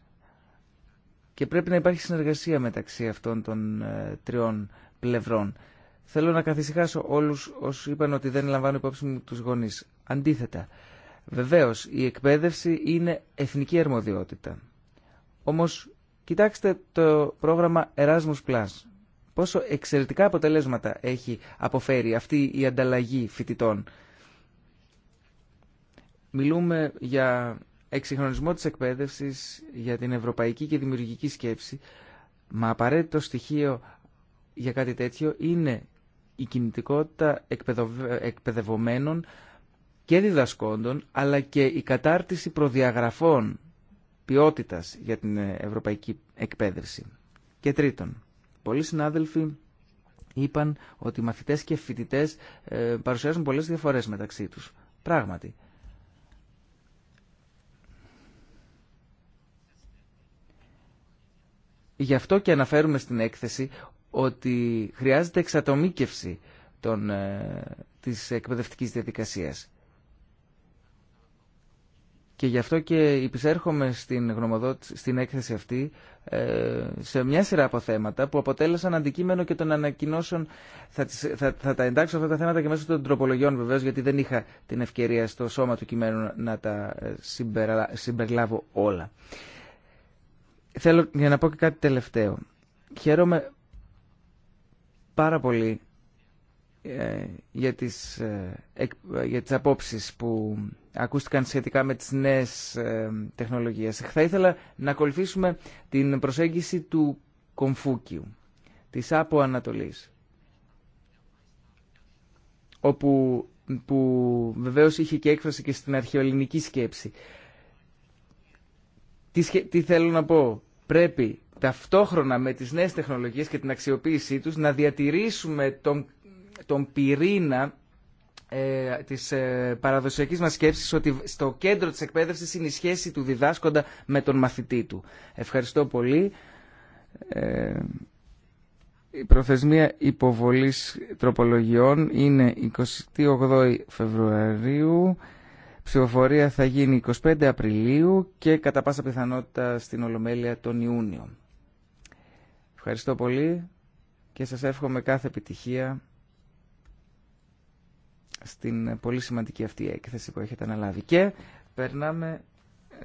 Και πρέπει να υπάρχει συνεργασία μεταξύ αυτών των ε, τριών πλευρών. Θέλω να καθησυχάσω όλους όσοι είπαν ότι δεν λαμβάνω υπόψη μου τους γονείς. Αντίθετα, βεβαίως η εκπαίδευση είναι εθνική αρμοδιότητα. Όμως, κοιτάξτε το πρόγραμμα Erasmus+. Πόσο εξαιρετικά αποτελέσματα έχει αποφέρει αυτή η ανταλλαγή φοιτητών Μιλούμε για εξυγχρονισμό της εκπαίδευσης, για την ευρωπαϊκή και δημιουργική σκέψη, μα απαραίτητο στοιχείο για κάτι τέτοιο είναι η κινητικότητα εκπαιδευομένων και διδασκόντων, αλλά και η κατάρτιση προδιαγραφών ποιότητας για την ευρωπαϊκή εκπαίδευση. Και τρίτον, πολλοί συνάδελφοι είπαν ότι μαθητές και φοιτητές ε, παρουσιάζουν πολλές διαφορές μεταξύ τους. Πράγματι, Γι' αυτό και αναφέρουμε στην έκθεση ότι χρειάζεται εξατομίκευση των, ε, της εκπαιδευτικής διαδικασίας. Και γι' αυτό και υπησέρχομαι στην, στην έκθεση αυτή ε, σε μια σειρά από θέματα που αποτέλεσαν αντικείμενο και των ανακοινώσεων. Θα, θα, τα εντάξω αυτά τα θέματα και μέσω των τροπολογιών βεβαίω, γιατί δεν είχα την ευκαιρία στο σώμα του κειμένου να τα ε, συμπεριλάβω όλα. Θέλω για να πω και κάτι τελευταίο. Χαίρομαι πάρα πολύ ε, για τις, ε, ε, για τις απόψεις που ακούστηκαν σχετικά με τις νέες τεχνολογίες. Θα ήθελα να ακολουθήσουμε την προσέγγιση του Κομφούκιου, της Άπο Ανατολής, όπου που βεβαίως είχε και έκφραση και στην αρχαιοελληνική σκέψη. Τι, τι θέλω να πω. Πρέπει ταυτόχρονα με τις νέες τεχνολογίες και την αξιοποίησή τους να διατηρήσουμε τον, τον πυρήνα ε, της ε, παραδοσιακής μας σκέψης ότι στο κέντρο της εκπαίδευσης είναι η σχέση του διδάσκοντα με τον μαθητή του. Ευχαριστώ πολύ. Ε, η προθεσμία υποβολής τροπολογιών είναι 28 Φεβρουαρίου ψηφοφορία θα γίνει 25 Απριλίου και κατά πάσα πιθανότητα στην Ολομέλεια τον Ιούνιο. Ευχαριστώ πολύ και σας εύχομαι κάθε επιτυχία στην πολύ σημαντική αυτή έκθεση που έχετε αναλάβει. Και περνάμε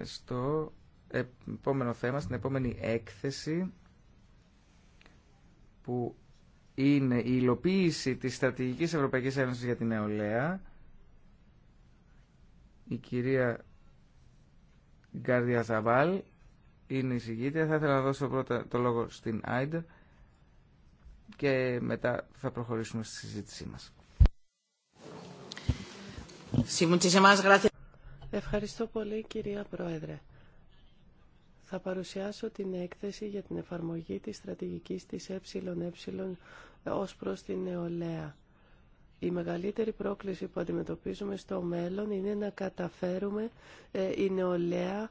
στο επόμενο θέμα, στην επόμενη έκθεση που είναι η υλοποίηση της Στρατηγικής Ευρωπαϊκής Ένωσης για την Νεολαία η κυρία Γκάρδια Ζαβάλ είναι η Θα ήθελα να δώσω πρώτα το λόγο στην Άιντα και μετά θα προχωρήσουμε στη συζήτησή μας. Ευχαριστώ πολύ κυρία Πρόεδρε. Θα παρουσιάσω την έκθεση για την εφαρμογή της στρατηγικής της ΕΕ ως προς την νεολαία. Η μεγαλύτερη πρόκληση που αντιμετωπίζουμε στο μέλλον είναι να καταφέρουμε ε, η νεολαία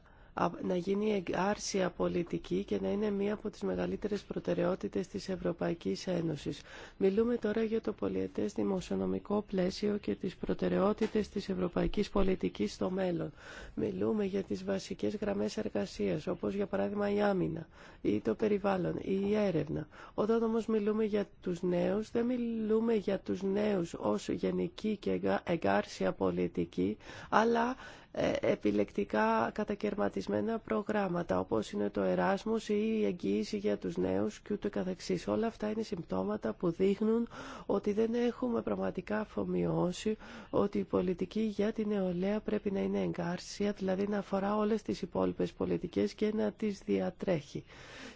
να γίνει εγκάρσια πολιτική και να είναι μία από τις μεγαλύτερες προτεραιότητες της Ευρωπαϊκής Ένωσης. Μιλούμε τώρα για το πολιετές δημοσιονομικό πλαίσιο και τις προτεραιότητες της ευρωπαϊκής πολιτικής στο μέλλον. Μιλούμε για τις βασικές γραμμές εργασίας, όπως για παράδειγμα η άμυνα ή το περιβάλλον ή η έρευνα. Όταν όμως μιλούμε για τους νέους, δεν μιλούμε για τους νέους ως γενική και εγκάρσια πολιτική, αλλά ε, επιλεκτικά κατακαιρματισμένα προγράμματα όπως είναι το Εράσμος ή η εγγύηση για τους νέους και ούτω καθεξής. Όλα αυτά είναι συμπτώματα που δείχνουν ότι δεν έχουμε πραγματικά αφομοιώσει ότι η πολιτική για την νεολαία πρέπει να είναι εγκάρσια, δηλαδή να αφορά όλες τις υπόλοιπες πολιτικές και να τις διατρέχει.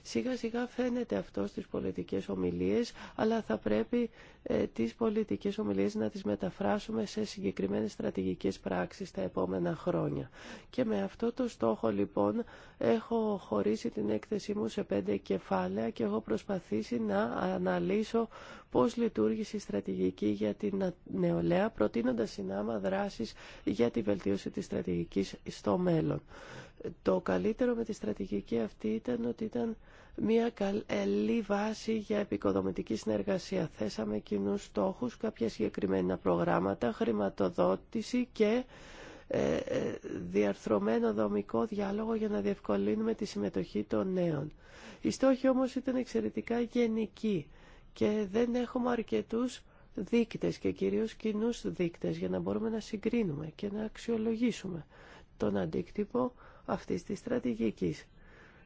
Σιγά σιγά φαίνεται αυτό στις πολιτικές ομιλίες, αλλά θα πρέπει ε, τις πολιτικές ομιλίες να τις μεταφράσουμε σε συγκεκριμένες στρατηγικές πράξεις τα επόμενα χρόνια. Και με αυτό το στόχο λοιπόν έχω χωρίσει την έκθεσή μου σε πέντε κεφάλαια και έχω προσπαθήσει να αναλύσω πώς λειτουργήσε η στρατηγική για την νεολαία, προτείνοντας συνάμα δράσεις για τη βελτίωση της στρατηγικής στο μέλλον. Το καλύτερο με τη στρατηγική αυτή ήταν ότι ήταν μια καλή βάση για επικοδομητική συνεργασία. Θέσαμε κοινούς στόχους, κάποια συγκεκριμένα προγράμματα, χρηματοδότηση και ε, ε, διαρθρωμένο δομικό διάλογο για να διευκολύνουμε τη συμμετοχή των νέων. Η στόχη όμως ήταν εξαιρετικά γενική και δεν έχουμε αρκετούς δείκτες και κυρίως κοινούς δείκτες για να μπορούμε να συγκρίνουμε και να αξιολογήσουμε τον αντίκτυπο αυτής της στρατηγικής.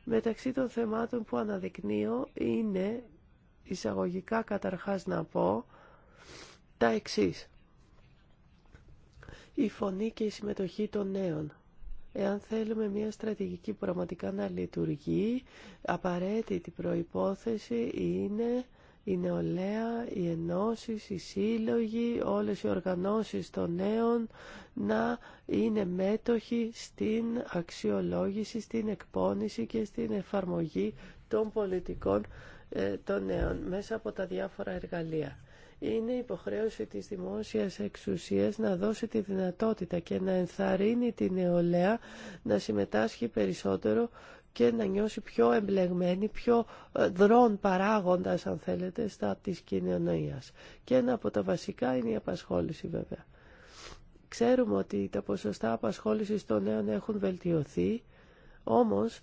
Μεταξύ των θεμάτων που αναδεικνύω είναι εισαγωγικά καταρχάς να πω τα εξής η φωνή και η συμμετοχή των νέων. Εάν θέλουμε μια στρατηγική πραγματικά να λειτουργεί, απαραίτητη προϋπόθεση είναι η νεολαία, οι ενώσεις, οι σύλλογοι, όλες οι οργανώσεις των νέων να είναι μέτοχοι στην αξιολόγηση, στην εκπόνηση και στην εφαρμογή των πολιτικών ε, των νέων μέσα από τα διάφορα εργαλεία είναι υποχρέωση της δημόσιας εξουσίας να δώσει τη δυνατότητα και να ενθαρρύνει την νεολαία να συμμετάσχει περισσότερο και να νιώσει πιο εμπλεγμένη, πιο ε, δρόν παράγοντας, αν θέλετε, στα της κοινωνίας. Και ένα από τα βασικά είναι η απασχόληση βέβαια. Ξέρουμε ότι τα ποσοστά απασχόλησης των νέων έχουν βελτιωθεί όμως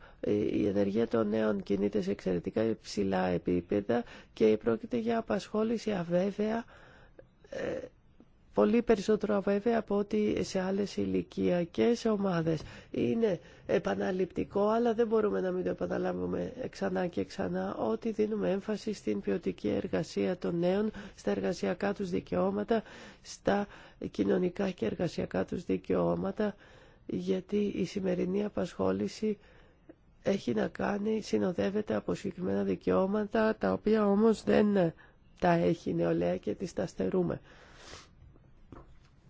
η ενεργεία των νέων κινείται σε εξαιρετικά υψηλά επίπεδα και πρόκειται για απασχόληση αβέβαια, ε, πολύ περισσότερο αβέβαια από ότι σε άλλες ηλικιακές ομάδες. Είναι επαναληπτικό, αλλά δεν μπορούμε να μην το επαναλάβουμε ξανά και ξανά, ότι δίνουμε έμφαση στην ποιοτική εργασία των νέων, στα εργασιακά τους δικαιώματα, στα κοινωνικά και εργασιακά τους δικαιώματα, γιατί η σημερινή απασχόληση έχει να κάνει, συνοδεύεται από συγκεκριμένα δικαιώματα, τα οποία όμως δεν τα έχει η νεολαία και τις τα στερούμε.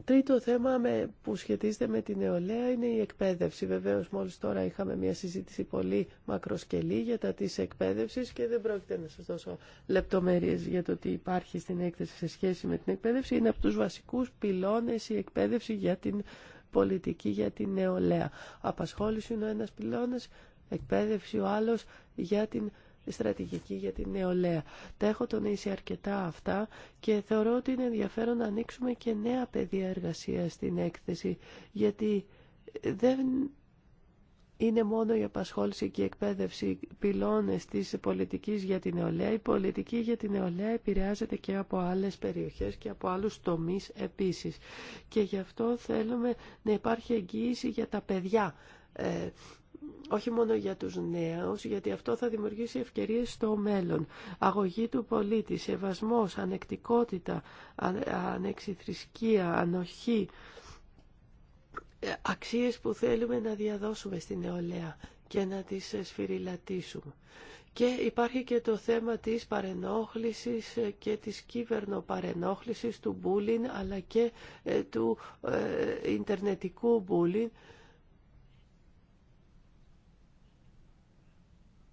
Τρίτο θέμα με, που σχετίζεται με την νεολαία είναι η εκπαίδευση. Βεβαίως μόλις τώρα είχαμε μια συζήτηση πολύ μακροσκελή για τα της εκπαίδευσης και δεν πρόκειται να σας δώσω λεπτομέρειες για το τι υπάρχει στην έκθεση σε σχέση με την εκπαίδευση. Είναι από τους βασικούς πυλώνες η εκπαίδευση για την πολιτική για την νεολαία. Απασχόληση είναι ο ένας πυλώνας, εκπαίδευση ο άλλος για την στρατηγική για την νεολαία. Τα έχω τονίσει αρκετά αυτά και θεωρώ ότι είναι ενδιαφέρον να ανοίξουμε και νέα πεδία εργασία στην έκθεση, γιατί δεν είναι μόνο η απασχόληση και η εκπαίδευση πυλώνες της πολιτικής για την νεολαία. Η πολιτική για την νεολαία επηρεάζεται και από άλλες περιοχές και από άλλους τομείς επίσης. Και γι' αυτό θέλουμε να υπάρχει εγγύηση για τα παιδιά. Ε, όχι μόνο για τους νέους, γιατί αυτό θα δημιουργήσει ευκαιρίες στο μέλλον. Αγωγή του πολίτη, σεβασμός, ανεκτικότητα, ανεξιθρησκεία, ανοχή, αξίες που θέλουμε να διαδώσουμε στην νεολαία και να τις σφυριλατήσουμε. Και υπάρχει και το θέμα της παρενόχλησης και της κυβερνοπαρενόχλησης του μπούλιν αλλά και ε, του ε, ιντερνετικού μπούλιν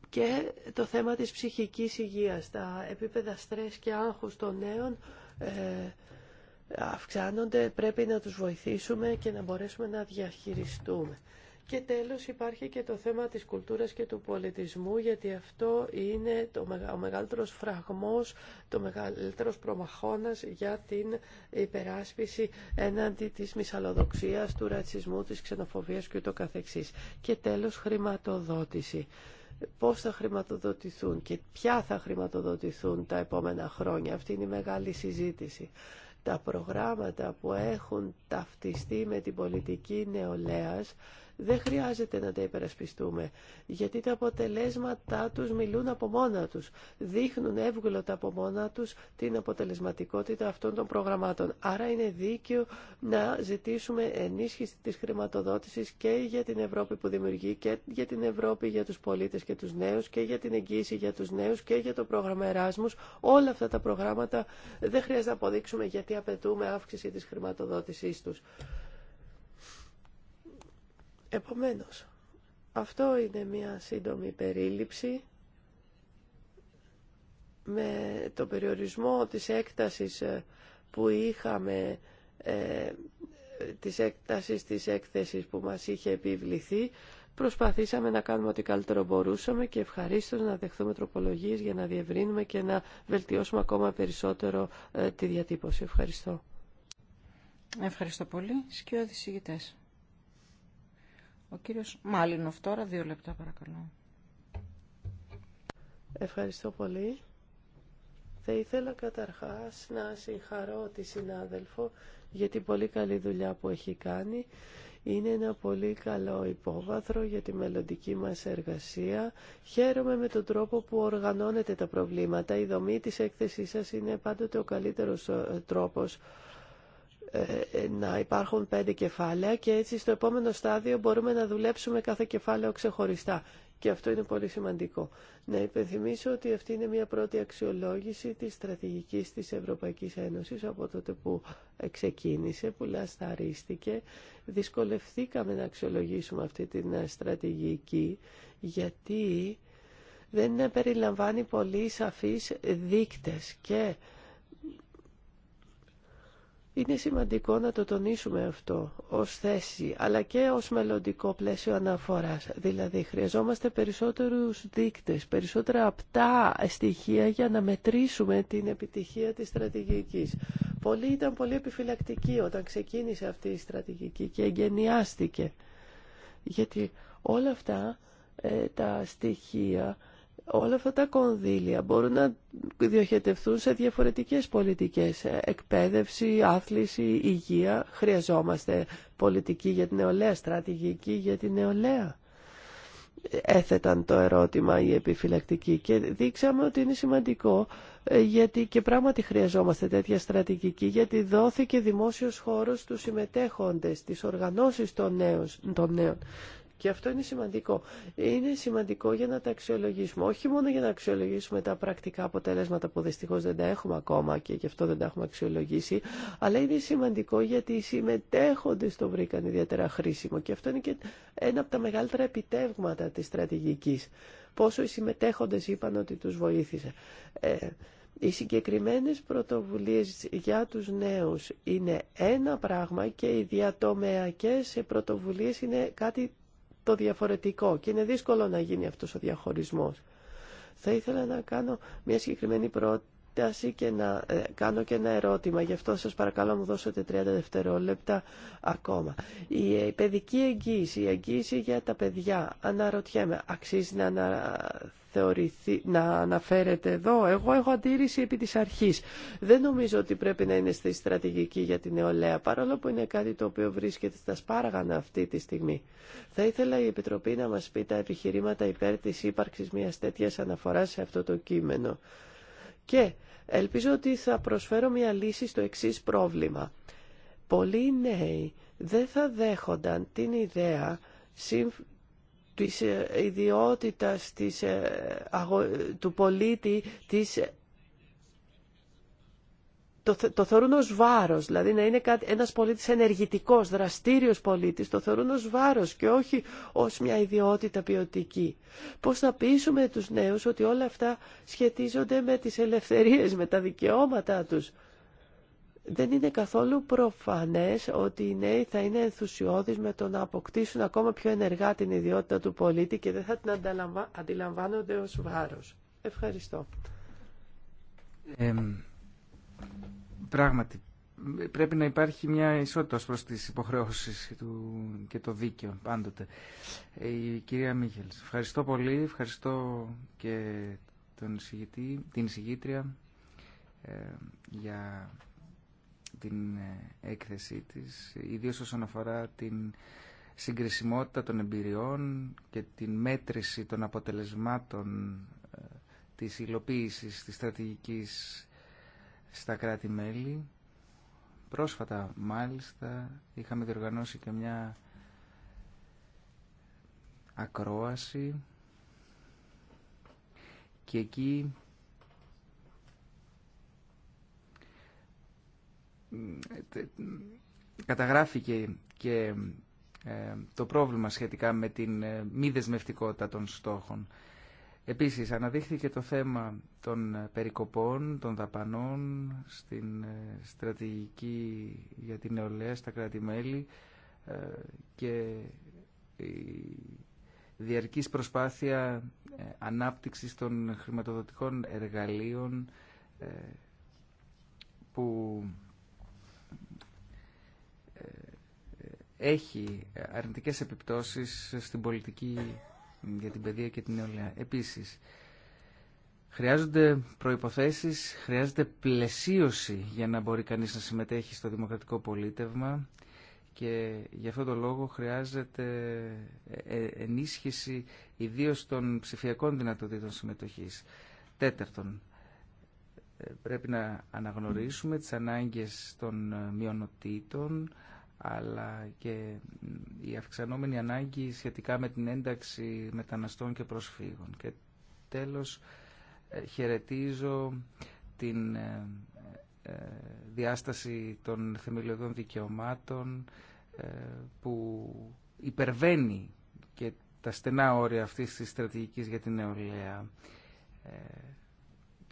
και το θέμα της ψυχικής υγείας, τα επίπεδα στρες και άγχους των νέων ε, αυξάνονται, πρέπει να τους βοηθήσουμε και να μπορέσουμε να διαχειριστούμε. Και τέλος υπάρχει και το θέμα της κουλτούρας και του πολιτισμού γιατί αυτό είναι το, ο μεγαλύτερος φραγμός, το μεγαλύτερος προμαχώνας για την υπεράσπιση έναντι της μυσαλλοδοξίας, του ρατσισμού, της ξενοφοβίας και το καθεξής. Και τέλος χρηματοδότηση. Πώς θα χρηματοδοτηθούν και ποια θα χρηματοδοτηθούν τα επόμενα χρόνια. Αυτή είναι η μεγάλη συζήτηση τα προγράμματα που έχουν ταυτιστεί με την πολιτική νεολαίας δεν χρειάζεται να τα υπερασπιστούμε, γιατί τα αποτελέσματά τους μιλούν από μόνα τους, δείχνουν εύγλωτα από μόνα τους την αποτελεσματικότητα αυτών των προγραμμάτων. Άρα είναι δίκαιο να ζητήσουμε ενίσχυση της χρηματοδότησης και για την Ευρώπη που δημιουργεί και για την Ευρώπη για τους πολίτες και τους νέους και για την εγγύηση για τους νέους και για το πρόγραμμα Εράσμους. Όλα αυτά τα προγράμματα δεν χρειάζεται να αποδείξουμε γιατί απαιτούμε αύξηση της χρηματοδότησής τους. Επομένως, αυτό είναι μια σύντομη περίληψη με το περιορισμό της έκτασης ε, που είχαμε ε, της έκτασης της έκθεσης που μας είχε επιβληθεί προσπαθήσαμε να κάνουμε ό,τι καλύτερο μπορούσαμε και ευχαρίστω να δεχθούμε τροπολογίες για να διευρύνουμε και να βελτιώσουμε ακόμα περισσότερο ε, τη διατύπωση. Ευχαριστώ. Ευχαριστώ πολύ. ηγητές. Ο κύριος Μάλινοφ τώρα, δύο λεπτά παρακαλώ. Ευχαριστώ πολύ. Θα ήθελα καταρχάς να συγχαρώ τη συνάδελφο για την πολύ καλή δουλειά που έχει κάνει. Είναι ένα πολύ καλό υπόβαθρο για τη μελλοντική μας εργασία. Χαίρομαι με τον τρόπο που οργανώνετε τα προβλήματα. Η δομή της έκθεσής σας είναι πάντοτε ο καλύτερος ε, τρόπος ε, ε, να υπάρχουν πέντε κεφάλαια και έτσι στο επόμενο στάδιο μπορούμε να δουλέψουμε κάθε κεφάλαιο ξεχωριστά. Και αυτό είναι πολύ σημαντικό. Να υπενθυμίσω ότι αυτή είναι μια πρώτη αξιολόγηση της στρατηγικής της Ευρωπαϊκής Ένωσης από τότε που ξεκίνησε, που λασταρίστηκε. Δυσκολευθήκαμε να αξιολογήσουμε αυτή την στρατηγική γιατί δεν περιλαμβάνει πολύ σαφείς δείκτες και είναι σημαντικό να το τονίσουμε αυτό ως θέση, αλλά και ως μελλοντικό πλαίσιο αναφοράς. Δηλαδή, χρειαζόμαστε περισσότερους δείκτες, περισσότερα απτά στοιχεία για να μετρήσουμε την επιτυχία της στρατηγικής. Πολλοί ήταν πολύ επιφυλακτικοί όταν ξεκίνησε αυτή η στρατηγική και εγκαινιάστηκε. Γιατί όλα αυτά ε, τα στοιχεία όλα αυτά τα κονδύλια μπορούν να διοχετευθούν σε διαφορετικές πολιτικές. Εκπαίδευση, άθληση, υγεία. Χρειαζόμαστε πολιτική για την νεολαία, στρατηγική για την νεολαία. Έθεταν το ερώτημα η επιφυλακτική και δείξαμε ότι είναι σημαντικό ε, γιατί και πράγματι χρειαζόμαστε τέτοια στρατηγική γιατί δόθηκε δημόσιος χώρος στους συμμετέχοντες, στις οργανώσεις των νέων. Και αυτό είναι σημαντικό. Είναι σημαντικό για να τα αξιολογήσουμε. Όχι μόνο για να αξιολογήσουμε τα πρακτικά αποτέλεσματα που δυστυχώ δεν τα έχουμε ακόμα και γι' αυτό δεν τα έχουμε αξιολογήσει, αλλά είναι σημαντικό γιατί οι συμμετέχοντε το βρήκαν ιδιαίτερα χρήσιμο. Και αυτό είναι και ένα από τα μεγαλύτερα επιτεύγματα τη στρατηγική, Πόσο οι συμμετέχοντες είπαν ότι του βοήθησε. Ε, οι συγκεκριμένες πρωτοβουλίες για τους νέους είναι ένα πράγμα και οι διατομεακές πρωτοβουλίες είναι κάτι το διαφορετικό και είναι δύσκολο να γίνει αυτός ο διαχωρισμός. Θα ήθελα να κάνω μια συγκεκριμένη πρόταση και να ε, κάνω και ένα ερώτημα. Γι' αυτό σας παρακαλώ μου δώσετε 30 δευτερόλεπτα ακόμα. Ε, η παιδική εγγύηση, η εγγύηση για τα παιδιά, αναρωτιέμαι, αξίζει να θεωρηθεί, να αναφέρεται εδώ. Εγώ έχω αντίρρηση επί της αρχής. Δεν νομίζω ότι πρέπει να είναι στη στρατηγική για την νεολαία, παρόλο που είναι κάτι το οποίο βρίσκεται στα σπάραγανα αυτή τη στιγμή. Θα ήθελα η Επιτροπή να μας πει τα επιχειρήματα υπέρ της ύπαρξης μιας τέτοιας αναφοράς σε αυτό το κείμενο. Και ελπίζω ότι θα προσφέρω μια λύση στο εξή πρόβλημα. Πολλοί νέοι δεν θα δέχονταν την ιδέα της ε, ιδιότητας της, ε, του πολίτη, της ε, το, το θεωρούν ως βάρος, δηλαδή να είναι κάτι, ένας πολίτης ενεργητικός, δραστήριος πολίτης, το θεωρούν ως βάρος και όχι ως μια ιδιότητα ποιοτική. Πώς θα πείσουμε τους νέους ότι όλα αυτά σχετίζονται με τις ελευθερίες, με τα δικαιώματά τους δεν είναι καθόλου προφανές ότι οι νέοι θα είναι ενθουσιώδεις με το να αποκτήσουν ακόμα πιο ενεργά την ιδιότητα του πολίτη και δεν θα την αντιλαμβάνονται ως βάρος. Ευχαριστώ. πράγματι, πρέπει να υπάρχει μια ισότητα προς τις υποχρεώσεις του και το δίκαιο πάντοτε. Ε, η κυρία Μίχελς, ευχαριστώ πολύ, ευχαριστώ και τον την συγγήτρια ε, για την ε, έκθεσή της, ιδίως όσον αφορά την συγκρισιμότητα των εμπειριών και την μέτρηση των αποτελεσμάτων ε, της υλοποίησης της στρατηγικής στα κράτη-μέλη. Πρόσφατα, μάλιστα, είχαμε διοργανώσει και μια ακρόαση και εκεί καταγράφηκε και ε, το πρόβλημα σχετικά με την ε, μη δεσμευτικότητα των στόχων. Επίσης, αναδείχθηκε το θέμα των ε, περικοπών, των δαπανών στην στρατηγική για την νεολαία στα κράτη-μέλη και η διαρκής προσπάθεια ανάπτυξης των χρηματοδοτικών εργαλείων που έχει αρνητικές επιπτώσεις στην πολιτική για την παιδεία και την νεολαία. Επίσης, χρειάζονται προϋποθέσεις, χρειάζεται πλαισίωση για να μπορεί κανείς να συμμετέχει στο δημοκρατικό πολίτευμα και γι' αυτό το λόγο χρειάζεται ε, ε, ενίσχυση ιδίως των ψηφιακών δυνατοτήτων συμμετοχής. Τέταρτον, ε, πρέπει να αναγνωρίσουμε τις ανάγκες των μειονοτήτων, αλλά και η αυξανόμενη ανάγκη σχετικά με την ένταξη μεταναστών και προσφύγων. Και τέλος ε, χαιρετίζω την ε, ε, διάσταση των θεμελιωδών δικαιωμάτων που υπερβαίνει και τα στενά όρια αυτής της στρατηγικής για την νεολαία.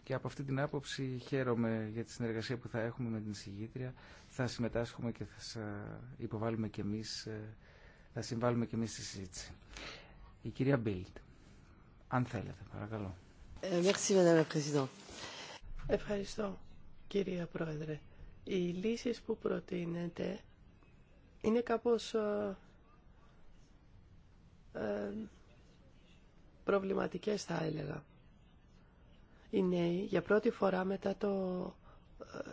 Και από αυτή την άποψη χαίρομαι για τη συνεργασία που θα έχουμε με την συγγήτρια. Θα συμμετάσχουμε και θα υποβάλουμε και εμείς, ε, θα συμβάλλουμε και εμείς στη συζήτηση. Η κυρία Μπίλτ, αν θέλετε, παρακαλώ. Ε, Ευχαριστώ, κυρία Πρόεδρε. Οι λύσεις που προτείνετε είναι κάπως ε, προβληματικές, θα έλεγα οι νέοι για πρώτη φορά μετά το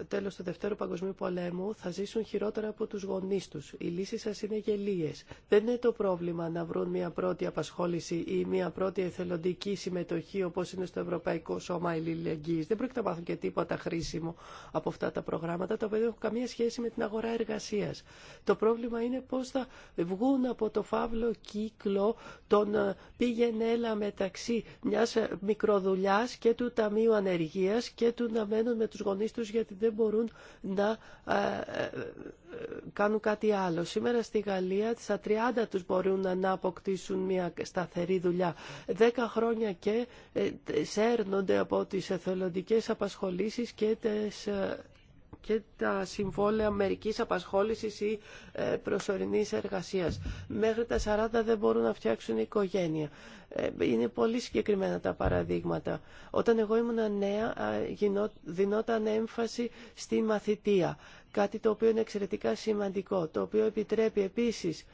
τέλος του Δευτέρου Παγκοσμίου Πολέμου θα ζήσουν χειρότερα από τους γονείς τους. Οι λύσεις σας είναι γελίες. Δεν είναι το πρόβλημα να βρουν μια πρώτη απασχόληση ή μια πρώτη εθελοντική συμμετοχή όπως είναι στο Ευρωπαϊκό Σώμα Ελληνικής. Δεν πρόκειται να μάθουν και τίποτα χρήσιμο από αυτά τα προγράμματα τα οποία δεν έχουν καμία σχέση με την αγορά εργασίας. Το πρόβλημα είναι πώς θα βγουν από το φαύλο κύκλο των ε, πήγαινε έλα μεταξύ μιας ε, μικροδουλειάς και του Ταμείου ανεργία και του να μένουν με τους γονεί του γιατί δεν μπορούν να ε, ε, κάνουν κάτι άλλο. Σήμερα στη Γαλλία στα 30 τους μπορούν να αποκτήσουν μια σταθερή δουλειά. Δέκα χρόνια και ε, σέρνονται από τις εθελοντικές απασχολήσεις και τις και τα συμβόλαια μερικής απασχόλησης ή ε, προσωρινής εργασίας. Μέχρι τα 40 δεν μπορούν να φτιάξουν οικογένεια. Ε, είναι πολύ συγκεκριμένα τα παραδείγματα. Όταν εγώ ήμουν νέα δινόταν έμφαση στη μαθητεία, κάτι το οποίο είναι εξαιρετικά σημαντικό, το οποίο επιτρέπει επίσης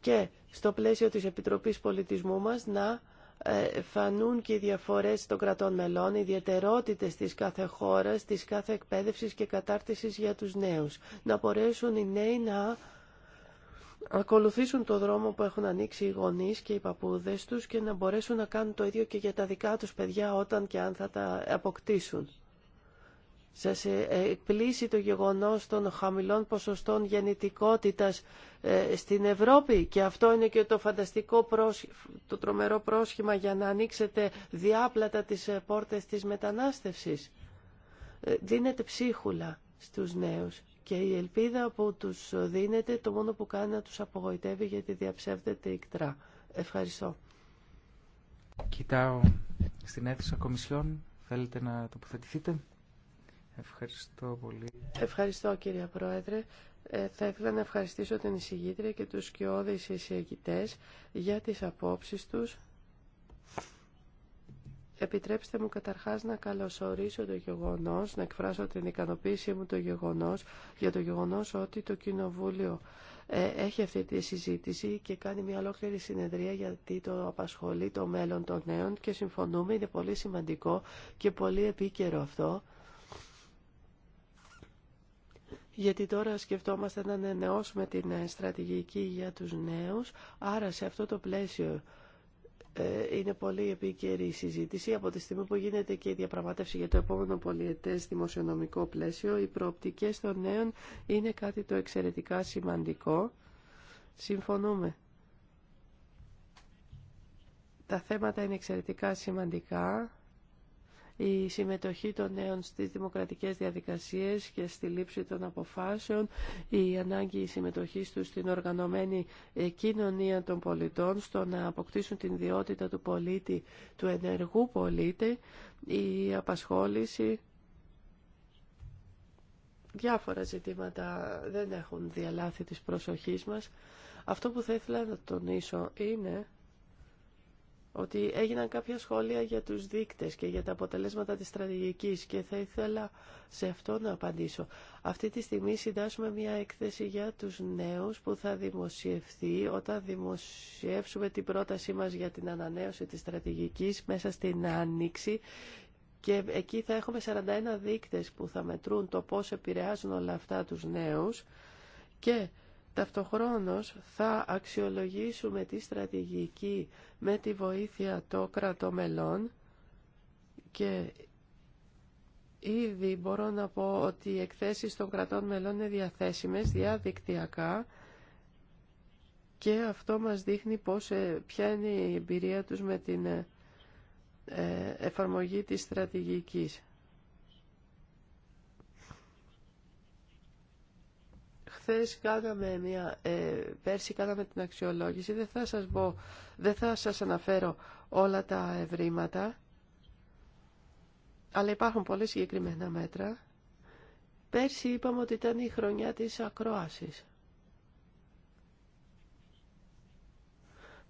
και στο πλαίσιο της Επιτροπής Πολιτισμού μας να ε, φανούν και οι διαφορές των κρατών μελών, οι ιδιαιτερότητες της κάθε χώρας, της κάθε εκπαίδευσης και κατάρτισης για τους νέους. Να μπορέσουν οι νέοι να ακολουθήσουν το δρόμο που έχουν ανοίξει οι γονείς και οι παππούδες τους και να μπορέσουν να κάνουν το ίδιο και για τα δικά τους παιδιά όταν και αν θα τα αποκτήσουν. Σας ε, ε, εκπλήσει το γεγονός των χαμηλών ποσοστών γεννητικότητας ε, στην Ευρώπη και αυτό είναι και το φανταστικό το τρομερό πρόσχημα για να ανοίξετε διάπλατα τις πόρτες της μετανάστευσης. Δίνετε ψίχουλα στους νέους και η ελπίδα που τους δίνετε το μόνο που κάνει να τους απογοητεύει γιατί διαψεύδεται ικτρά. Ευχαριστώ. Κοιτάω στην αίθουσα Κομισιόν. Θέλετε να τοποθετηθείτε. Ευχαριστώ πολύ. Ευχαριστώ κύριε Πρόεδρε. Ε, θα ήθελα να ευχαριστήσω την εισηγήτρια και τους σκιώδεις εισηγητές για τις απόψεις τους. Επιτρέψτε μου καταρχάς να καλωσορίσω το γεγονός, να εκφράσω την ικανοποίησή μου το γεγονός, για το γεγονός ότι το Κοινοβούλιο ε, έχει αυτή τη συζήτηση και κάνει μια ολόκληρη συνεδρία γιατί το απασχολεί το μέλλον των νέων και συμφωνούμε, είναι πολύ σημαντικό και πολύ επίκαιρο αυτό γιατί τώρα σκεφτόμαστε να ανανεώσουμε την ε, στρατηγική για τους νέους, άρα σε αυτό το πλαίσιο ε, είναι πολύ επίκαιρη η συζήτηση από τη στιγμή που γίνεται και η διαπραγματεύση για το επόμενο πολιετές δημοσιονομικό πλαίσιο. Οι προοπτικές των νέων είναι κάτι το εξαιρετικά σημαντικό. Συμφωνούμε. Τα θέματα είναι εξαιρετικά σημαντικά η συμμετοχή των νέων στις δημοκρατικές διαδικασίες και στη λήψη των αποφάσεων, η ανάγκη συμμετοχής τους στην οργανωμένη ε, κοινωνία των πολιτών, στο να αποκτήσουν την ιδιότητα του πολίτη, του ενεργού πολίτη, η απασχόληση, διάφορα ζητήματα δεν έχουν διαλάθει της προσοχής μας. Αυτό που θα ήθελα να τονίσω είναι ότι έγιναν κάποια σχόλια για τους δείκτες και για τα αποτελέσματα της στρατηγικής και θα ήθελα σε αυτό να απαντήσω. Αυτή τη στιγμή συντάσσουμε μια έκθεση για τους νέους που θα δημοσιευθεί όταν δημοσιεύσουμε την πρότασή μας για την ανανέωση της στρατηγικής μέσα στην Άνοιξη και εκεί θα έχουμε 41 δείκτες που θα μετρούν το πώς επηρεάζουν όλα αυτά τους νέους και Ταυτοχρόνως θα αξιολογήσουμε τη στρατηγική με τη βοήθεια των κρατομελών και ήδη μπορώ να πω ότι οι εκθέσεις των κρατών μελών είναι διαθέσιμες διαδικτυακά και αυτό μας δείχνει πώς, ε, ποια είναι η εμπειρία τους με την ε, ε, εφαρμογή της στρατηγικής. Χθες κάναμε μια, ε, πέρσι κάναμε την αξιολόγηση. Δεν θα σας, πω, δεν θα σας αναφέρω όλα τα ευρήματα, αλλά υπάρχουν πολύ συγκεκριμένα μέτρα. Πέρσι είπαμε ότι ήταν η χρονιά της ακρόασης.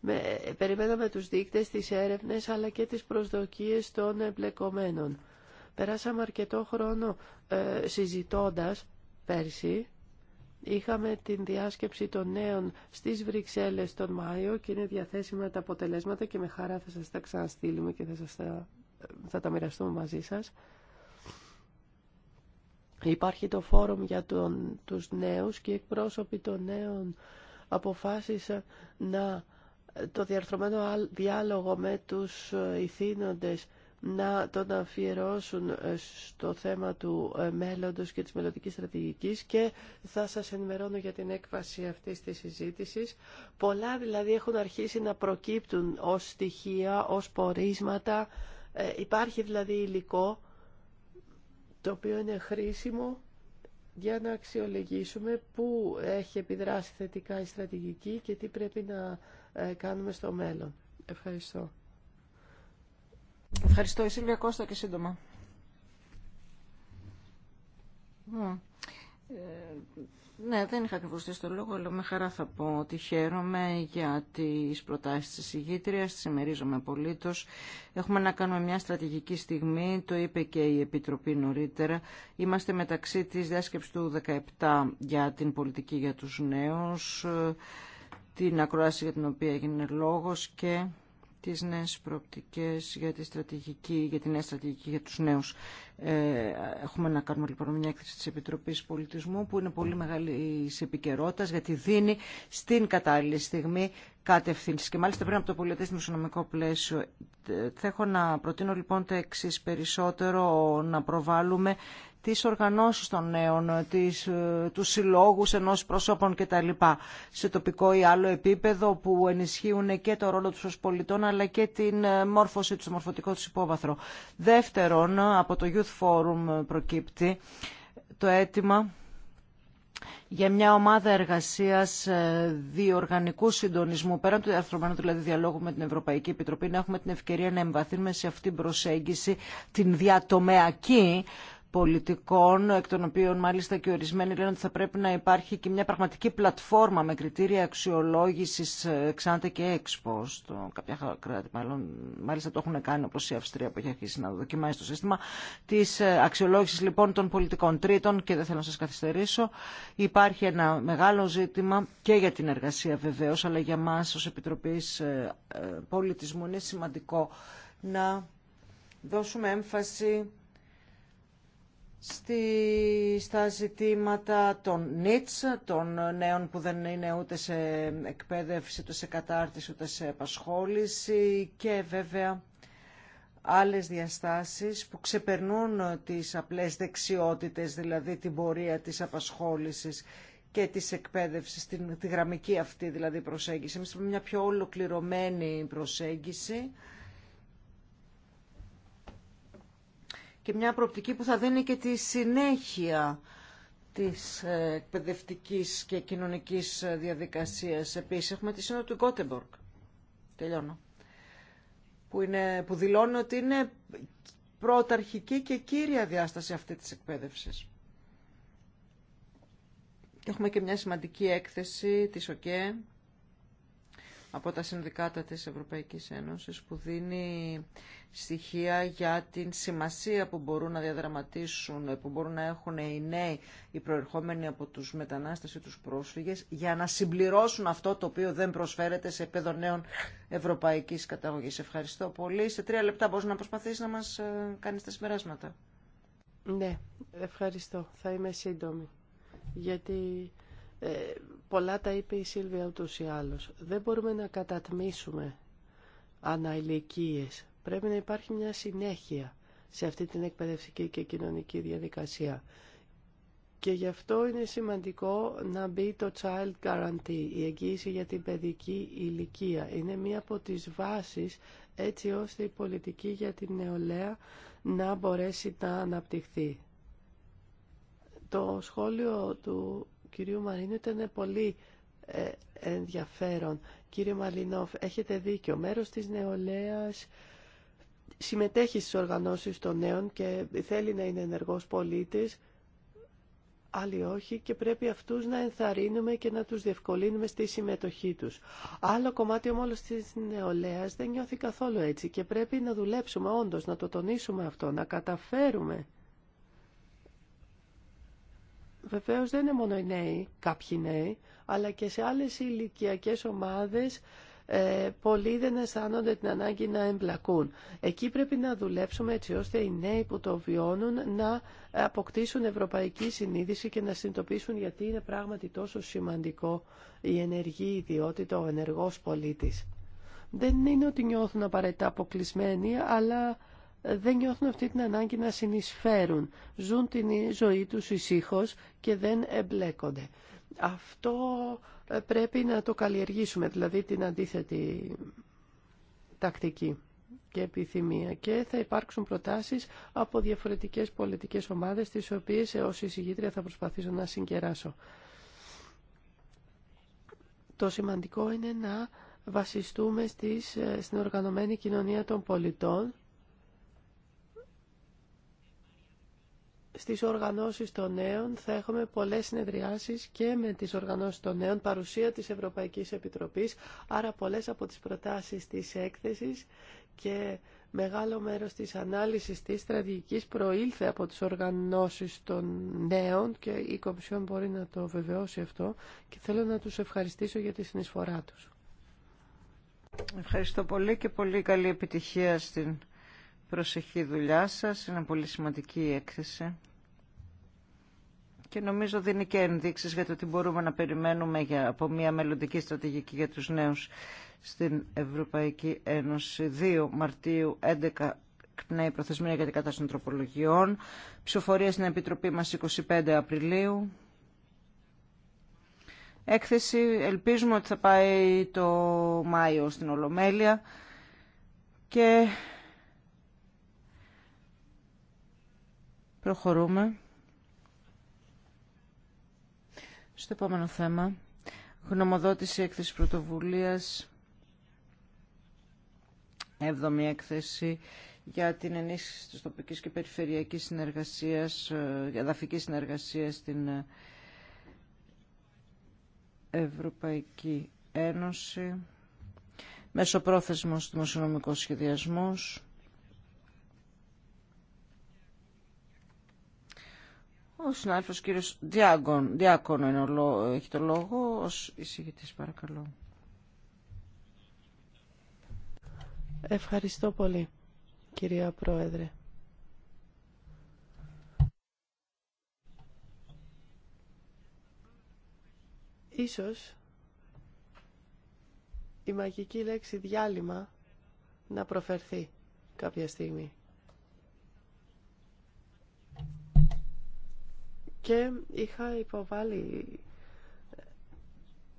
Με, περιμέναμε τους δείκτες, τις έρευνες, αλλά και τις προσδοκίες των εμπλεκομένων. Περάσαμε αρκετό χρόνο ε, συζητώντας πέρσι Είχαμε την διάσκεψη των νέων στις Βρυξέλλες τον Μάιο και είναι διαθέσιμα τα αποτελέσματα και με χαρά θα σας τα ξαναστείλουμε και θα, σας τα, θα τα μοιραστούμε μαζί σας. Υπάρχει το φόρουμ για τον, τους νέους και οι εκπρόσωποι των νέων αποφάσισαν να το διαρθρωμένο διάλογο με τους ε, ηθήνοντες να τον αφιερώσουν ε, στο θέμα του ε, μέλλοντος και της μελλοντικής στρατηγικής και θα σας ενημερώνω για την έκβαση αυτής της συζήτησης. Πολλά δηλαδή έχουν αρχίσει να προκύπτουν ως στοιχεία, ως πορίσματα. Ε, υπάρχει δηλαδή υλικό το οποίο είναι χρήσιμο για να αξιολογήσουμε πού έχει επιδράσει θετικά η στρατηγική και τι πρέπει να κάνουμε στο μέλλον. Ευχαριστώ. Ευχαριστώ. Η Σίλβια Κώστα και σύντομα. Ε, ναι, δεν είχα ακριβώ το λόγο, αλλά με χαρά θα πω ότι χαίρομαι για τι προτάσει τη ηγήτρια. Τι συμμερίζομαι απολύτω. Έχουμε να κάνουμε μια στρατηγική στιγμή, το είπε και η Επιτροπή νωρίτερα. Είμαστε μεταξύ τη διάσκεψη του 17 για την πολιτική για του νέου, ε, την ακρόαση για την οποία έγινε λόγο και τις νέες προοπτικές για, τη στρατηγική, για τη νέα στρατηγική για τους νέους. Ε, έχουμε να κάνουμε λοιπόν μια έκθεση της Επιτροπής Πολιτισμού που είναι πολύ μεγάλη επικαιρότητα γιατί δίνει στην κατάλληλη στιγμή κατευθύνσεις. Και μάλιστα πριν από το πολιτισμικο οικονομικό πλαίσιο ε, θα έχω να προτείνω λοιπόν τα εξή περισσότερο να προβάλλουμε τις οργανώσεις των νέων, τις, ε, τους συλλόγους ενός προσώπων λοιπά, Σε τοπικό ή άλλο επίπεδο που ενισχύουν και το ρόλο τους ως πολιτών αλλά και την ε, μόρφωση του, το μορφωτικό τους υπόβαθρο. Δεύτερον, από το Youth Forum προκύπτει το αίτημα για μια ομάδα εργασίας ε, διοργανικού συντονισμού, πέραν του διαρθρωμένου δηλαδή διαλόγου με την Ευρωπαϊκή Επιτροπή, να έχουμε την ευκαιρία να εμβαθύνουμε σε αυτήν την προσέγγιση, την διατομεακή, πολιτικών, εκ των οποίων μάλιστα και ορισμένοι λένε ότι θα πρέπει να υπάρχει και μια πραγματική πλατφόρμα με κριτήρια αξιολόγησης ε, εξάντε και έξω. Κάποια κράτη μάλλον, μάλιστα το έχουν κάνει όπως η Αυστρία που έχει αρχίσει να δοκιμάσει το σύστημα της ε, αξιολόγησης λοιπόν των πολιτικών τρίτων και δεν θέλω να σας καθυστερήσω. Υπάρχει ένα μεγάλο ζήτημα και για την εργασία βεβαίως αλλά για μας ως Επιτροπής ε, Πολιτισμού είναι σημαντικό να δώσουμε έμφαση στη, στα ζητήματα των νίτς, των νέων που δεν είναι ούτε σε εκπαίδευση, ούτε σε κατάρτιση, ούτε σε επασχόληση και βέβαια άλλες διαστάσεις που ξεπερνούν τις απλές δεξιότητες, δηλαδή την πορεία της απασχόλησης και της εκπαίδευσης, την, τη γραμμική αυτή δηλαδή προσέγγιση. Εμείς μια πιο ολοκληρωμένη προσέγγιση και μια προοπτική που θα δίνει και τη συνέχεια της ε, εκπαιδευτικής και κοινωνικής ε, διαδικασίας. Επίσης έχουμε τη Σύνοδο του Γκότεμπορκ. Τελειώνω. Που, είναι, που δηλώνει ότι είναι πρωταρχική και κύρια διάσταση αυτή της εκπαίδευσης. Και έχουμε και μια σημαντική έκθεση της ΟΚΕ από τα συνδικάτα της Ευρωπαϊκής Ένωσης που δίνει στοιχεία για την σημασία που μπορούν να διαδραματίσουν, που μπορούν να έχουν οι νέοι, οι προερχόμενοι από τους μετανάστες ή τους πρόσφυγες, για να συμπληρώσουν αυτό το οποίο δεν προσφέρεται σε επίπεδο νέων ευρωπαϊκής καταγωγής. Ευχαριστώ πολύ. Σε τρία λεπτά μπορείς να προσπαθήσει να μας ε, κάνεις τα συμπεράσματα. Ναι, ευχαριστώ. Θα είμαι σύντομη. Γιατί ε, πολλά τα είπε η Σίλβια ούτως ή άλλως. Δεν μπορούμε να κατατμήσουμε αναηλικίες. Πρέπει να υπάρχει μια συνέχεια σε αυτή την εκπαιδευτική και κοινωνική διαδικασία. Και γι' αυτό είναι σημαντικό να μπει το Child Guarantee, η εγγύηση για την παιδική ηλικία. Είναι μία από τις βάσεις έτσι ώστε η πολιτική για την νεολαία να μπορέσει να αναπτυχθεί. Το σχόλιο του κυρίου Μαρίνου ήταν πολύ ε, ενδιαφέρον. Κύριε Μαλινόφ, έχετε δίκιο. Μέρος της νεολαίας συμμετέχει στις οργανώσεις των νέων και θέλει να είναι ενεργός πολίτης, άλλοι όχι και πρέπει αυτούς να ενθαρρύνουμε και να τους διευκολύνουμε στη συμμετοχή τους. Άλλο κομμάτι όμως της νεολαίας δεν νιώθει καθόλου έτσι και πρέπει να δουλέψουμε όντως, να το τονίσουμε αυτό, να καταφέρουμε Βεβαίως δεν είναι μόνο οι νέοι, κάποιοι νέοι, αλλά και σε άλλες ηλικιακέ ομάδες ε, πολλοί δεν αισθάνονται την ανάγκη να εμπλακούν. Εκεί πρέπει να δουλέψουμε έτσι ώστε οι νέοι που το βιώνουν να αποκτήσουν ευρωπαϊκή συνείδηση και να συνειδητοποιήσουν γιατί είναι πράγματι τόσο σημαντικό η ενεργή ιδιότητα, ο ενεργός πολίτης. Δεν είναι ότι νιώθουν απαραίτητα αποκλεισμένοι, αλλά δεν νιώθουν αυτή την ανάγκη να συνεισφέρουν. Ζουν την ζωή τους ησύχω και δεν εμπλέκονται. Αυτό ε, πρέπει να το καλλιεργήσουμε, δηλαδή την αντίθετη τακτική και επιθυμία και θα υπάρξουν προτάσεις από διαφορετικές πολιτικές ομάδες τις οποίες ως εισηγήτρια θα προσπαθήσω να συγκεράσω. Το σημαντικό είναι να βασιστούμε ε, στην οργανωμένη κοινωνία των πολιτών στις οργανώσεις των νέων θα έχουμε πολλές συνεδριάσεις και με τις οργανώσεις των νέων παρουσία της Ευρωπαϊκής Επιτροπής, άρα πολλές από τις προτάσεις της έκθεσης και μεγάλο μέρος της ανάλυσης της στρατηγικής προήλθε από τις οργανώσεις των νέων και η Κομισιόν μπορεί να το βεβαιώσει αυτό και θέλω να τους ευχαριστήσω για τη συνεισφορά τους. Ευχαριστώ πολύ και πολύ καλή επιτυχία στην προσεχή δουλειά σα. Είναι πολύ σημαντική η έκθεση. Και νομίζω δίνει και ενδείξει για το τι μπορούμε να περιμένουμε για, από μια μελλοντική στρατηγική για τους νέους στην Ευρωπαϊκή Ένωση. 2 Μαρτίου 11 κνέει προθεσμία για την κατάσταση των τροπολογιών. Ψηφοφορία στην Επιτροπή μας 25 Απριλίου. Έκθεση ελπίζουμε ότι θα πάει το Μάιο στην Ολομέλεια και Προχωρούμε. Στο επόμενο θέμα. Γνωμοδότηση έκθεση πρωτοβουλίας. Έβδομη έκθεση για την ενίσχυση της τοπικής και περιφερειακής συνεργασίας, εδαφικής συνεργασίας στην ε, Ευρωπαϊκή Ένωση. Μεσοπρόθεσμος δημοσιονομικός σχεδιασμός. Ο συνάδελφος κύριος Διάκον, Διάκονο έχει το λόγο ως εισηγητής παρακαλώ. Ευχαριστώ πολύ κυρία Πρόεδρε. Ίσως η μαγική λέξη διάλειμμα να προφερθεί κάποια στιγμή. και είχα υποβάλει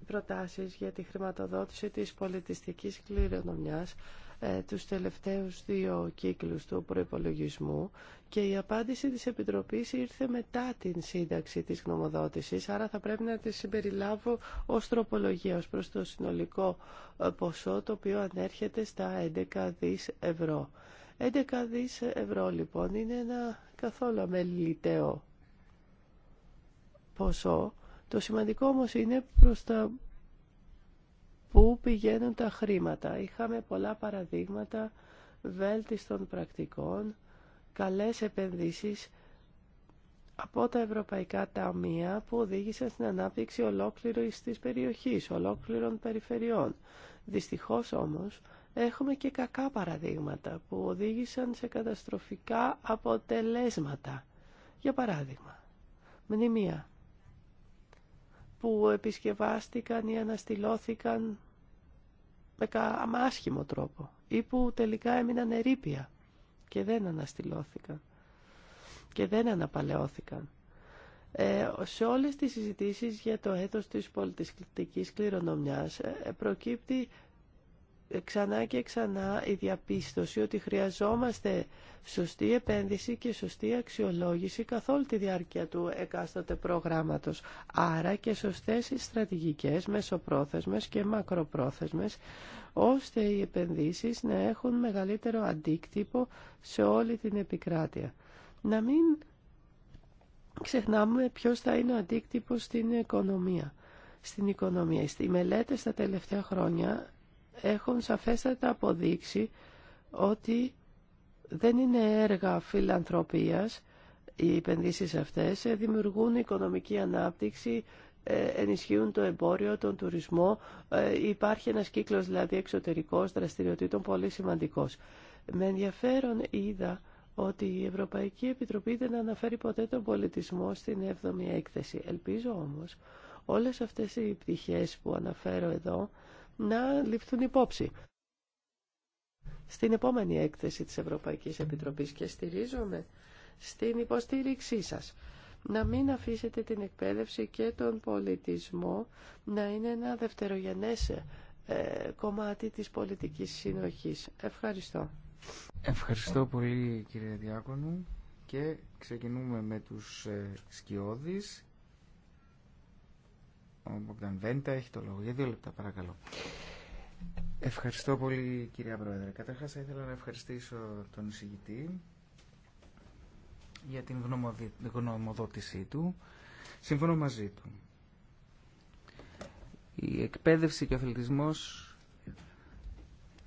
προτάσεις για τη χρηματοδότηση της πολιτιστικής κληρονομιάς ε, τους τελευταίους δύο κύκλους του προϋπολογισμού και η απάντηση της Επιτροπής ήρθε μετά την σύνταξη της γνωμοδότησης, άρα θα πρέπει να τη συμπεριλάβω ως τροπολογία, ως προς το συνολικό ε, ποσό το οποίο ανέρχεται στα 11 δις ευρώ. 11 δις ευρώ λοιπόν είναι ένα καθόλου αμεληταίο ποσό. Το σημαντικό όμως είναι προς τα πού πηγαίνουν τα χρήματα. Είχαμε πολλά παραδείγματα βέλτιστων πρακτικών, καλές επενδύσεις από τα ευρωπαϊκά ταμεία που οδήγησαν στην ανάπτυξη ολόκληρης της περιοχής, ολόκληρων περιφερειών. Δυστυχώς όμως έχουμε και κακά παραδείγματα που οδηγησαν στην αναπτυξη ολόκληρη της περιοχης ολοκληρων περιφερειων δυστυχως ομως εχουμε και κακα παραδειγματα που οδηγησαν σε καταστροφικά αποτελέσματα. Για παράδειγμα, μνημεία που επισκευάστηκαν ή αναστηλώθηκαν με άσχημο τρόπο ή που τελικά έμειναν ερήπια και δεν αναστηλώθηκαν και δεν αναπαλαιώθηκαν. Ε, σε όλες τις συζητήσεις για το έθος της πολιτιστικής κληρονομιάς ε, προκύπτει ε, ξανά και ξανά η διαπίστωση ότι χρειαζόμαστε σωστή επένδυση και σωστή αξιολόγηση καθ' όλη τη διάρκεια του εκάστοτε προγράμματος. Άρα και σωστές στρατηγικές, μεσοπρόθεσμες και μακροπρόθεσμες, ώστε οι επενδύσεις να έχουν μεγαλύτερο αντίκτυπο σε όλη την επικράτεια. Να μην ξεχνάμε ποιος θα είναι ο αντίκτυπος στην οικονομία. Στην οικονομία. Οι μελέτες τα τελευταία χρόνια έχουν σαφέστατα αποδείξει ότι δεν είναι έργα φιλανθρωπίας οι επενδύσεις αυτές, δημιουργούν οικονομική ανάπτυξη, ε, ενισχύουν το εμπόριο, τον τουρισμό. Ε, υπάρχει ένας κύκλος δηλαδή εξωτερικός δραστηριοτήτων πολύ σημαντικός. Με ενδιαφέρον είδα ότι η Ευρωπαϊκή Επιτροπή δεν αναφέρει ποτέ τον πολιτισμό στην 7η έκθεση. Ελπίζω όμως όλες αυτές οι πτυχές που αναφέρω εδώ να ληφθούν υπόψη. Στην επόμενη έκθεση της Ευρωπαϊκής Επιτροπής και στηρίζομαι στην υποστήριξή σας. Να μην αφήσετε την εκπαίδευση και τον πολιτισμό να είναι ένα δευτερογενές ε, κομμάτι της πολιτικής συνοχής. Ευχαριστώ. Ευχαριστώ πολύ κύριε Διάκονου και ξεκινούμε με τους ε, σκιώδεις. Ο Μπογκδάν Βέντα έχει το λόγο. Για δύο λεπτά παρακαλώ. Ευχαριστώ πολύ κυρία Πρόεδρε. Καταρχάς θα ήθελα να ευχαριστήσω τον εισηγητή για την γνωμοδότησή του. Συμφωνώ μαζί του. Η εκπαίδευση και ο αθλητισμός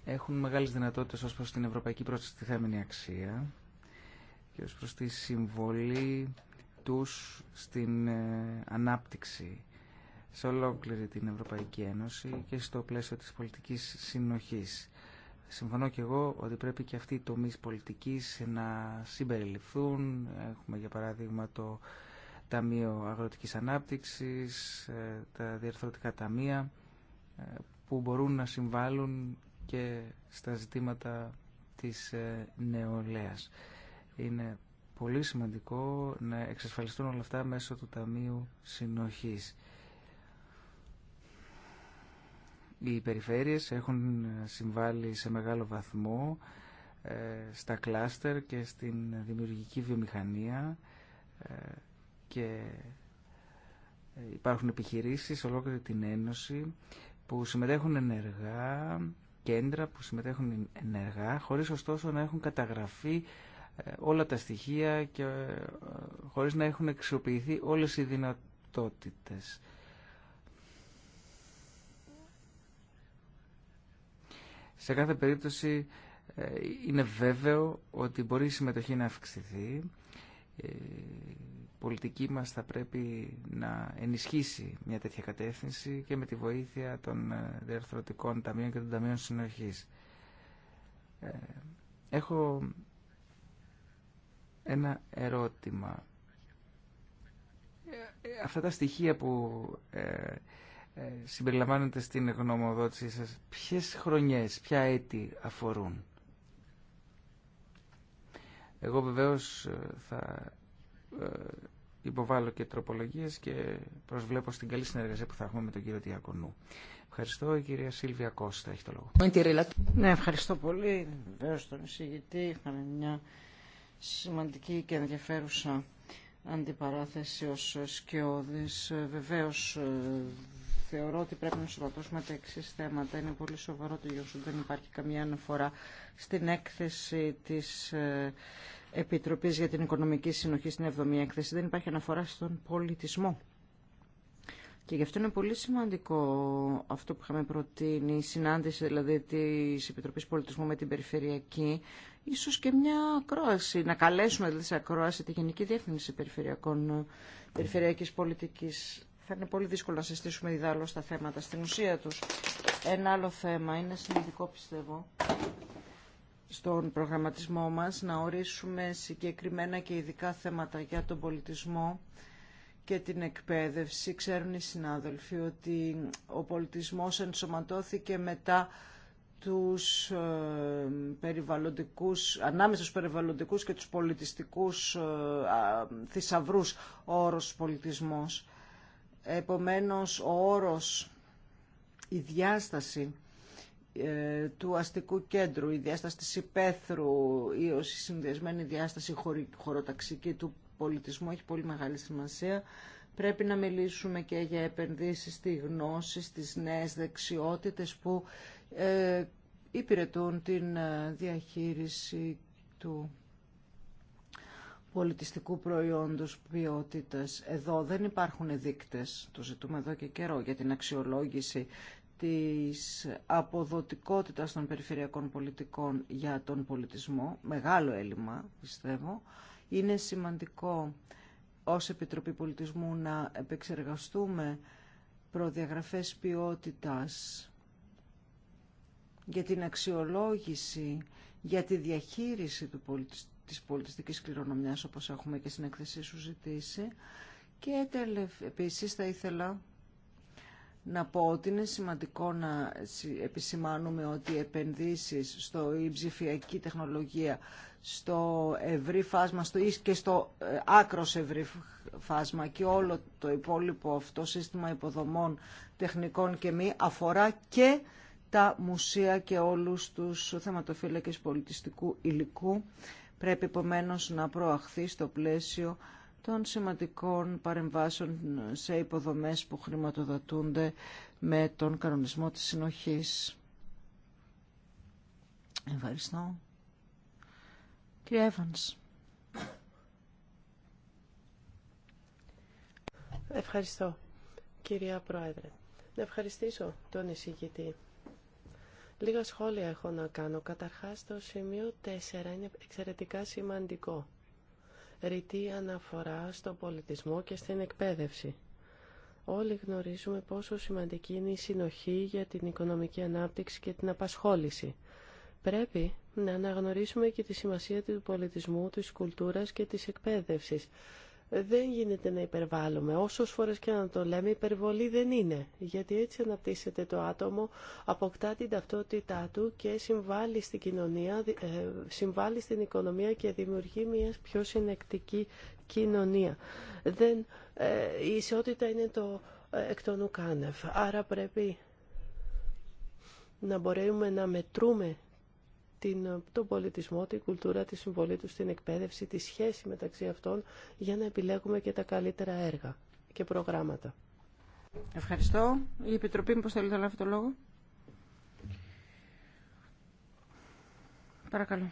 έχουν μεγάλες δυνατότητες ως προς την ευρωπαϊκή προστιθέμενη αξία και ως προς τη συμβολή τους στην ε, ανάπτυξη σε ολόκληρη την Ευρωπαϊκή Ένωση και στο πλαίσιο της πολιτικής συνοχής. Συμφωνώ και εγώ ότι πρέπει και αυτοί οι τομείς πολιτικής να συμπεριληφθούν. Έχουμε για παράδειγμα το Ταμείο Αγροτικής Ανάπτυξης, ε, τα διαρθρωτικά ταμεία ε, που μπορούν να συμβάλλουν και στα ζητήματα της ε, νεολαίας. Είναι πολύ σημαντικό να εξασφαλιστούν όλα αυτά μέσω του Ταμείου Συνοχής. Οι περιφέρειες έχουν συμβάλει σε μεγάλο βαθμό ε, στα κλάστερ και στην δημιουργική βιομηχανία ε, και ε, υπάρχουν επιχειρήσεις σε ολόκληρη την Ένωση που συμμετέχουν ενεργά, κέντρα που συμμετέχουν ενεργά, χωρίς ωστόσο να έχουν καταγραφεί όλα τα στοιχεία και χωρίς να έχουν αξιοποιηθεί όλες οι δυνατότητες. Σε κάθε περίπτωση ε, είναι βέβαιο ότι μπορεί η συμμετοχή να αυξηθεί. Ε, η πολιτική μας θα πρέπει να ενισχύσει μια τέτοια κατεύθυνση και με τη βοήθεια των ε, διαρθρωτικών ταμείων και των ταμείων συνοχής. Έχω ένα ερώτημα. Αυτά τα στοιχεία που ε, συμπεριλαμβάνονται στην γνωμοδότησή σας, ποιες χρονιές, ποια έτη αφορούν. Εγώ βεβαίως ε, θα ε, υποβάλλω και τροπολογίες και προσβλέπω στην καλή συνεργασία που θα έχουμε με τον κύριο Τιακονού. Ευχαριστώ. Η κυρία Σίλβια Κώστα έχει το λόγο. Ναι, ευχαριστώ πολύ. Βεβαίω τον εισηγητή. Είχαμε μια σημαντική και ενδιαφέρουσα αντιπαράθεση ως σκιώδης. Βεβαίως θεωρώ ότι πρέπει να σωματώσουμε τα εξή θέματα. Είναι πολύ σοβαρό το γεγονό δεν υπάρχει καμία αναφορά στην έκθεση τη ε, επιτροπή για την Οικονομική Συνοχή στην 7η έκθεση. Δεν υπάρχει αναφορά στον πολιτισμό. Και γι' αυτό είναι πολύ σημαντικό αυτό που είχαμε προτείνει, η συνάντηση δηλαδή τη Επιτροπής Πολιτισμού με την Περιφερειακή, ίσως και μια ακρόαση, να καλέσουμε δηλαδή σε ακρόαση τη Γενική Διεύθυνση Περιφερειακών, ε, Περιφερειακής Πολιτικής θα είναι πολύ δύσκολο να συστήσουμε διδάλω τα θέματα στην ουσία τους. Ένα άλλο θέμα είναι σημαντικό πιστεύω στον προγραμματισμό μας να ορίσουμε συγκεκριμένα και ειδικά θέματα για τον πολιτισμό και την εκπαίδευση. Ξέρουν οι συνάδελφοι ότι ο πολιτισμός ενσωματώθηκε μετά τους ε, περιβαλλοντικούς, ανάμεσα στους περιβαλλοντικούς και τους πολιτιστικούς ε, θησαυρούς όρος πολιτισμός. Επομένως, ο όρος, η διάσταση ε, του αστικού κέντρου, η διάσταση της υπαίθρου ή ως συνδυασμένη διάσταση χωροταξική του πολιτισμού έχει πολύ μεγάλη σημασία. Πρέπει να μιλήσουμε και για επενδύσεις στη γνώση, στις νέες δεξιότητες που ε, υπηρετούν την ε, διαχείριση του πολιτιστικού προϊόντος ποιότητας. Εδώ δεν υπάρχουν δείκτες, το ζητούμε εδώ και καιρό, για την αξιολόγηση της αποδοτικότητας των περιφερειακών πολιτικών για τον πολιτισμό, μεγάλο έλλειμμα πιστεύω, είναι σημαντικό ως Επιτροπή Πολιτισμού να επεξεργαστούμε προδιαγραφές ποιότητας για την αξιολόγηση, για τη διαχείριση του πολιτισμού της πολιτιστικής κληρονομιάς όπως έχουμε και στην έκθεσή σου ζητήσει. Και επίσης θα ήθελα να πω ότι είναι σημαντικό να επισημάνουμε ότι οι επενδύσεις στο ψηφιακή τεχνολογία, στο ευρύ φάσμα στο και στο ε, άκρος ευρύ φάσμα και όλο το υπόλοιπο αυτό σύστημα υποδομών τεχνικών και μη αφορά και τα μουσεία και όλους τους θεματοφύλακες πολιτιστικού υλικού Πρέπει επομένω να προαχθεί στο πλαίσιο των σημαντικών παρεμβάσεων σε υποδομές που χρηματοδοτούνται με τον κανονισμό της συνοχής. Ευχαριστώ. Κύριε Εύανς. Ευχαριστώ, κυρία Πρόεδρε. Να ευχαριστήσω τον εισηγητή Λίγα σχόλια έχω να κάνω. Καταρχάς το σημείο 4 είναι εξαιρετικά σημαντικό. Ρητή αναφορά στον πολιτισμό και στην εκπαίδευση. Όλοι γνωρίζουμε πόσο σημαντική είναι η συνοχή για την οικονομική ανάπτυξη και την απασχόληση. Πρέπει να αναγνωρίσουμε και τη σημασία του πολιτισμού, της κουλτούρας και της εκπαίδευσης δεν γίνεται να υπερβάλλουμε. Όσε φορές και να το λέμε, υπερβολή δεν είναι. Γιατί έτσι αναπτύσσεται το άτομο, αποκτά την ταυτότητά του και συμβάλλει στην κοινωνία, ε, συμβάλλει στην οικονομία και δημιουργεί μια πιο συνεκτική κοινωνία. Δεν, ε, η ισότητα είναι το ε, εκ των ουκάνευ. Άρα πρέπει να μπορέσουμε να μετρούμε την, τον πολιτισμό, την κουλτούρα, τη συμβολή του, την εκπαίδευση, τη σχέση μεταξύ αυτών για να επιλέγουμε και τα καλύτερα έργα και προγράμματα. Ευχαριστώ. Η Επιτροπή μου πώς θέλει να λάβει το λόγο. Παρακαλώ.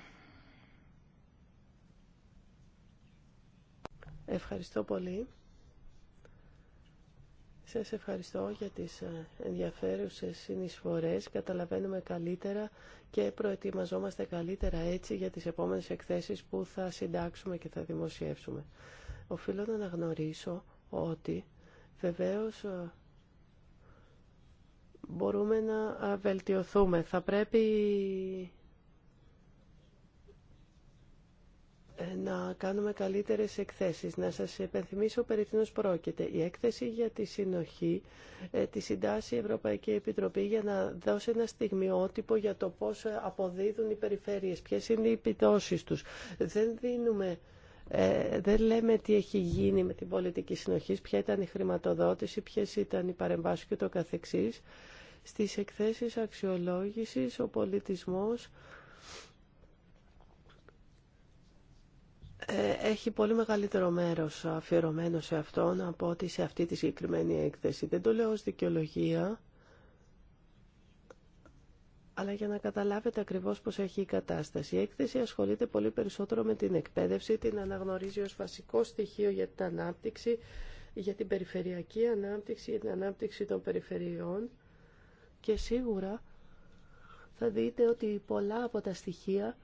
Ευχαριστώ πολύ. Σας ευχαριστώ για τις ε, ενδιαφέρουσες συνεισφορές. Καταλαβαίνουμε καλύτερα και προετοιμαζόμαστε καλύτερα έτσι για τις επόμενες εκθέσεις που θα συντάξουμε και θα δημοσιεύσουμε. Οφείλω να αναγνωρίσω ότι βεβαίως ε, μπορούμε να βελτιωθούμε. Θα πρέπει να κάνουμε καλύτερες εκθέσεις. Να σας επενθυμίσω περί τίνος πρόκειται. Η έκθεση για τη συνοχή ε, τη συντάσσει η Ευρωπαϊκή Επιτροπή για να δώσει ένα στιγμιότυπο για το πώς αποδίδουν οι περιφέρειες, ποιες είναι οι επιδόσεις τους. Δεν δίνουμε... Ε, δεν λέμε τι έχει γίνει με την πολιτική συνοχή, ποια ήταν η χρηματοδότηση, ποιες ήταν οι παρεμβάσεις και το καθεξής. Στις εκθέσεις αξιολόγησης ο πολιτισμός Ε, έχει πολύ μεγαλύτερο μέρος αφιερωμένο σε αυτόν από ότι σε αυτή τη συγκεκριμένη έκθεση. Δεν το λέω ως δικαιολογία, αλλά για να καταλάβετε ακριβώς πώς έχει η κατάσταση. Η έκθεση ασχολείται πολύ περισσότερο με την εκπαίδευση, την αναγνωρίζει ως βασικό στοιχείο για την ανάπτυξη, για την περιφερειακή ανάπτυξη, για την ανάπτυξη των περιφερειών και σίγουρα θα δείτε ότι πολλά από τα στοιχεία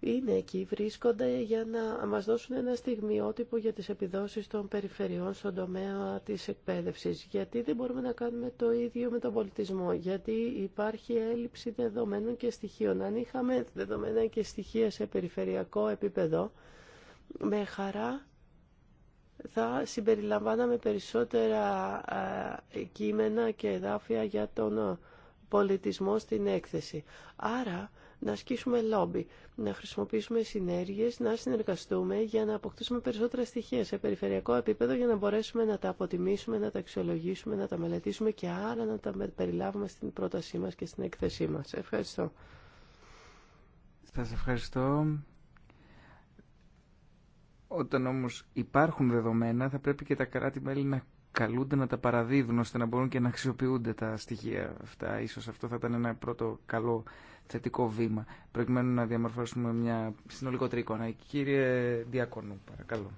είναι εκεί, βρίσκονται για να μας δώσουν ένα στιγμιότυπο για τις επιδόσεις των περιφερειών στον τομέα της εκπαίδευσης. Γιατί δεν μπορούμε να κάνουμε το ίδιο με τον πολιτισμό, γιατί υπάρχει έλλειψη δεδομένων και στοιχείων. Αν είχαμε δεδομένα και στοιχεία σε περιφερειακό επίπεδο, με χαρά θα συμπεριλαμβάναμε περισσότερα κείμενα και εδάφια για τον πολιτισμό στην έκθεση. Άρα να ασκήσουμε λόμπι, να χρησιμοποιήσουμε συνέργειες, να συνεργαστούμε για να αποκτήσουμε περισσότερα στοιχεία σε περιφερειακό επίπεδο για να μπορέσουμε να τα αποτιμήσουμε, να τα αξιολογήσουμε, να τα μελετήσουμε και άρα να τα περιλάβουμε στην πρότασή μας και στην εκθεσή μας. Ευχαριστώ. Σας ευχαριστώ. Όταν όμως υπάρχουν δεδομένα θα πρέπει και τα κράτη-μέλη να καλούνται να τα παραδίδουν ώστε να μπορούν και να αξιοποιούνται τα στοιχεία αυτά. Ίσως αυτό θα ήταν ένα πρώτο καλό θετικό βήμα, προκειμένου να διαμορφώσουμε μια συνολικότερη εικόνα. Κύριε Διακονού, παρακαλώ.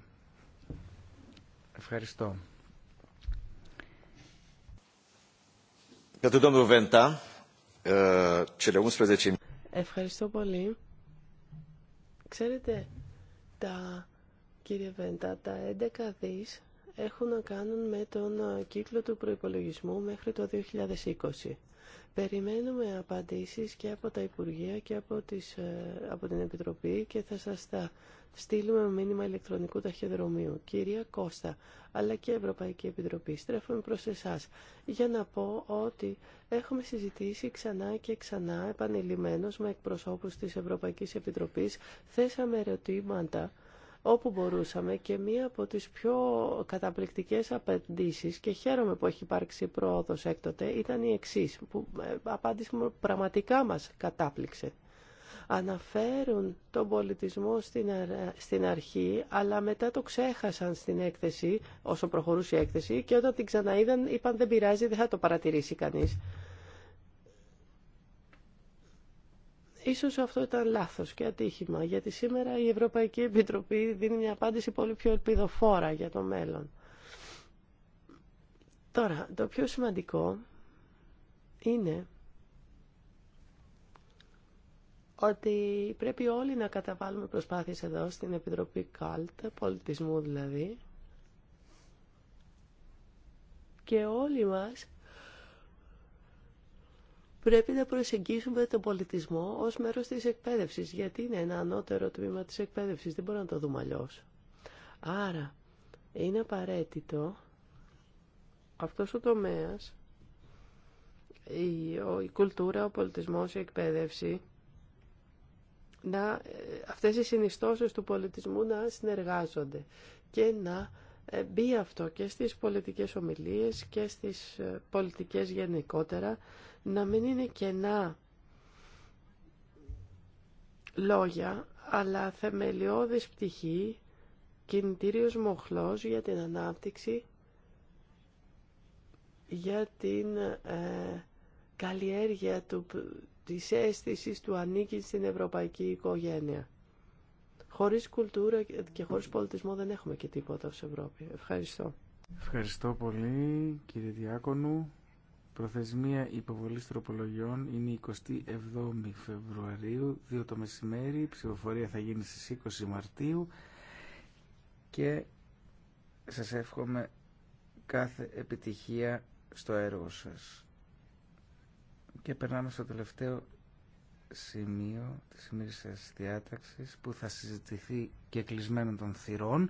Ευχαριστώ. Ευχαριστώ πολύ. Ξέρετε, τα κύριε Βέντα, τα 11 δις έχουν να κάνουν με τον ε, κύκλο του προϋπολογισμού μέχρι το 2020. Περιμένουμε απαντήσεις και από τα Υπουργεία και από, τις, ε, από την Επιτροπή και θα σας τα στείλουμε μήνυμα ηλεκτρονικού ταχυδρομείου. Κυρία Κώστα, αλλά και Ευρωπαϊκή Επιτροπή, στρέφουμε προς εσάς για να πω ότι έχουμε συζητήσει ξανά και ξανά επανειλημμένως με εκπροσώπους της Ευρωπαϊκής Επιτροπής, θέσαμε ερωτήματα όπου μπορούσαμε και μία από τις πιο καταπληκτικές απαντήσεις και χαίρομαι που έχει υπάρξει πρόοδος έκτοτε ήταν η εξής που ε, απάντηση που πραγματικά μας κατάπληξε. Αναφέρουν τον πολιτισμό στην αρχή, αλλά μετά το ξέχασαν στην έκθεση, όσο προχωρούσε η έκθεση, και όταν την ξαναείδαν είπαν δεν πειράζει, δεν θα το παρατηρήσει κανείς. Ίσως αυτό ήταν λάθος και ατύχημα, γιατί σήμερα η Ευρωπαϊκή Επιτροπή δίνει μια απάντηση πολύ πιο ελπιδοφόρα για το μέλλον. Τώρα, το πιο σημαντικό είναι ότι πρέπει όλοι να καταβάλουμε προσπάθειες εδώ στην Επιτροπή ΚΑΛΤ, πολιτισμού δηλαδή, και όλοι μας πρέπει να προσεγγίσουμε τον πολιτισμό ως μέρος της εκπαίδευσης, γιατί είναι ένα ανώτερο τμήμα της εκπαίδευσης, δεν μπορούμε να το δούμε αλλιώ. Άρα, είναι απαραίτητο αυτός ο τομέας, η, η κουλτούρα, ο πολιτισμός, η εκπαίδευση, να, ε, αυτές οι συνιστώσεις του πολιτισμού να συνεργάζονται και να ε, μπει αυτό και στις πολιτικές ομιλίες και στις ε, πολιτικές γενικότερα να μην είναι κενά λόγια, αλλά θεμελιώδης πτυχή, κινητήριος μοχλός για την ανάπτυξη, για την ε, καλλιέργεια του, της αίσθηση του ανήκει στην ευρωπαϊκή οικογένεια. Χωρίς κουλτούρα και χωρίς πολιτισμό δεν έχουμε και τίποτα ως Ευρώπη. Ευχαριστώ. Ευχαριστώ πολύ κύριε Διάκονο. Προθεσμία υποβολής τροπολογιών είναι 27 Φεβρουαρίου, 2 το μεσημέρι. Η ψηφοφορία θα γίνει στις 20 Μαρτίου και σας εύχομαι κάθε επιτυχία στο έργο σας. Και περνάμε στο τελευταίο σημείο της σημερινής διάταξης που θα συζητηθεί και κλεισμένων των θυρών.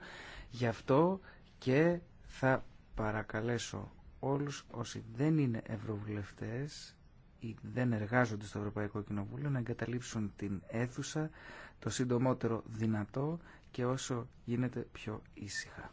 Γι' αυτό και θα παρακαλέσω όλους όσοι δεν είναι ευρωβουλευτές ή δεν εργάζονται στο Ευρωπαϊκό Κοινοβούλιο να εγκαταλείψουν την αίθουσα το σύντομότερο δυνατό και όσο γίνεται πιο ήσυχα.